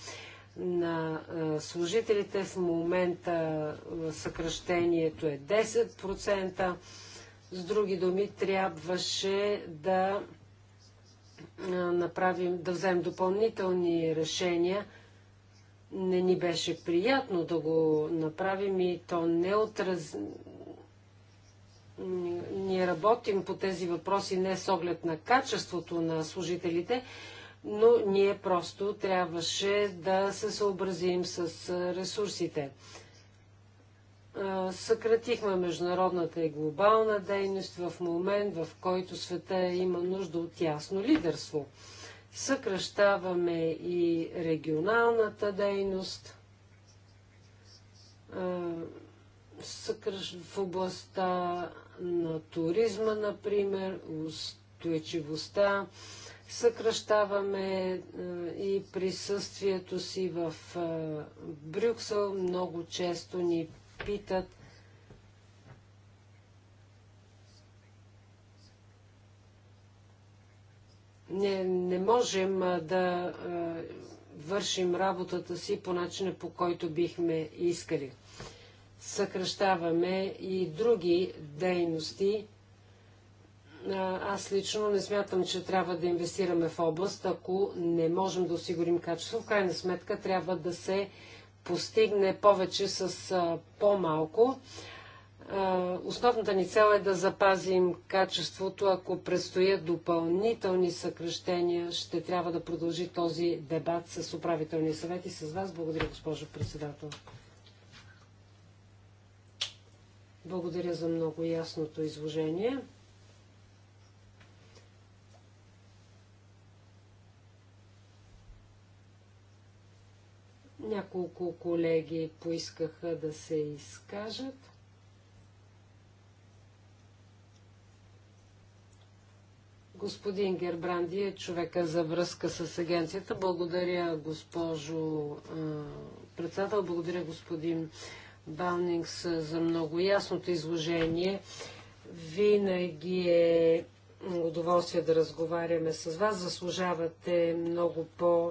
на служителите. В момента съкръщението е 10%. С други думи, трябваше да направим, да вземем допълнителни решения – не ни беше приятно да го направим и то не отраз... Ние работим по тези въпроси не с оглед на качеството на служителите, но ние просто трябваше да се съобразим с ресурсите. Съкратихме международната и глобална дейност в момент, в който света има нужда от ясно лидерство – Съкръщаваме и регионалната дейност в областта на туризма, например, устойчивостта. Съкръщаваме и присъствието си в Брюксел. Много често ни питат – не, не можем да вършим работата си по начина по който бихме искали. Съкръщаваме и други дейности. Аз лично не смятам, че трябва да инвестираме в област, ако не можем да осигурим качество. В крайна сметка трябва да се постигне повече с по-малко. Основната ни цел е да запазим качеството. Ако предстоят допълнителни съкръщения, ще трябва да продължи този дебат с управителни съвети с вас. Благодаря, госпожо председател. Благодаря за много ясното изложение. Няколко колеги поискаха да се изкажат. Господин Гербранди е човека за връзка с агенцията. Благодаря, госпожо председател. Благодаря, господин Балнингс, за много ясното изложение. Винаги е удоволствие да разговаряме с вас. Заслужавате много по-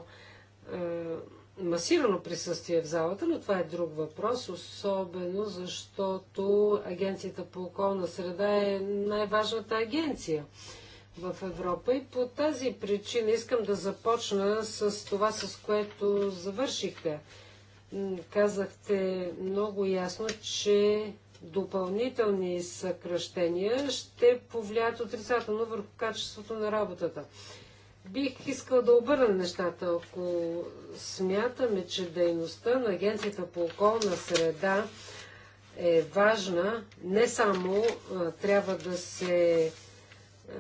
масирано присъствие в залата, но това е друг въпрос, особено защото Агенцията по околна среда е най-важната агенция в Европа и по тази причина искам да започна с това, с което завършиха. Казахте много ясно, че допълнителни съкръщения ще повлияят отрицателно върху качеството на работата. Бих искал да обърна нещата, ако смятаме, че дейността на Агенцията по околна среда е важна, не само а, трябва да се е,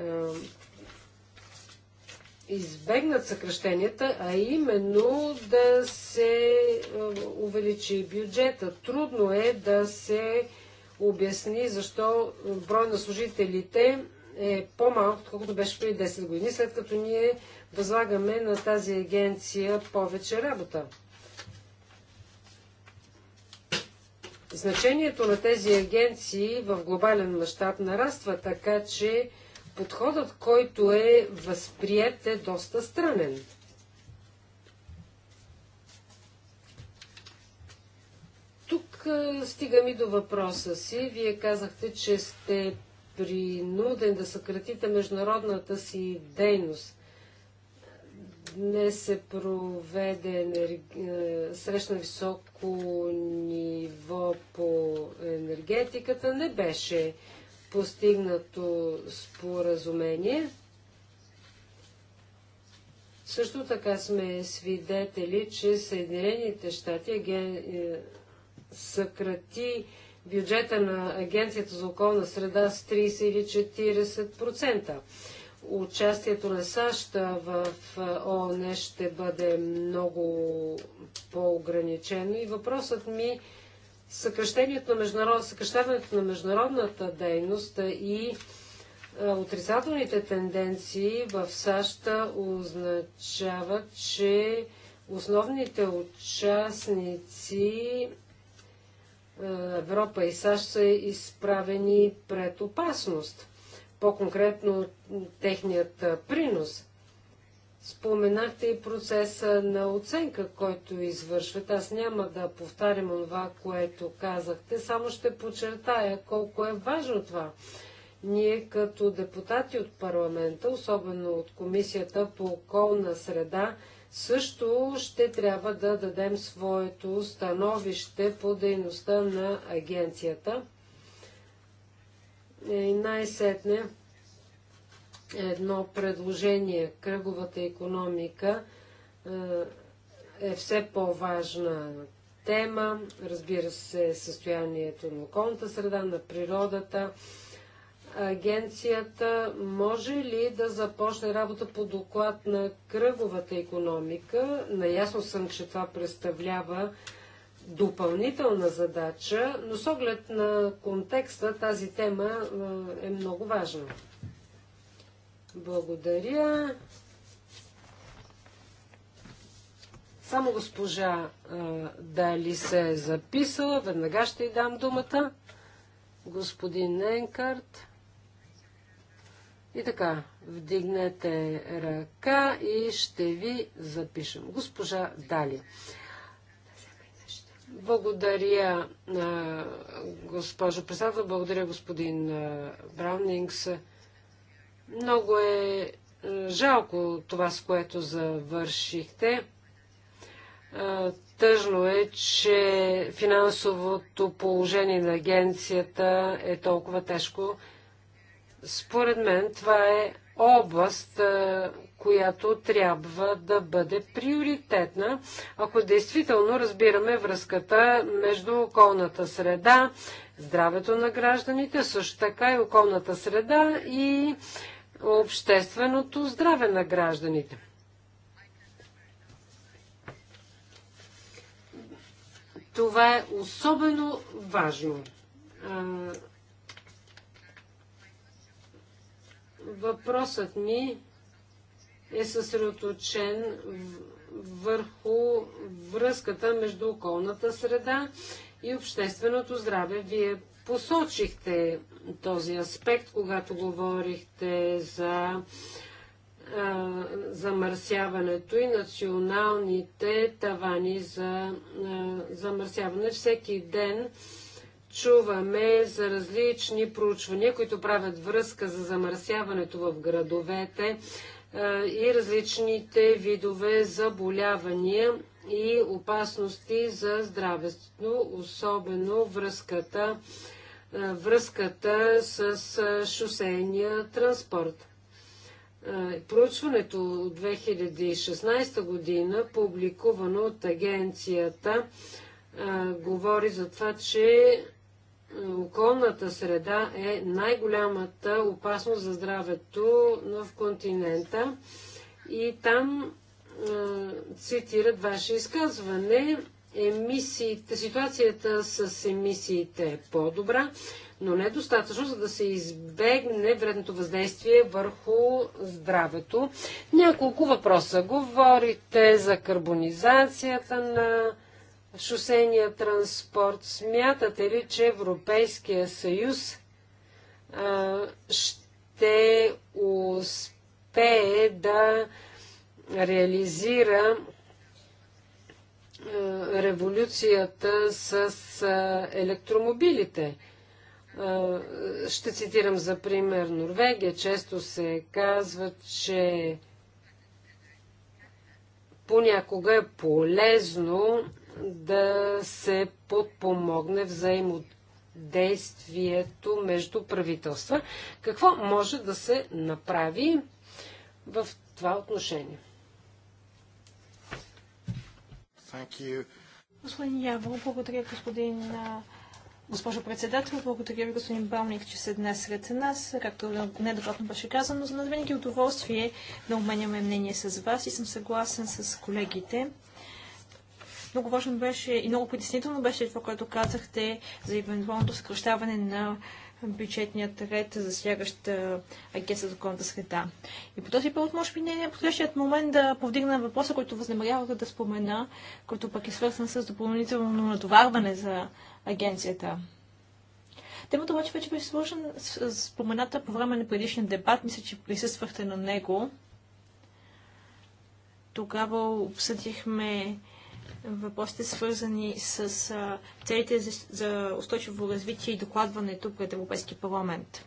избегнат съкръщенията, а именно да се е, увеличи бюджета. Трудно е да се обясни защо брой на служителите е по-малко, отколкото беше преди 10 години, след като ние възлагаме на тази агенция повече работа. Значението на тези агенции в глобален мащаб нараства, така че подходът, който е възприят, е доста странен. Тук е, стигам и до въпроса си. Вие казахте, че сте принуден да съкратите международната си дейност. Днес се проведе е, срещна високо ниво по енергетиката. Не беше постигнато споразумение. Също така сме свидетели, че Съединените щати аген... Е е, съкрати бюджета на Агенцията за околна среда с 30 или 40%. Участието на САЩ в е, ООН ще бъде много по-ограничено и въпросът ми е съкръщението на, международ... съкръщаването на международната дейност и отрицателните тенденции в САЩ означават, че основните участници Европа и САЩ са изправени пред опасност. По-конкретно техният принос. Споменахте и процеса на оценка, който извършвате. Аз няма да повтарям това, което казахте, само ще подчертая колко е важно това. Ние като депутати от парламента, особено от Комисията по околна среда, също ще трябва да дадем своето становище по дейността на агенцията. И най-сетне едно предложение. Кръговата економика е, е все по-важна тема. Разбира се, състоянието на околната среда, на природата. Агенцията може ли да започне работа по доклад на кръговата економика? Наясно съм, че това представлява допълнителна задача, но с оглед на контекста тази тема е, е много важна. Благодаря. Само госпожа Дали се е записала. Веднага ще й дам думата. Господин Ненкарт. И така, вдигнете ръка и ще ви запишем. Госпожа Дали. Благодаря, госпожо председател, благодаря господин Браунингс. Много е, е жалко това, с което завършихте. Е, тъжно е, че финансовото положение на агенцията е толкова тежко. Според мен това е област, е, която трябва да бъде приоритетна, ако действително разбираме връзката между околната среда, здравето на гражданите, също така и околната среда и общественото здраве на гражданите. Това е особено важно. Въпросът ми е съсредоточен върху връзката между околната среда и общественото здраве. Вие посочихте този аспект, когато говорихте за замърсяването и националните тавани за замърсяване. Всеки ден чуваме за различни проучвания, които правят връзка за замърсяването в градовете и различните видове заболявания и опасности за здравето, особено връзката връзката с шосейния транспорт. Проучването от 2016 година, публикувано от агенцията, говори за това, че околната среда е най-голямата опасност за здравето в континента. И там цитират ваше изказване емисиите, ситуацията с емисиите е по-добра, но не достатъчно, за да се избегне вредното въздействие върху здравето. Няколко въпроса. Говорите за карбонизацията на шосения транспорт. Смятате ли, че Европейския съюз а, ще успее да реализира е, революцията с е, електромобилите. Е, ще цитирам за пример Норвегия. Често се казва, че понякога е полезно да се подпомогне взаимодействието между правителства. Какво може да се направи в това отношение? Господин Явор, благодаря господин Госпожо председател, благодаря ви, господин Балник, че се днес сред нас. Както недократно беше казано, за нас винаги удоволствие да обменяме мнение с вас и съм съгласен с колегите. Много важно беше и много притеснително беше това, което казахте за евентуалното съкръщаване на бюджетният ред, засягащ агенция за околната среда. И по този повод, може би не е подходящият момент да повдигна въпроса, който възнамерявах да спомена, който пък е свързан с допълнително натоварване за агенцията. Темата обаче вече беше сложен, спомената по време на предишния дебат. Мисля, че присъствахте на него. Тогава обсъдихме въпросите свързани с целите за устойчиво развитие и докладването пред Европейски парламент.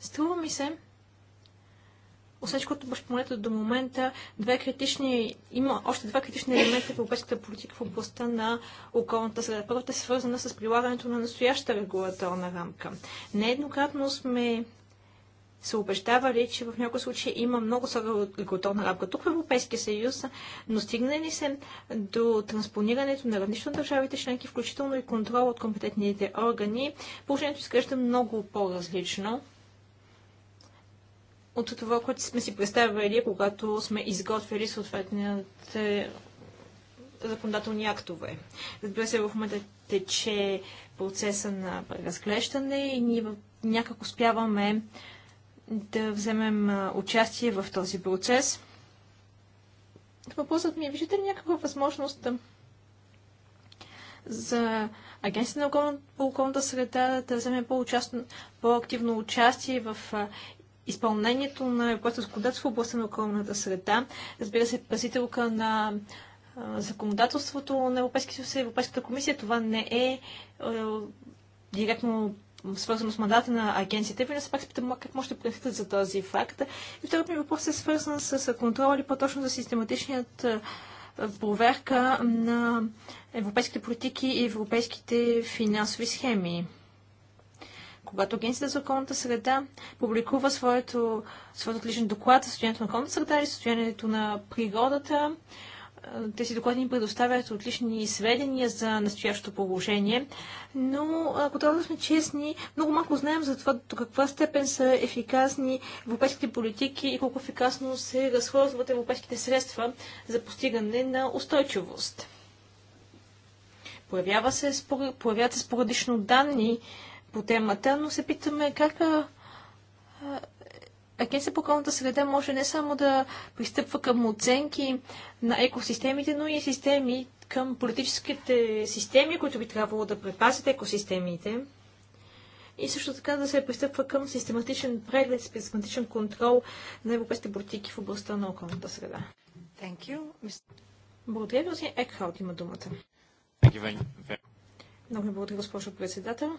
Струва ми се, освен което беше помолето до момента, две критични, има още два критични елемента в европейската политика в областта на околната среда. Първата е свързана с прилагането на настояща регулаторна рамка. Нееднократно сме се убеждавали, че в някои случаи има много строга готовна рамка тук в Европейския съюз, но стигна ли се до транспонирането на равнището на държавите членки, включително и контрол от компетентните органи, положението изглежда много по-различно от това, което сме си представили, когато сме изготвили съответните законодателни актове. Разбира се, в момента тече процеса на разглеждане и ние някак успяваме да вземем участие в този процес. Въпросът ми е, виждате ли някаква възможност за Агенцията на околната среда да вземе по-активно участие в изпълнението на европейското законодателство в областта на околната среда. Разбира се, пазителка на законодателството на Европейския съюз и Европейската комисия. Това не е директно свързано с мандата на агенцията. не се пак спитам, как може да пресетат за този факт. И второ ми въпрос е свързан с контрол или по-точно за систематичният проверка на европейските политики и европейските финансови схеми. Когато Агенцията за околната среда публикува своето, своето доклад за състоянието на околната среда и състоянието на природата, е, тези доклади ни предоставят отлични сведения за настоящото положение, но е, ако трябва да сме честни, много малко знаем за това до каква степен са ефикасни европейските политики и колко ефикасно се разходват европейските средства за постигане на устойчивост. Появява се, появяват се спорадично данни по темата, но се питаме как е, Агенция по околната среда може не само да пристъпва към оценки на екосистемите, но и системи към политическите системи, които би трябвало да предпазят екосистемите. И също така да се пристъпва към систематичен преглед, систематичен контрол на европейските политики в областта на околната среда. Thank you. Благодаря, господин Екхалт има думата. Много ви благодаря, госпожо председател.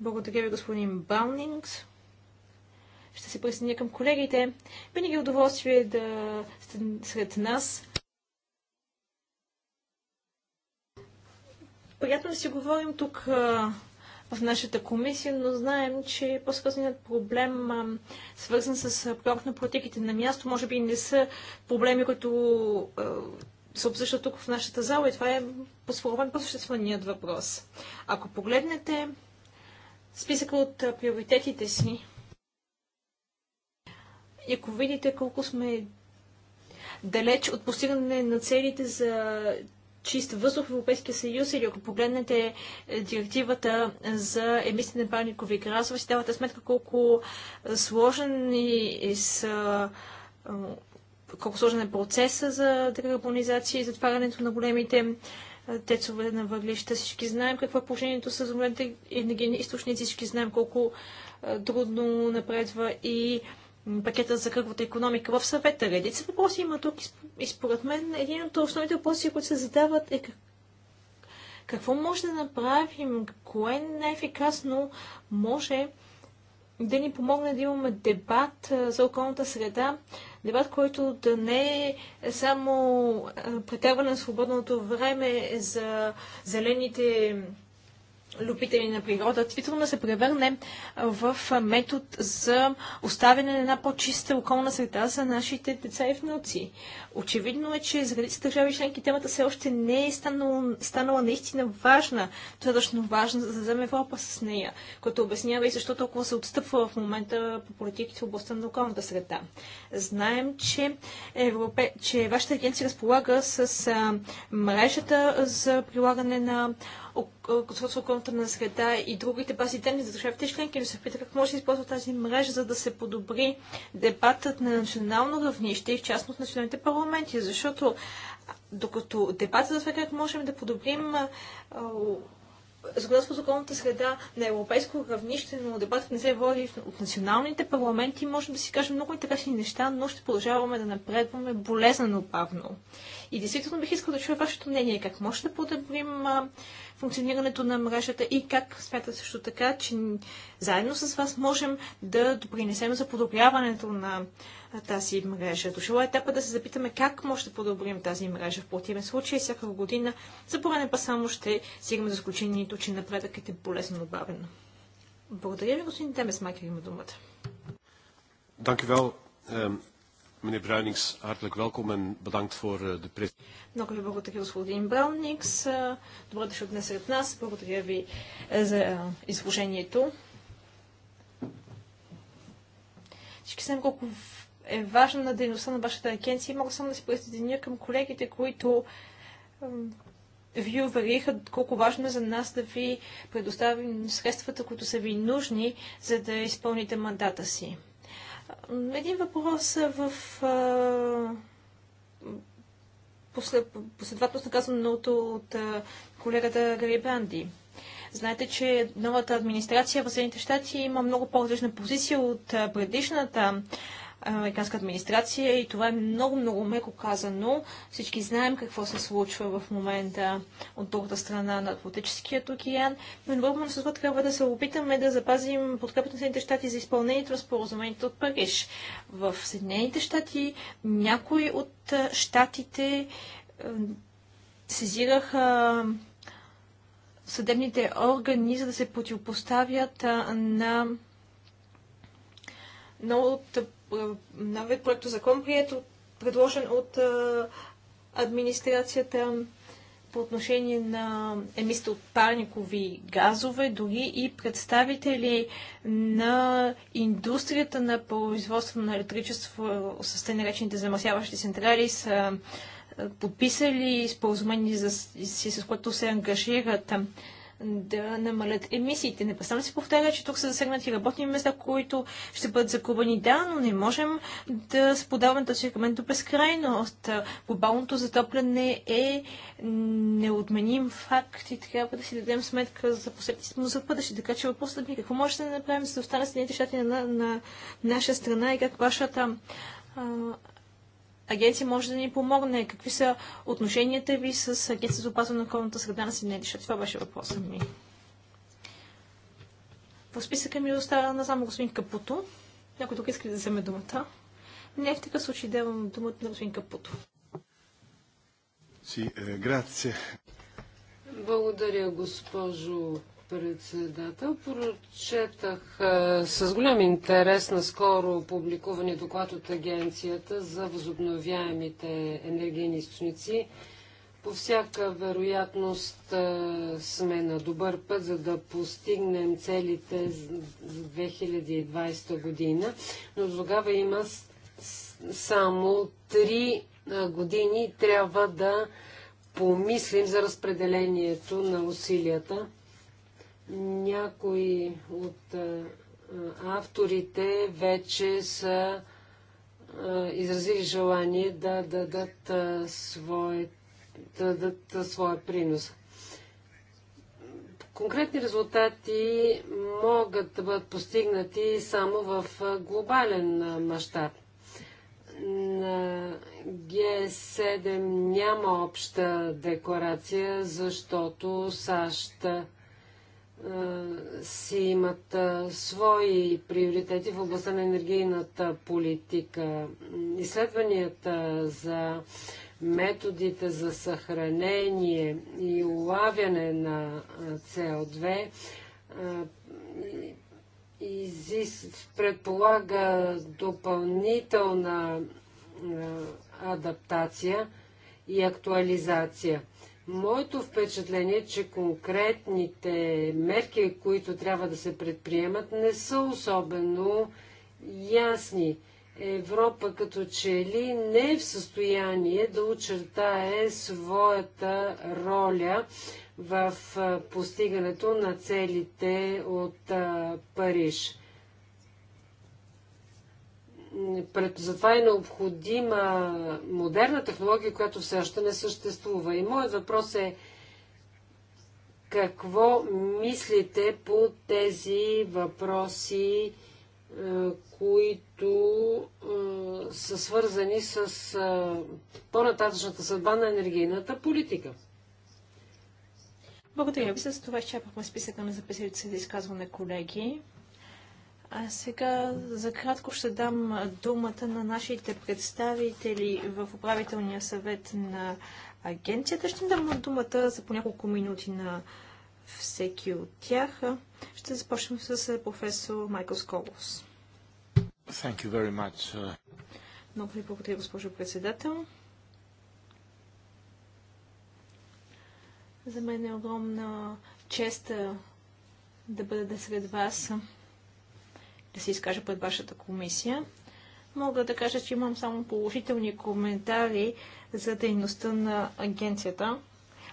Благодаря ви, господин Баунингс ще се присъединя към колегите. Винаги е удоволствие да сте сред нас. Приятно е да си говорим тук в нашата комисия, но знаем, че по-свързаният проблем, свързан с пророк на политиките на място, може би не са проблеми, които се обсъждат тук в нашата зала и това е по-сформен по-същественият въпрос. Ако погледнете списъка от приоритетите си, и ако видите колко сме далеч от постигане на целите за чист въздух в Европейския съюз или ако погледнете е, директивата за емисии на парникови газове, си давате сметка колко сложен и са е, колко сложен е процеса за декарбонизация и затварянето на големите е, тецове на въглища. Всички знаем какво е положението с големите енергийни източници, всички знаем колко трудно напредва и пакета за кръговата економика в съвета. Редица въпроси има тук и според мен един от основните въпроси, които се задават е какво може да направим, кое най-ефикасно може да ни помогне да имаме дебат за околната среда, дебат, който да не е само претягване на свободното време за зелените любители на природа, действително да се превърне в метод за оставяне на една по-чиста околна среда за нашите деца и внуци. Очевидно е, че за редица държави членки темата все още не е станала, станала наистина важна, достатъчно важна, за да вземе Европа с нея, което обяснява и защо толкова се отстъпва в момента по политиките в областта на околната среда. Знаем, че, Европе... че вашата агенция разполага с а, мрежата за прилагане на е, с на среда и другите бази данни за държавите членки, но се пита как може да използва тази мрежа, за да се подобри дебатът на национално равнище и в частност националните парламенти, защото докато дебатът за това как можем да подобрим за законната среда на европейско равнище, но дебатът не се води от националните парламенти, можем да си кажем много интересни неща, но ще продължаваме да напредваме болезнено бавно. И действително бих искал да чуя вашето мнение. Как може да подобрим функционирането на мрежата и как смятате също така, че заедно с вас можем да допринесем за подобряването на тази мрежа. е етапа да се запитаме как може да подобрим тази мрежа. В противен случай, всяка година за пореден па само ще стигаме до заключението, че напредъкът е полезно добавено. Благодаря ви, господин Демес Макер, има думата. Dank Um, Meneer Bruinings, hartelijk welkom en bedankt voor eh, de presentatie. Много ви благодаря, господин Браунингс, е, Добре дошъл днес сред нас. Благодаря ви е, за е, изложението. Всички знаем колко е важна на дейността на вашата агенция. Мога само да се присъединя към колегите, които ви увериха колко важно е за нас да ви предоставим средствата, които са ви нужни, за да изпълните мандата си. Един въпрос е в последователност казаното от колегата Гарибанди. Знаете, че новата администрация в Съединените щати има много по-различна позиция от предишната американска администрация и това е много, много меко казано. Всички знаем какво се случва в момента от другата страна на Атлантическия океан. Но едновременно с това трябва да се опитаме да запазим подкрепата на Съединените щати за изпълнението на споразумението от Париж. В Съединените щати някои от щатите сезираха съдебните органи, за да се противопоставят на, на от новият проект закон, прият, предложен от администрацията по отношение на емисите от парникови газове, дори и представители на индустрията на производство на електричество с те наречените замърсяващи централи са подписали споразумение, с което се ангажират да намалят емисиите. Непрестанно се повтаря, че тук са засегнати работни места, които ще бъдат загубени. Да, но не можем да сподаваме този аргумент до безкрайност. Глобалното затопляне е неотменим факт и трябва да си дадем сметка за последствията, му за бъдеще. Така че въпросът ми е какво може да направим, за да остане Съединените щати на, на, на наша страна и как вашата а, агенция може да ни помогне? Какви са отношенията ви с Агенцията за опазване на околната среда на Съединените Това беше въпросът ми. В списъка ми остава на само господин Капуто. Някой тук иска да вземе думата. Не в такъв случай давам думата на господин Капуто. Е, Благодаря, госпожо председател. Прочетах а, е, с голям интерес на скоро публикувани доклад от Агенцията за възобновяемите енергийни източници. По всяка вероятност а, е, сме на добър път, за да постигнем целите за 2020 година, но тогава има само 3 а, е, години трябва да помислим за разпределението на усилията. Някои от авторите вече са изразили желание да дадат, свое, да дадат своя принос. Конкретни резултати могат да бъдат постигнати само в глобален мащаб. На Г7 няма обща декларация, защото САЩ е, си имат е, свои приоритети в областта на енергийната политика. Изследванията е, за методите за съхранение и улавяне на CO2 предполага допълнителна адаптация и актуализация. Моето впечатление е, че конкретните мерки, които трябва да се предприемат, не са особено ясни. Европа като че ли не е в състояние да очертае своята роля в постигането на целите от Париж затова е необходима модерна технология, която все още не съществува. И моят въпрос е какво мислите по тези въпроси, е, които е, са свързани с е, по-нататъчната съдба на енергийната политика? Благодаря ви. С това изчерпахме списъка на записалите се за изказване колеги. А сега за кратко ще дам думата на нашите представители в управителния съвет на агенцията. Ще дам думата за по няколко минути на всеки от тях. Ще започнем с е, професор Майкъл Сколос. Thank you very much. Uh, Много ви благодаря, госпожо председател. За мен е огромна чест е, да бъда сред вас да се изкажа пред вашата комисия. Мога да кажа, че имам само положителни коментари за дейността на агенцията.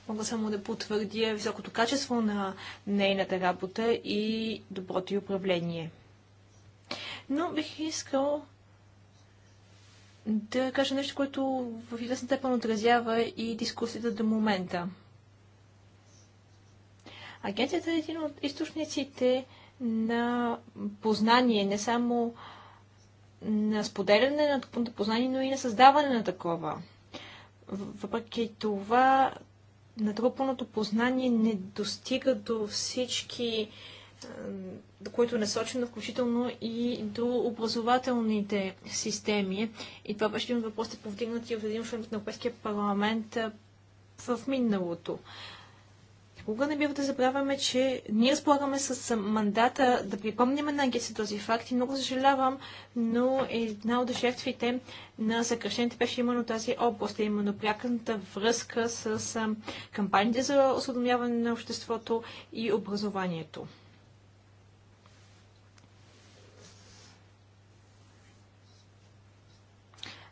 Мога само да потвърдя високото качество на нейната работа и доброто й управление. Но бих искал да кажа нещо, което в известна степен отразява и дискусията до момента. Агенцията е един от източниците на познание, не само на споделяне на такова познание, но и на създаване на такова. Въпреки това, натрупаното познание не достига до всички, до които е насочено, включително и до образователните системи. И това беше един от въпросите, повдигнати от един член на Европейския парламент в миналото. Никога не бива да забравяме, че ние разполагаме с мандата да припомняме на агенция този факт и много съжалявам, но една от жертвите на съкрещените беше именно тази област, именно пряканата връзка с кампаниите за осъдомяване на обществото и образованието.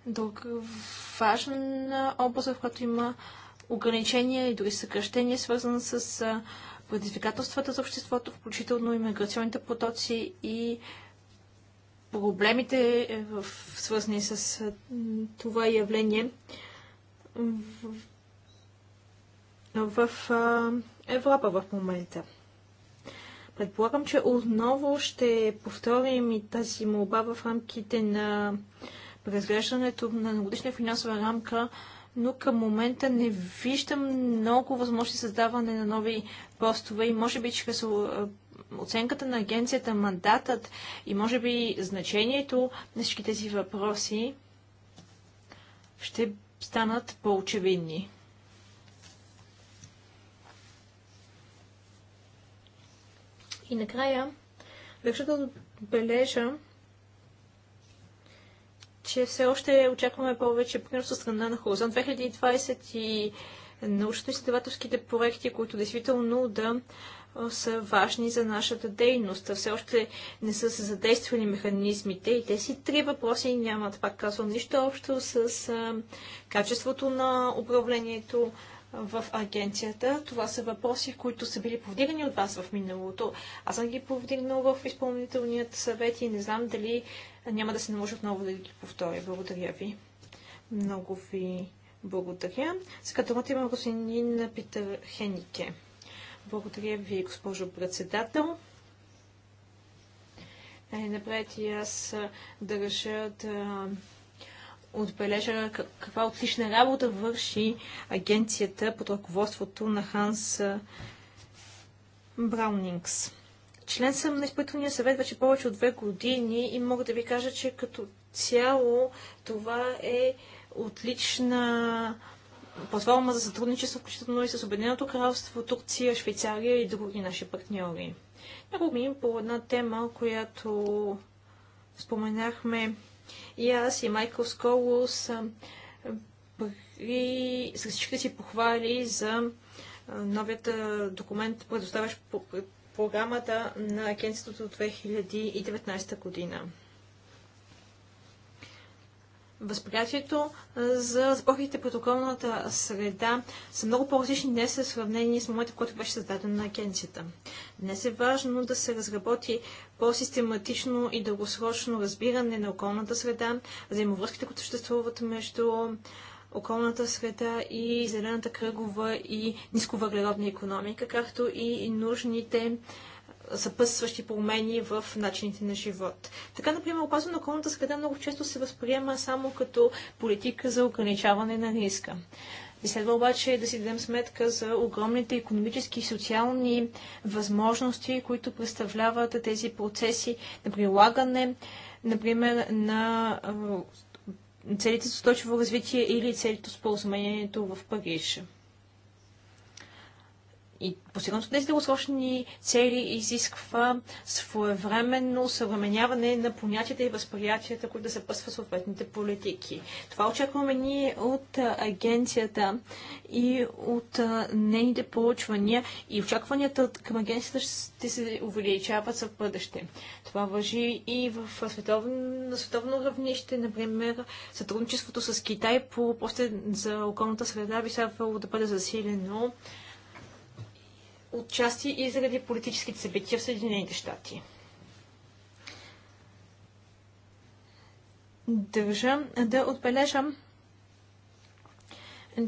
Друг важна област, в която има ограничения и дори съкръщения, свързани с предизвикателствата за обществото, включително миграционните потоци и проблемите, е, свързани с това явление в, в, в Европа в момента. Предполагам, че отново ще повторим и тази молба в рамките на преразглеждането на годишна финансова рамка но към момента не виждам много възможности създаване на нови постове и може би чрез оценката на агенцията, мандатът и може би значението на всички тези въпроси ще станат по-очевидни. И накрая вършата да отбележа, че все още очакваме повече примерно, от страна на Хоризонт 2020 и научно-изследователските проекти, които действително да са важни за нашата дейност. Все още не са се задействали механизмите и тези три въпроси нямат, пак казвам, нищо общо с качеството на управлението, в агенцията. Това са въпроси, които са били повдигани от вас в миналото. Аз съм ги повдигнал в изпълнителният съвет и не знам дали няма да се наложи отново да ги повторя. Благодаря ви. Много ви благодаря. Сега думата има господин Питър Хенике. Благодаря ви, госпожо председател. Най-напред е, и аз държа да отбележа каква отлична работа върши агенцията под ръководството на Ханс Браунингс. Член съм на изпълнителния съвет вече повече от две години и мога да ви кажа, че като цяло това е отлична платформа за сътрудничество, включително и с Обединеното кралство, Турция, Швейцария и други наши партньори. Няколко ми по една тема, която споменахме и аз и Майкъл Сколус при с всичките си похвали за новият документ, предоставящ програмата на агенцията от 2019 година възприятието за сборите протоколната среда са много по-различни днес в сравнение с момента, в който беше създадена агенцията. Днес е важно да се разработи по-систематично и дългосрочно разбиране на околната среда, взаимовръзките, които съществуват между околната среда и зелената кръгова и нисковъглеродна економика, както и нужните съпъсващи промени в начините на живот. Така, например, опазване на околната среда много често се възприема само като политика за ограничаване на риска. И следва обаче да си дадем сметка за огромните економически и социални възможности, които представляват тези процеси на прилагане, например, на целите за устойчиво развитие или целите споразумението в Париж. И постигането тези дългосрочни цели изисква своевременно съвременяване на понятията и възприятията, които да пъсват съответните политики. Това очакваме ние от агенцията и от нейните проучвания и очакванията към агенцията ще се увеличават за бъдеще. Това въжи и в световно, на световно равнище, например, сътрудничеството с Китай по въпросите за околната среда би следвало да бъде засилено отчасти и заради политическите събития в Съединените щати. Държа да отбележам,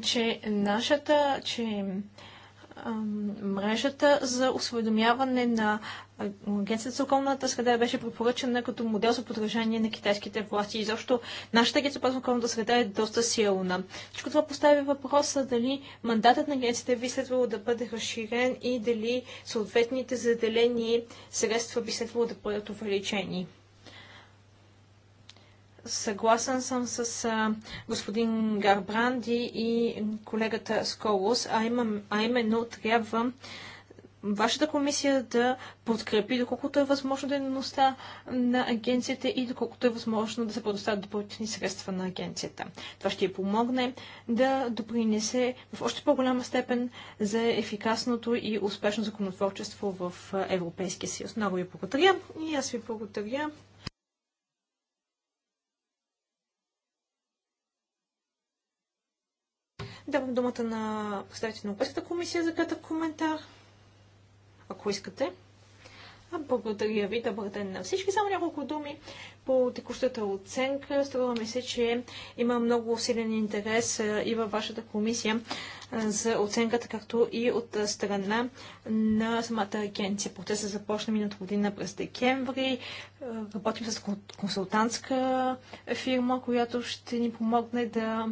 че нашата, че мрежата за осведомяване на Агенцията за околната среда беше препоръчена като модел за подражание на китайските власти. И защо нашата агенция за околната среда е доста силна. Всичко това поставя въпроса дали мандатът на агенцията би следвало да бъде разширен и дали съответните заделени средства би следвало да бъдат увеличени. Съгласен съм с господин Гарбранди и колегата Сколос, а, имам, а именно трябва вашата комисия да подкрепи доколкото е възможно дейността на агенцията и доколкото е възможно да се предоставят допълнителни средства на агенцията. Това ще й помогне да допринесе в още по-голяма степен за ефикасното и успешно законотворчество в Европейския съюз. Много ви благодаря и аз ви благодаря. Давам думата на представител на Европейската комисия за кратък коментар, ако искате. Благодаря ви, добър ден на всички. Само няколко думи по текущата оценка. Струва ми се, че има много силен интерес и във вашата комисия за оценката, както и от страна на самата агенция. Процесът започна миналата година през декември. Работим с консултантска фирма, която ще ни помогне да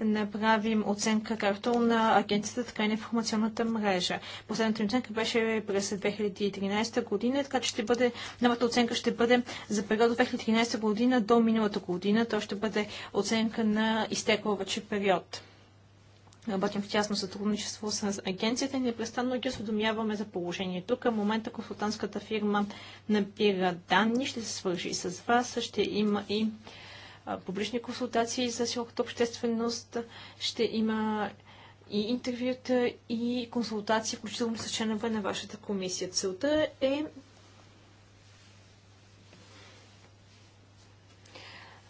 направим оценка както на агенцията, така и на информационната мрежа. Последната ни оценка беше през 2013 година, така че ще бъде, новата оценка ще бъде за период от 2013 година до миналата година. То ще бъде оценка на изтекла вече период. Работим в тясно сътрудничество с агенцията и непрестанно ги осведомяваме за положението. Към момента консултантската фирма набира данни, ще се свържи с вас, ще има и публични консултации за широката общественост, ще има и интервюта, и консултации, включително с членове на вашата комисия. Целта е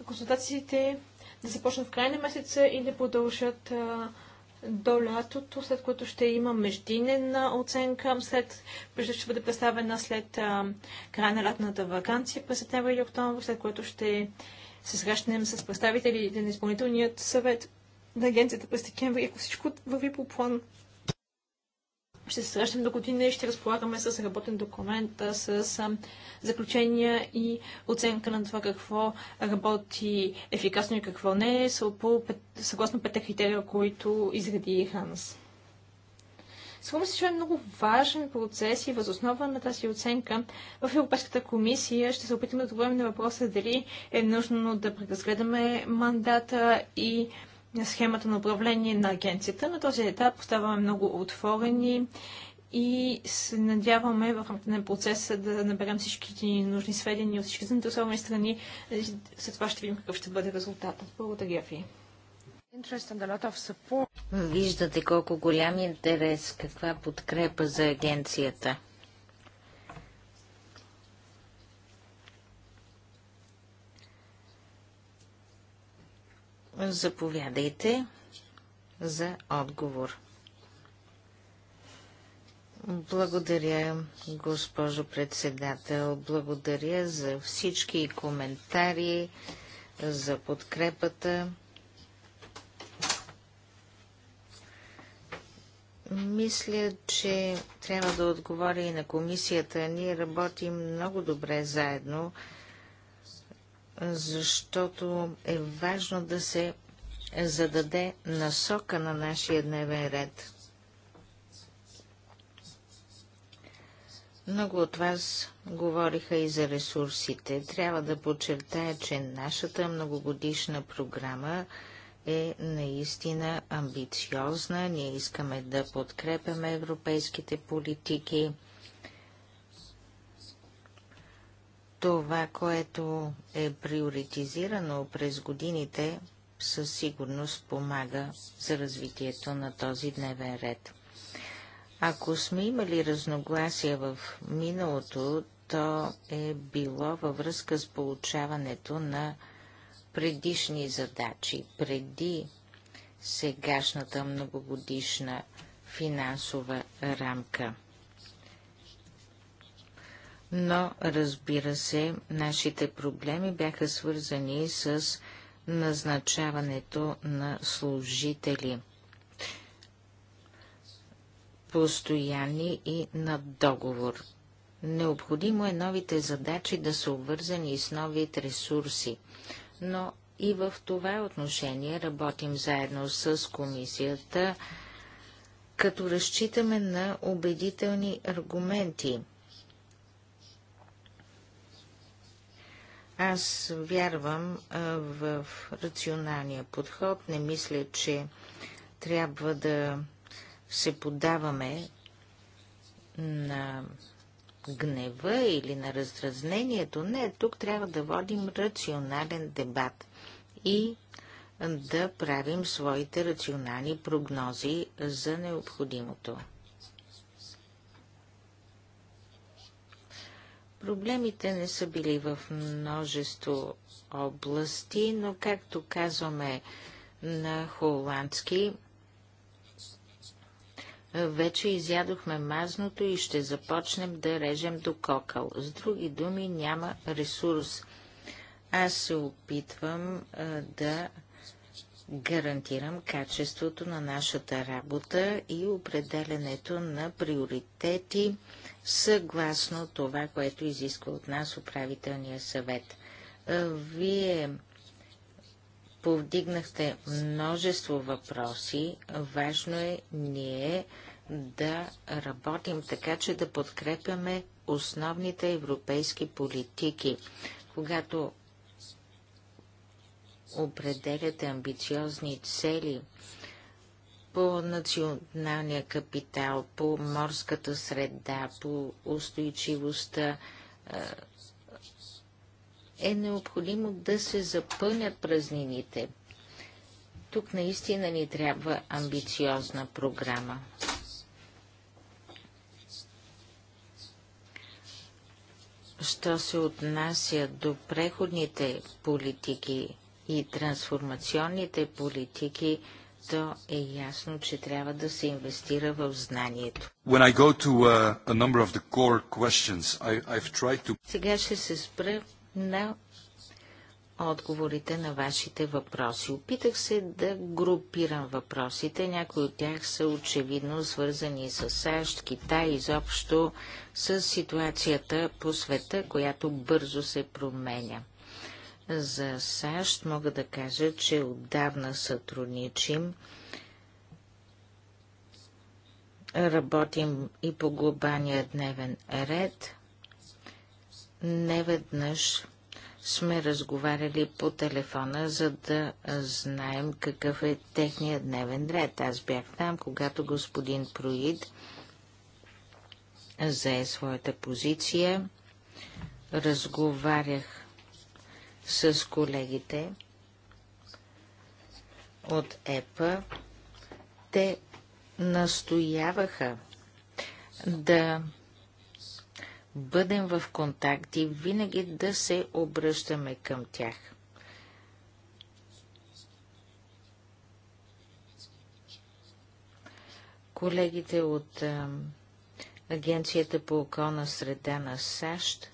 консултациите да започнат в края на месеца и да продължат а, до лятото, след което ще има междинена оценка, след, ще бъде представена след края на лятната вакансия през септември и октомври, след което ще се срещнем с представителите на изпълнителният съвет на агенцията през декември, ако всичко върви по план ще се срещнем до година и ще разполагаме с работен документ, с заключения и оценка на това какво работи ефикасно и какво не, съгласно петте критерия, които изгради Ханс. Сигурно се, че е много важен процес и възоснова на тази оценка в Европейската комисия ще се опитаме да отговорим на въпроса дали е нужно да преразгледаме мандата и на схемата на управление на агенцията. На този етап оставаме много отворени и се надяваме в рамките на процеса да наберем всички нужни сведения от всички заинтересовани страни. След това ще видим какъв ще бъде резултатът. Благодаря ви. Виждате колко голям интерес, каква подкрепа за агенцията. Заповядайте за отговор. Благодаря, госпожо председател. Благодаря за всички коментари, за подкрепата. Мисля, че трябва да отговоря и на комисията. Ние работим много добре заедно защото е важно да се зададе насока на нашия дневен ред. Много от вас говориха и за ресурсите. Трябва да подчертая, че нашата многогодишна програма е наистина амбициозна. Ние искаме да подкрепяме европейските политики Това, което е приоритизирано през годините, със сигурност помага за развитието на този дневен ред. Ако сме имали разногласия в миналото, то е било във връзка с получаването на предишни задачи, преди сегашната многогодишна финансова рамка – но разбира се, нашите проблеми бяха свързани с назначаването на служители. Постоянни и на договор. Необходимо е новите задачи да са обвързани с новите ресурси, но и в това отношение работим заедно с комисията, като разчитаме на убедителни аргументи – Аз вярвам в рационалния подход. Не мисля, че трябва да се подаваме на гнева или на раздразнението. Не, тук трябва да водим рационален дебат и да правим своите рационални прогнози за необходимото. Проблемите не са били в множество области, но както казваме на холандски, вече изядохме мазното и ще започнем да режем до кокъл. С други думи, няма ресурс. Аз се опитвам да гарантирам качеството на нашата работа и определенето на приоритети, съгласно това, което изисква от нас управителния съвет. Вие повдигнахте множество въпроси. Важно е ние да работим така, че да подкрепяме основните европейски политики. Когато определяте амбициозни цели, по националния капитал, по морската среда, по устойчивостта е необходимо да се запълнят празнините. Тук наистина ни трябва амбициозна програма. Що се отнася до преходните политики и трансформационните политики, то е ясно, че трябва да се инвестира в знанието. When I go to a, uh, a number of the core questions, I, I've tried to... Сега ще се спра на отговорите на вашите въпроси. Опитах се да групирам въпросите. Някои от тях са очевидно свързани с САЩ, Китай, изобщо с ситуацията по света, която бързо се променя. За САЩ мога да кажа, че отдавна сътрудничим. Работим и по глобалния дневен ред. Неведнъж сме разговаряли по телефона, за да знаем какъв е техния дневен ред. Аз бях там, когато господин Проид зае своята позиция. Разговарях с колегите от ЕПА. Те настояваха да бъдем в контакт и винаги да се обръщаме към тях. Колегите от Агенцията по околна среда на САЩ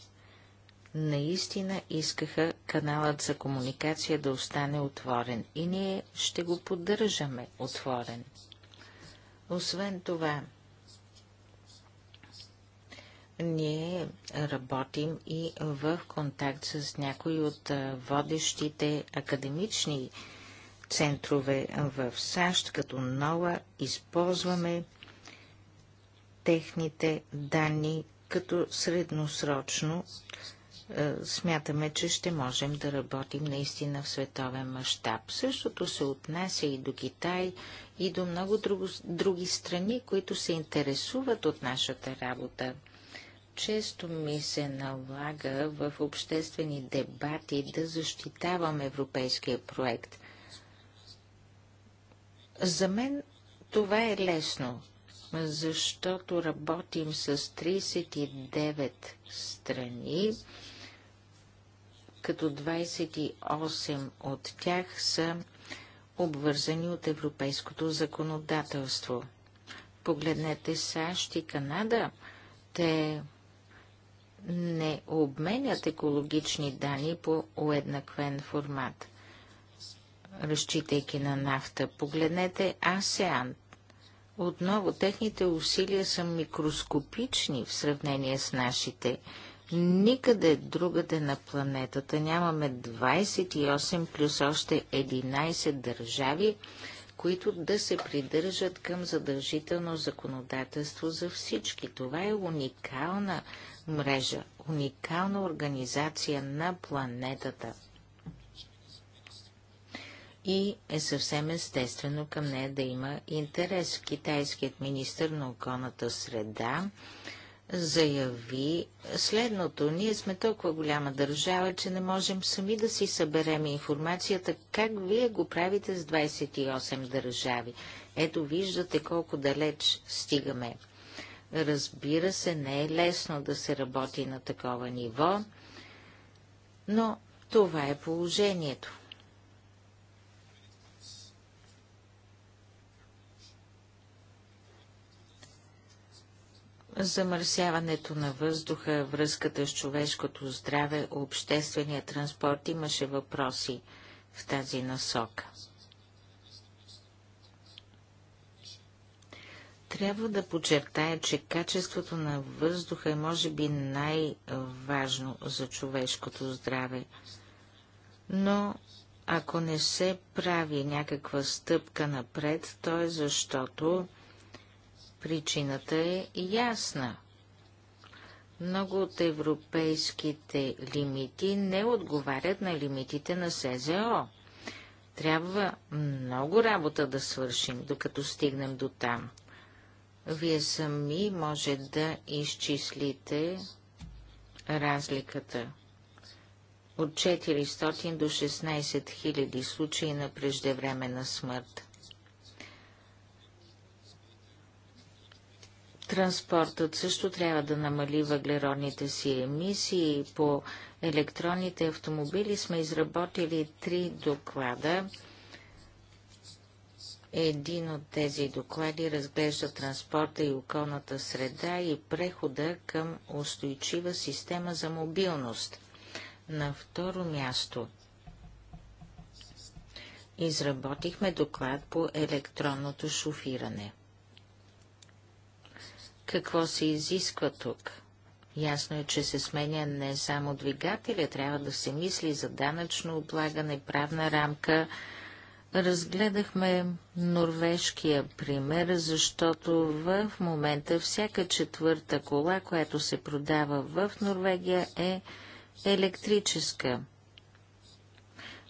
наистина искаха каналът за комуникация да остане отворен и ние ще го поддържаме отворен. Освен това, ние работим и в контакт с някои от водещите академични центрове в САЩ, като НОЛА, използваме техните данни, като средносрочно е, смятаме, че ще можем да работим наистина в световен мащаб. Същото се отнася и до Китай, и до много друго, други страни, които се интересуват от нашата работа. Често ми се налага в обществени дебати да защитавам европейския проект. За мен това е лесно, защото работим с 39 страни като 28 от тях са обвързани от европейското законодателство. Погледнете САЩ и Канада. Те не обменят екологични данни по уеднаквен формат, разчитайки на нафта. Погледнете АСЕАН. Отново техните усилия са микроскопични в сравнение с нашите. Никъде другаде на планетата нямаме 28 плюс още 11 държави, които да се придържат към задължително законодателство за всички. Това е уникална мрежа, уникална организация на планетата. И е съвсем естествено към нея да има интерес. Китайският министр на околната среда заяви следното. Ние сме толкова голяма държава, че не можем сами да си съберем информацията, как вие го правите с 28 държави. Ето виждате колко далеч стигаме. Разбира се, не е лесно да се работи на такова ниво, но това е положението. Замърсяването на въздуха, връзката с човешкото здраве, обществения транспорт имаше въпроси в тази насока. Трябва да подчертая, че качеството на въздуха е може би най-важно за човешкото здраве. Но ако не се прави някаква стъпка напред, то е защото Причината е ясна. Много от европейските лимити не отговарят на лимитите на СЗО. Трябва много работа да свършим, докато стигнем до там. Вие сами може да изчислите разликата от 400 до 16 000 случаи на преждевременна смърт. Транспортът също трябва да намали въглеродните си емисии. По електронните автомобили сме изработили три доклада. Един от тези доклади разглежда транспорта и околната среда и прехода към устойчива система за мобилност. На второ място изработихме доклад по електронното шофиране какво се изисква тук. Ясно е, че се сменя не само двигателя, трябва да се мисли за данъчно облагане, правна рамка. Разгледахме норвежкия пример, защото в момента всяка четвърта кола, която се продава в Норвегия, е електрическа.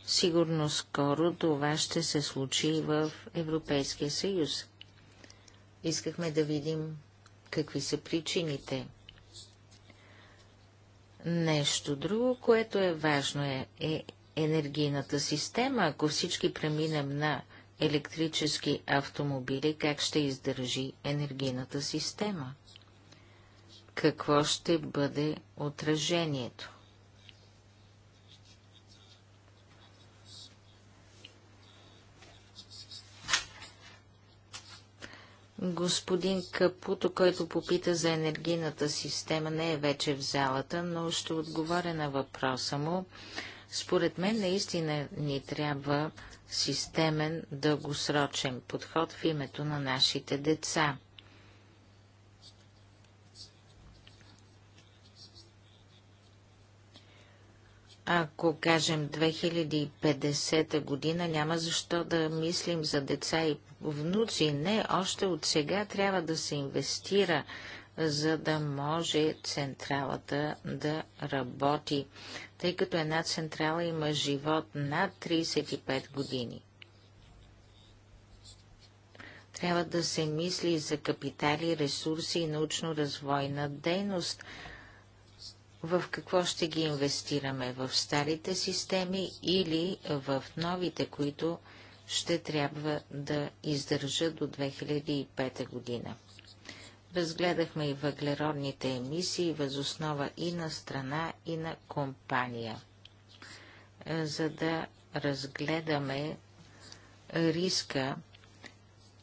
Сигурно скоро това ще се случи в Европейския съюз. Искахме да видим какви са причините. Нещо друго, което е важно е, е енергийната система. Ако всички преминем на електрически автомобили, как ще издържи енергийната система? Какво ще бъде отражението? Господин Капуто, който попита за енергийната система, не е вече в залата, но ще отговоря на въпроса му. Според мен наистина ни трябва системен, дългосрочен подход в името на нашите деца. Ако кажем 2050 година, няма защо да мислим за деца и внуци. Не, още от сега трябва да се инвестира, за да може централата да работи, тъй като една централа има живот над 35 години. Трябва да се мисли за капитали, ресурси и научно-развойна дейност – в какво ще ги инвестираме? В старите системи или в новите, които ще трябва да издържат до 2005 година? Разгледахме и въглеродните емисии възоснова и на страна, и на компания, е, за да разгледаме риска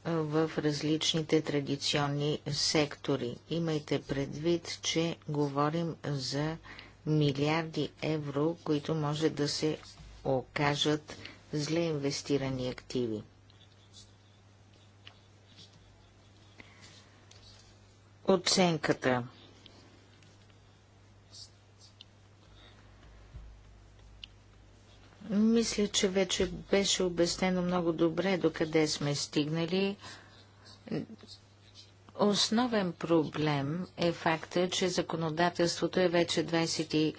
в различните традиционни сектори. Имайте предвид, че говорим за милиарди евро, които може да се окажат зле инвестирани активи. Оценката Мисля, че вече беше обяснено много добре до къде сме стигнали. Основен проблем е факта, че законодателството е вече 25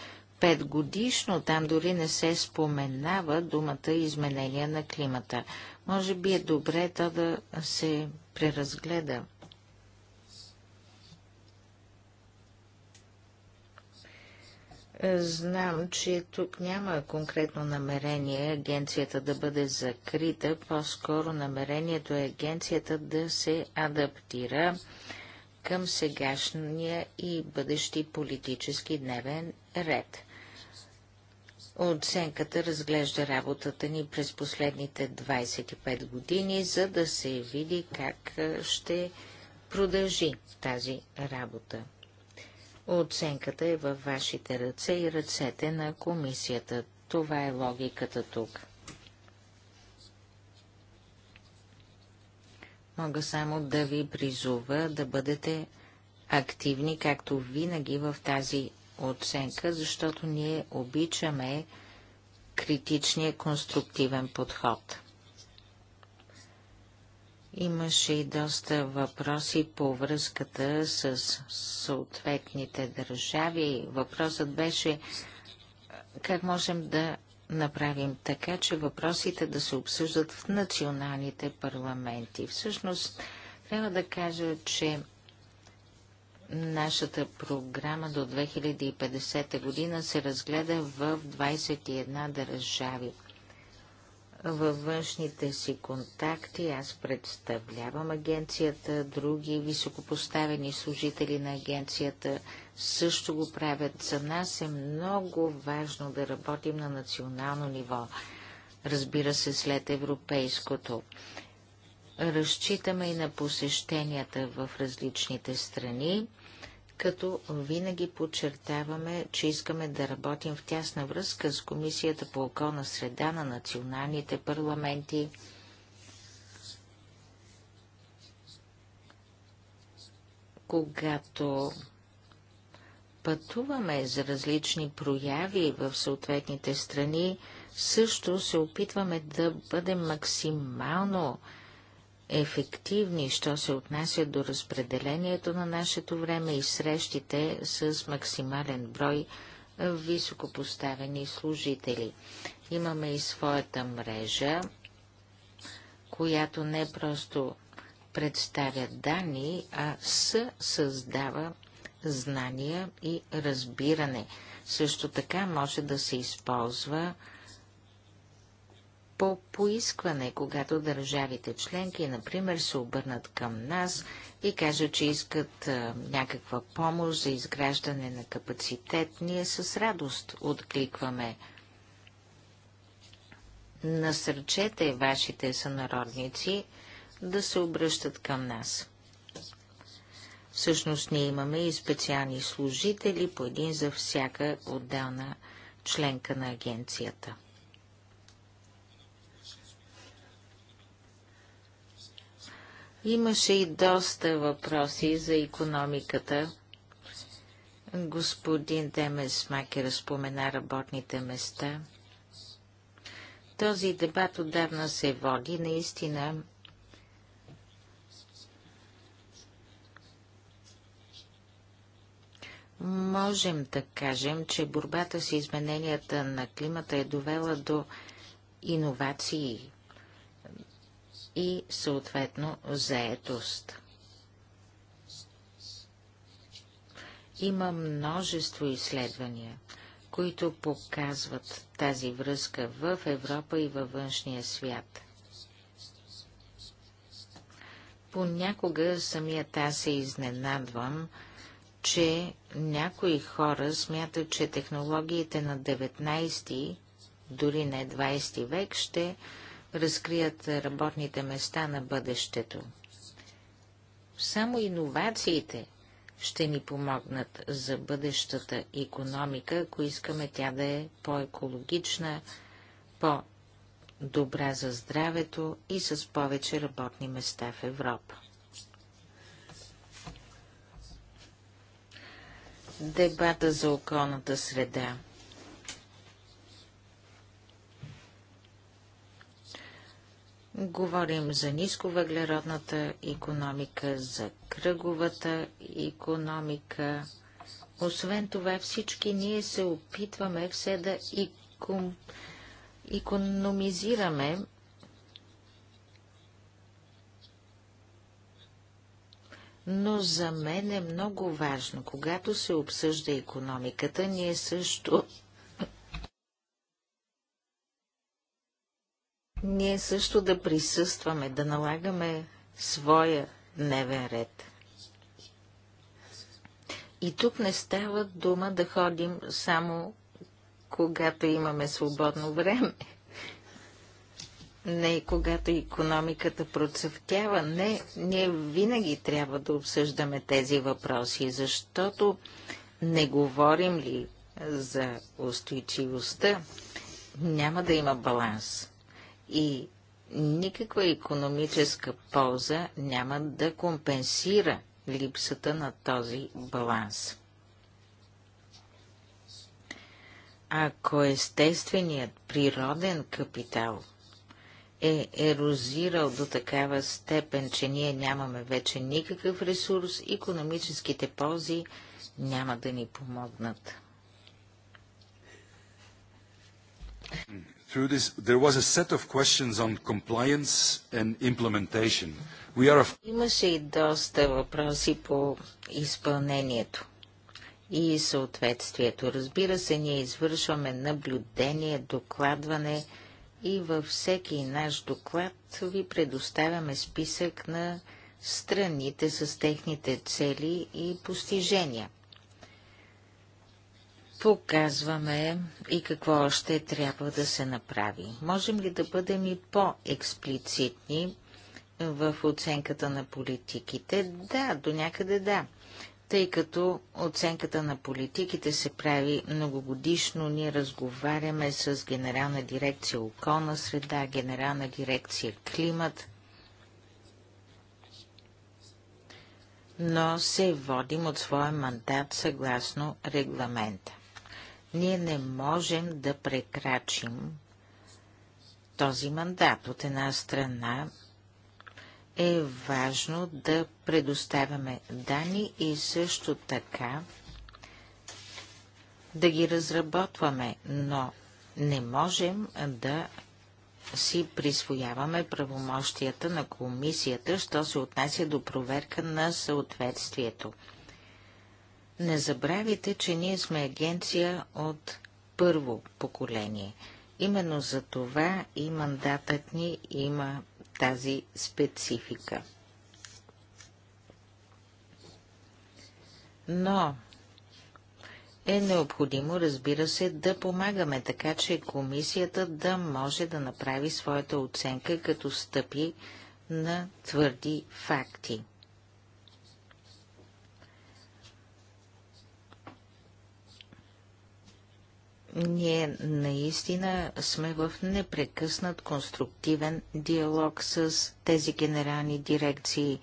годишно. Там дори не се споменава думата изменения на климата. Може би е добре то да се преразгледа. Е, знам, че тук няма конкретно намерение агенцията да бъде закрита, по-скоро намерението е агенцията да се адаптира към сегашния и бъдещи политически дневен ред. Оценката разглежда работата ни през последните 25 години, за да се види как е, ще продължи тази работа. Оценката е във вашите ръце и ръцете на комисията. Това е логиката тук. Мога само да ви призува да бъдете активни, както винаги в тази оценка, защото ние обичаме критичния конструктивен подход. Имаше и доста въпроси по връзката с съответните държави. Въпросът беше как можем да направим така, че въпросите да се обсъждат в националните парламенти. Всъщност, трябва да кажа, че нашата програма до 2050 година се разгледа в 21 държави. Във външните си контакти аз представлявам агенцията, други високопоставени служители на агенцията също го правят. За нас е много важно да работим на национално ниво, разбира се след европейското. Разчитаме и на посещенията в различните страни като винаги подчертаваме, че искаме да работим в тясна връзка с Комисията по околна среда на националните парламенти. Когато пътуваме за различни прояви в съответните страни, също се опитваме да бъдем максимално ефективни, що се отнася до разпределението на нашето време и срещите с максимален брой високопоставени служители. Имаме и своята мрежа, която не просто представя данни, а създава знания и разбиране. Също така може да се използва по поискване, когато държавите членки, например, се обърнат към нас и кажат, че искат а, някаква помощ за изграждане на капацитет, ние с радост откликваме. Насърчете вашите сънародници да се обръщат към нас. Всъщност ние имаме и специални служители, по един за всяка отделна членка на агенцията. Имаше и доста въпроси за економиката. Господин Демес Макер спомена работните места. Този дебат отдавна се води. Наистина Можем да кажем, че борбата с измененията на климата е довела до иновации и съответно заетост. Има множество изследвания, които показват тази връзка в Европа и във външния свят. Понякога самият аз се изненадвам, че някои хора смятат, че технологиите на 19, дори не 20 век ще разкрият работните места на бъдещето. Само иновациите ще ни помогнат за бъдещата економика, ако искаме тя да е по-екологична, по-добра за здравето и с повече работни места в Европа. Дебата за околната среда. Говорим за нисковъглеродната економика, за кръговата економика. Освен това, всички ние се опитваме все да икономизираме. економизираме Но за мен е много важно, когато се обсъжда економиката, ние също Ние също да присъстваме, да налагаме своя дневен ред. И тук не става дума да ходим само когато имаме свободно време. Не когато економиката процъфтява. Не, ние винаги трябва да обсъждаме тези въпроси, защото не говорим ли за устойчивостта, няма да има баланс и никаква економическа полза няма да компенсира липсата на този баланс. Ако естественият природен капитал е ерозирал до такава степен, че ние нямаме вече никакъв ресурс, економическите ползи няма да ни помогнат through this, there was a set of questions on compliance and implementation. We are of... Имаше и доста въпроси по изпълнението и съответствието. Разбира се, ние извършваме наблюдение, докладване и във всеки наш доклад ви предоставяме списък на страните с техните цели и постижения показваме и какво още трябва да се направи. Можем ли да бъдем и по-експлицитни в оценката на политиките? Да, до някъде да. Тъй като оценката на политиките се прави многогодишно, ние разговаряме с Генерална дирекция околна среда, Генерална дирекция климат, но се водим от своя мандат съгласно регламента. Ние не можем да прекрачим този мандат. От една страна е важно да предоставяме данни и също така да ги разработваме, но не можем да си присвояваме правомощията на комисията, що се отнася до проверка на съответствието. Не забравяйте, че ние сме агенция от първо поколение. Именно за това и мандатът ни има тази специфика. Но е необходимо, разбира се, да помагаме, така че комисията да може да направи своята оценка, като стъпи на твърди факти. Ние наистина сме в непрекъснат конструктивен диалог с тези генерални дирекции,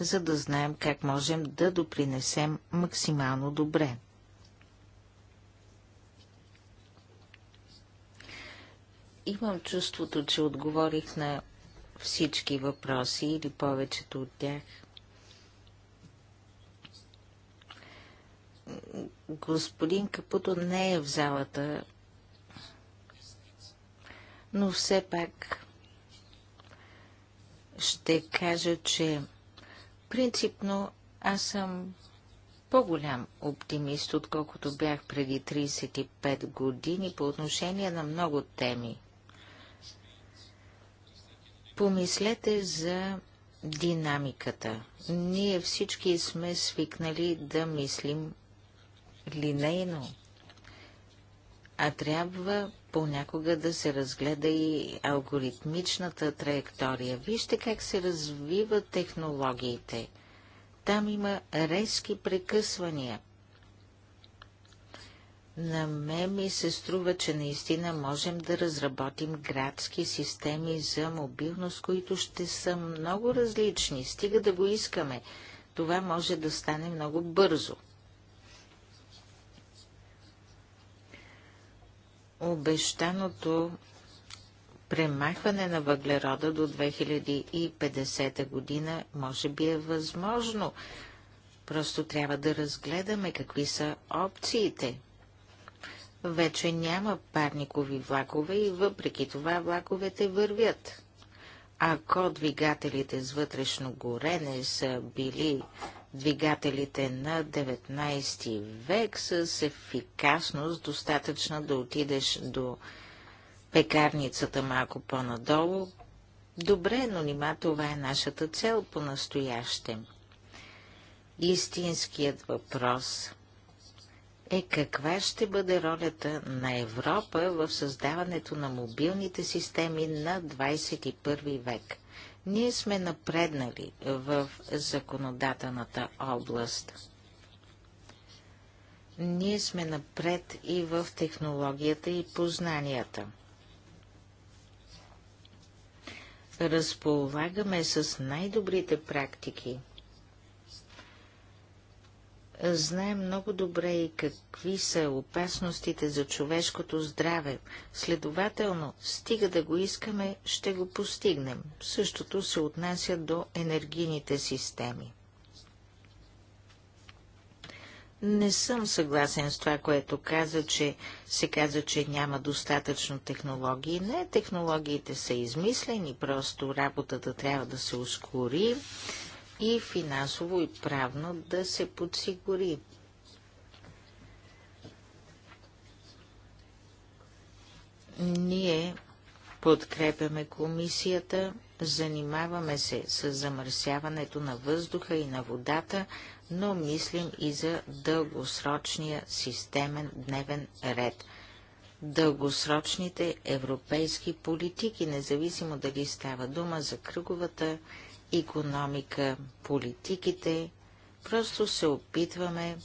за да знаем как можем да допринесем максимално добре. Имам чувството, че отговорих на всички въпроси или повечето от тях – Господин Капуто не е в залата, но все пак ще кажа, че принципно аз съм по-голям оптимист, отколкото бях преди 35 години по отношение на много теми. Помислете за динамиката. Ние всички сме свикнали да мислим линейно, а трябва понякога да се разгледа и алгоритмичната траектория. Вижте как се развиват технологиите. Там има резки прекъсвания. На мен ми се струва, че наистина можем да разработим градски системи за мобилност, които ще са много различни. Стига да го искаме. Това може да стане много бързо. обещаното премахване на въглерода до 2050 година може би е възможно. Просто трябва да разгледаме какви са опциите. Вече няма парникови влакове и въпреки това влаковете вървят. Ако двигателите с вътрешно горене са били двигателите на 19 век с ефикасност, достатъчна да отидеш до пекарницата малко по-надолу. Добре, но нима това е нашата цел по-настоящем. Истинският въпрос е каква ще бъде ролята на Европа в създаването на мобилните системи на 21 век. Ние сме напреднали в законодателната област. Ние сме напред и в технологията и познанията. Разполагаме с най-добрите практики – знае много добре и какви са опасностите за човешкото здраве. Следователно, стига да го искаме, ще го постигнем. Същото се отнася до енергийните системи. Не съм съгласен с това, което каза, че се каза, че няма достатъчно технологии. Не, технологиите са измислени, просто работата трябва да се ускори и финансово и правно да се подсигури. Ние подкрепяме комисията, занимаваме се с замърсяването на въздуха и на водата, но мислим и за дългосрочния системен дневен ред. Дългосрочните европейски политики, независимо дали става дума за кръговата економика, политиките. Просто се опитваме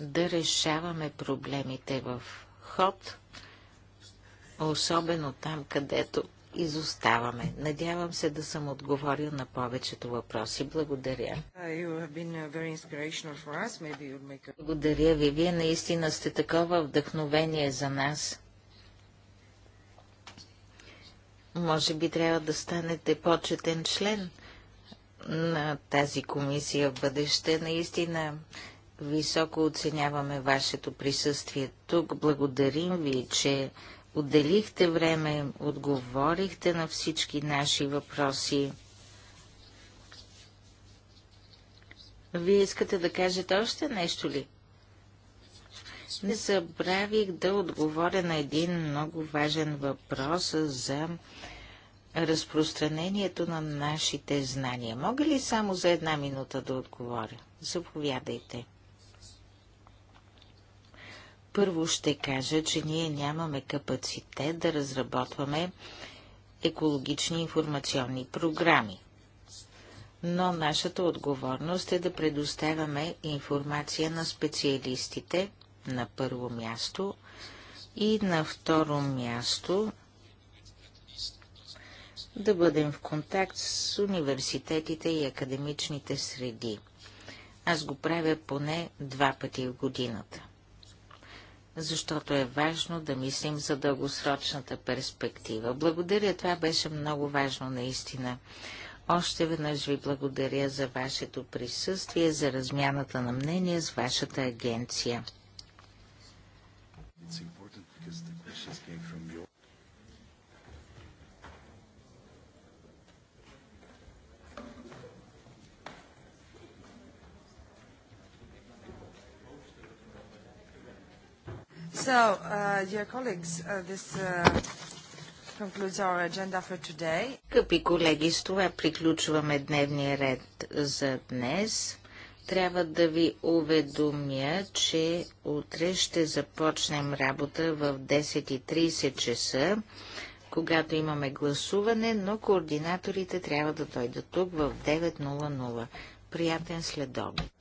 да решаваме проблемите в ход, особено там, където изоставаме. Надявам се да съм отговорил на повечето въпроси. Благодаря. Uh, Благодаря ви. Вие наистина сте такова вдъхновение за нас. Може би трябва да станете почетен член на тази комисия в бъдеще. Наистина високо оценяваме вашето присъствие тук. Благодарим ви, че отделихте време, отговорихте на всички наши въпроси. Вие искате да кажете още нещо ли? Не Забравих да отговоря на един много важен въпрос за разпространението на нашите знания. Мога ли само за една минута да отговоря? Заповядайте. Първо ще кажа, че ние нямаме капацитет да разработваме екологични информационни програми. Но нашата отговорност е да предоставяме информация на специалистите на първо място и на второ място да бъдем в контакт с университетите и академичните среди. Аз го правя поне два пъти в годината, защото е важно да мислим за дългосрочната перспектива. Благодаря, това беше много важно наистина. Още веднъж ви благодаря за вашето присъствие, за размяната на мнение с вашата агенция. So, uh, dear colleagues, uh, this uh, concludes our agenda for today. Къпи колеги, с това приключваме дневния ред за днес. Трябва да ви уведомя, че утре ще започнем работа в 10.30 часа, когато имаме гласуване, но координаторите трябва да дойдат тук в 9.00. Приятен следобед!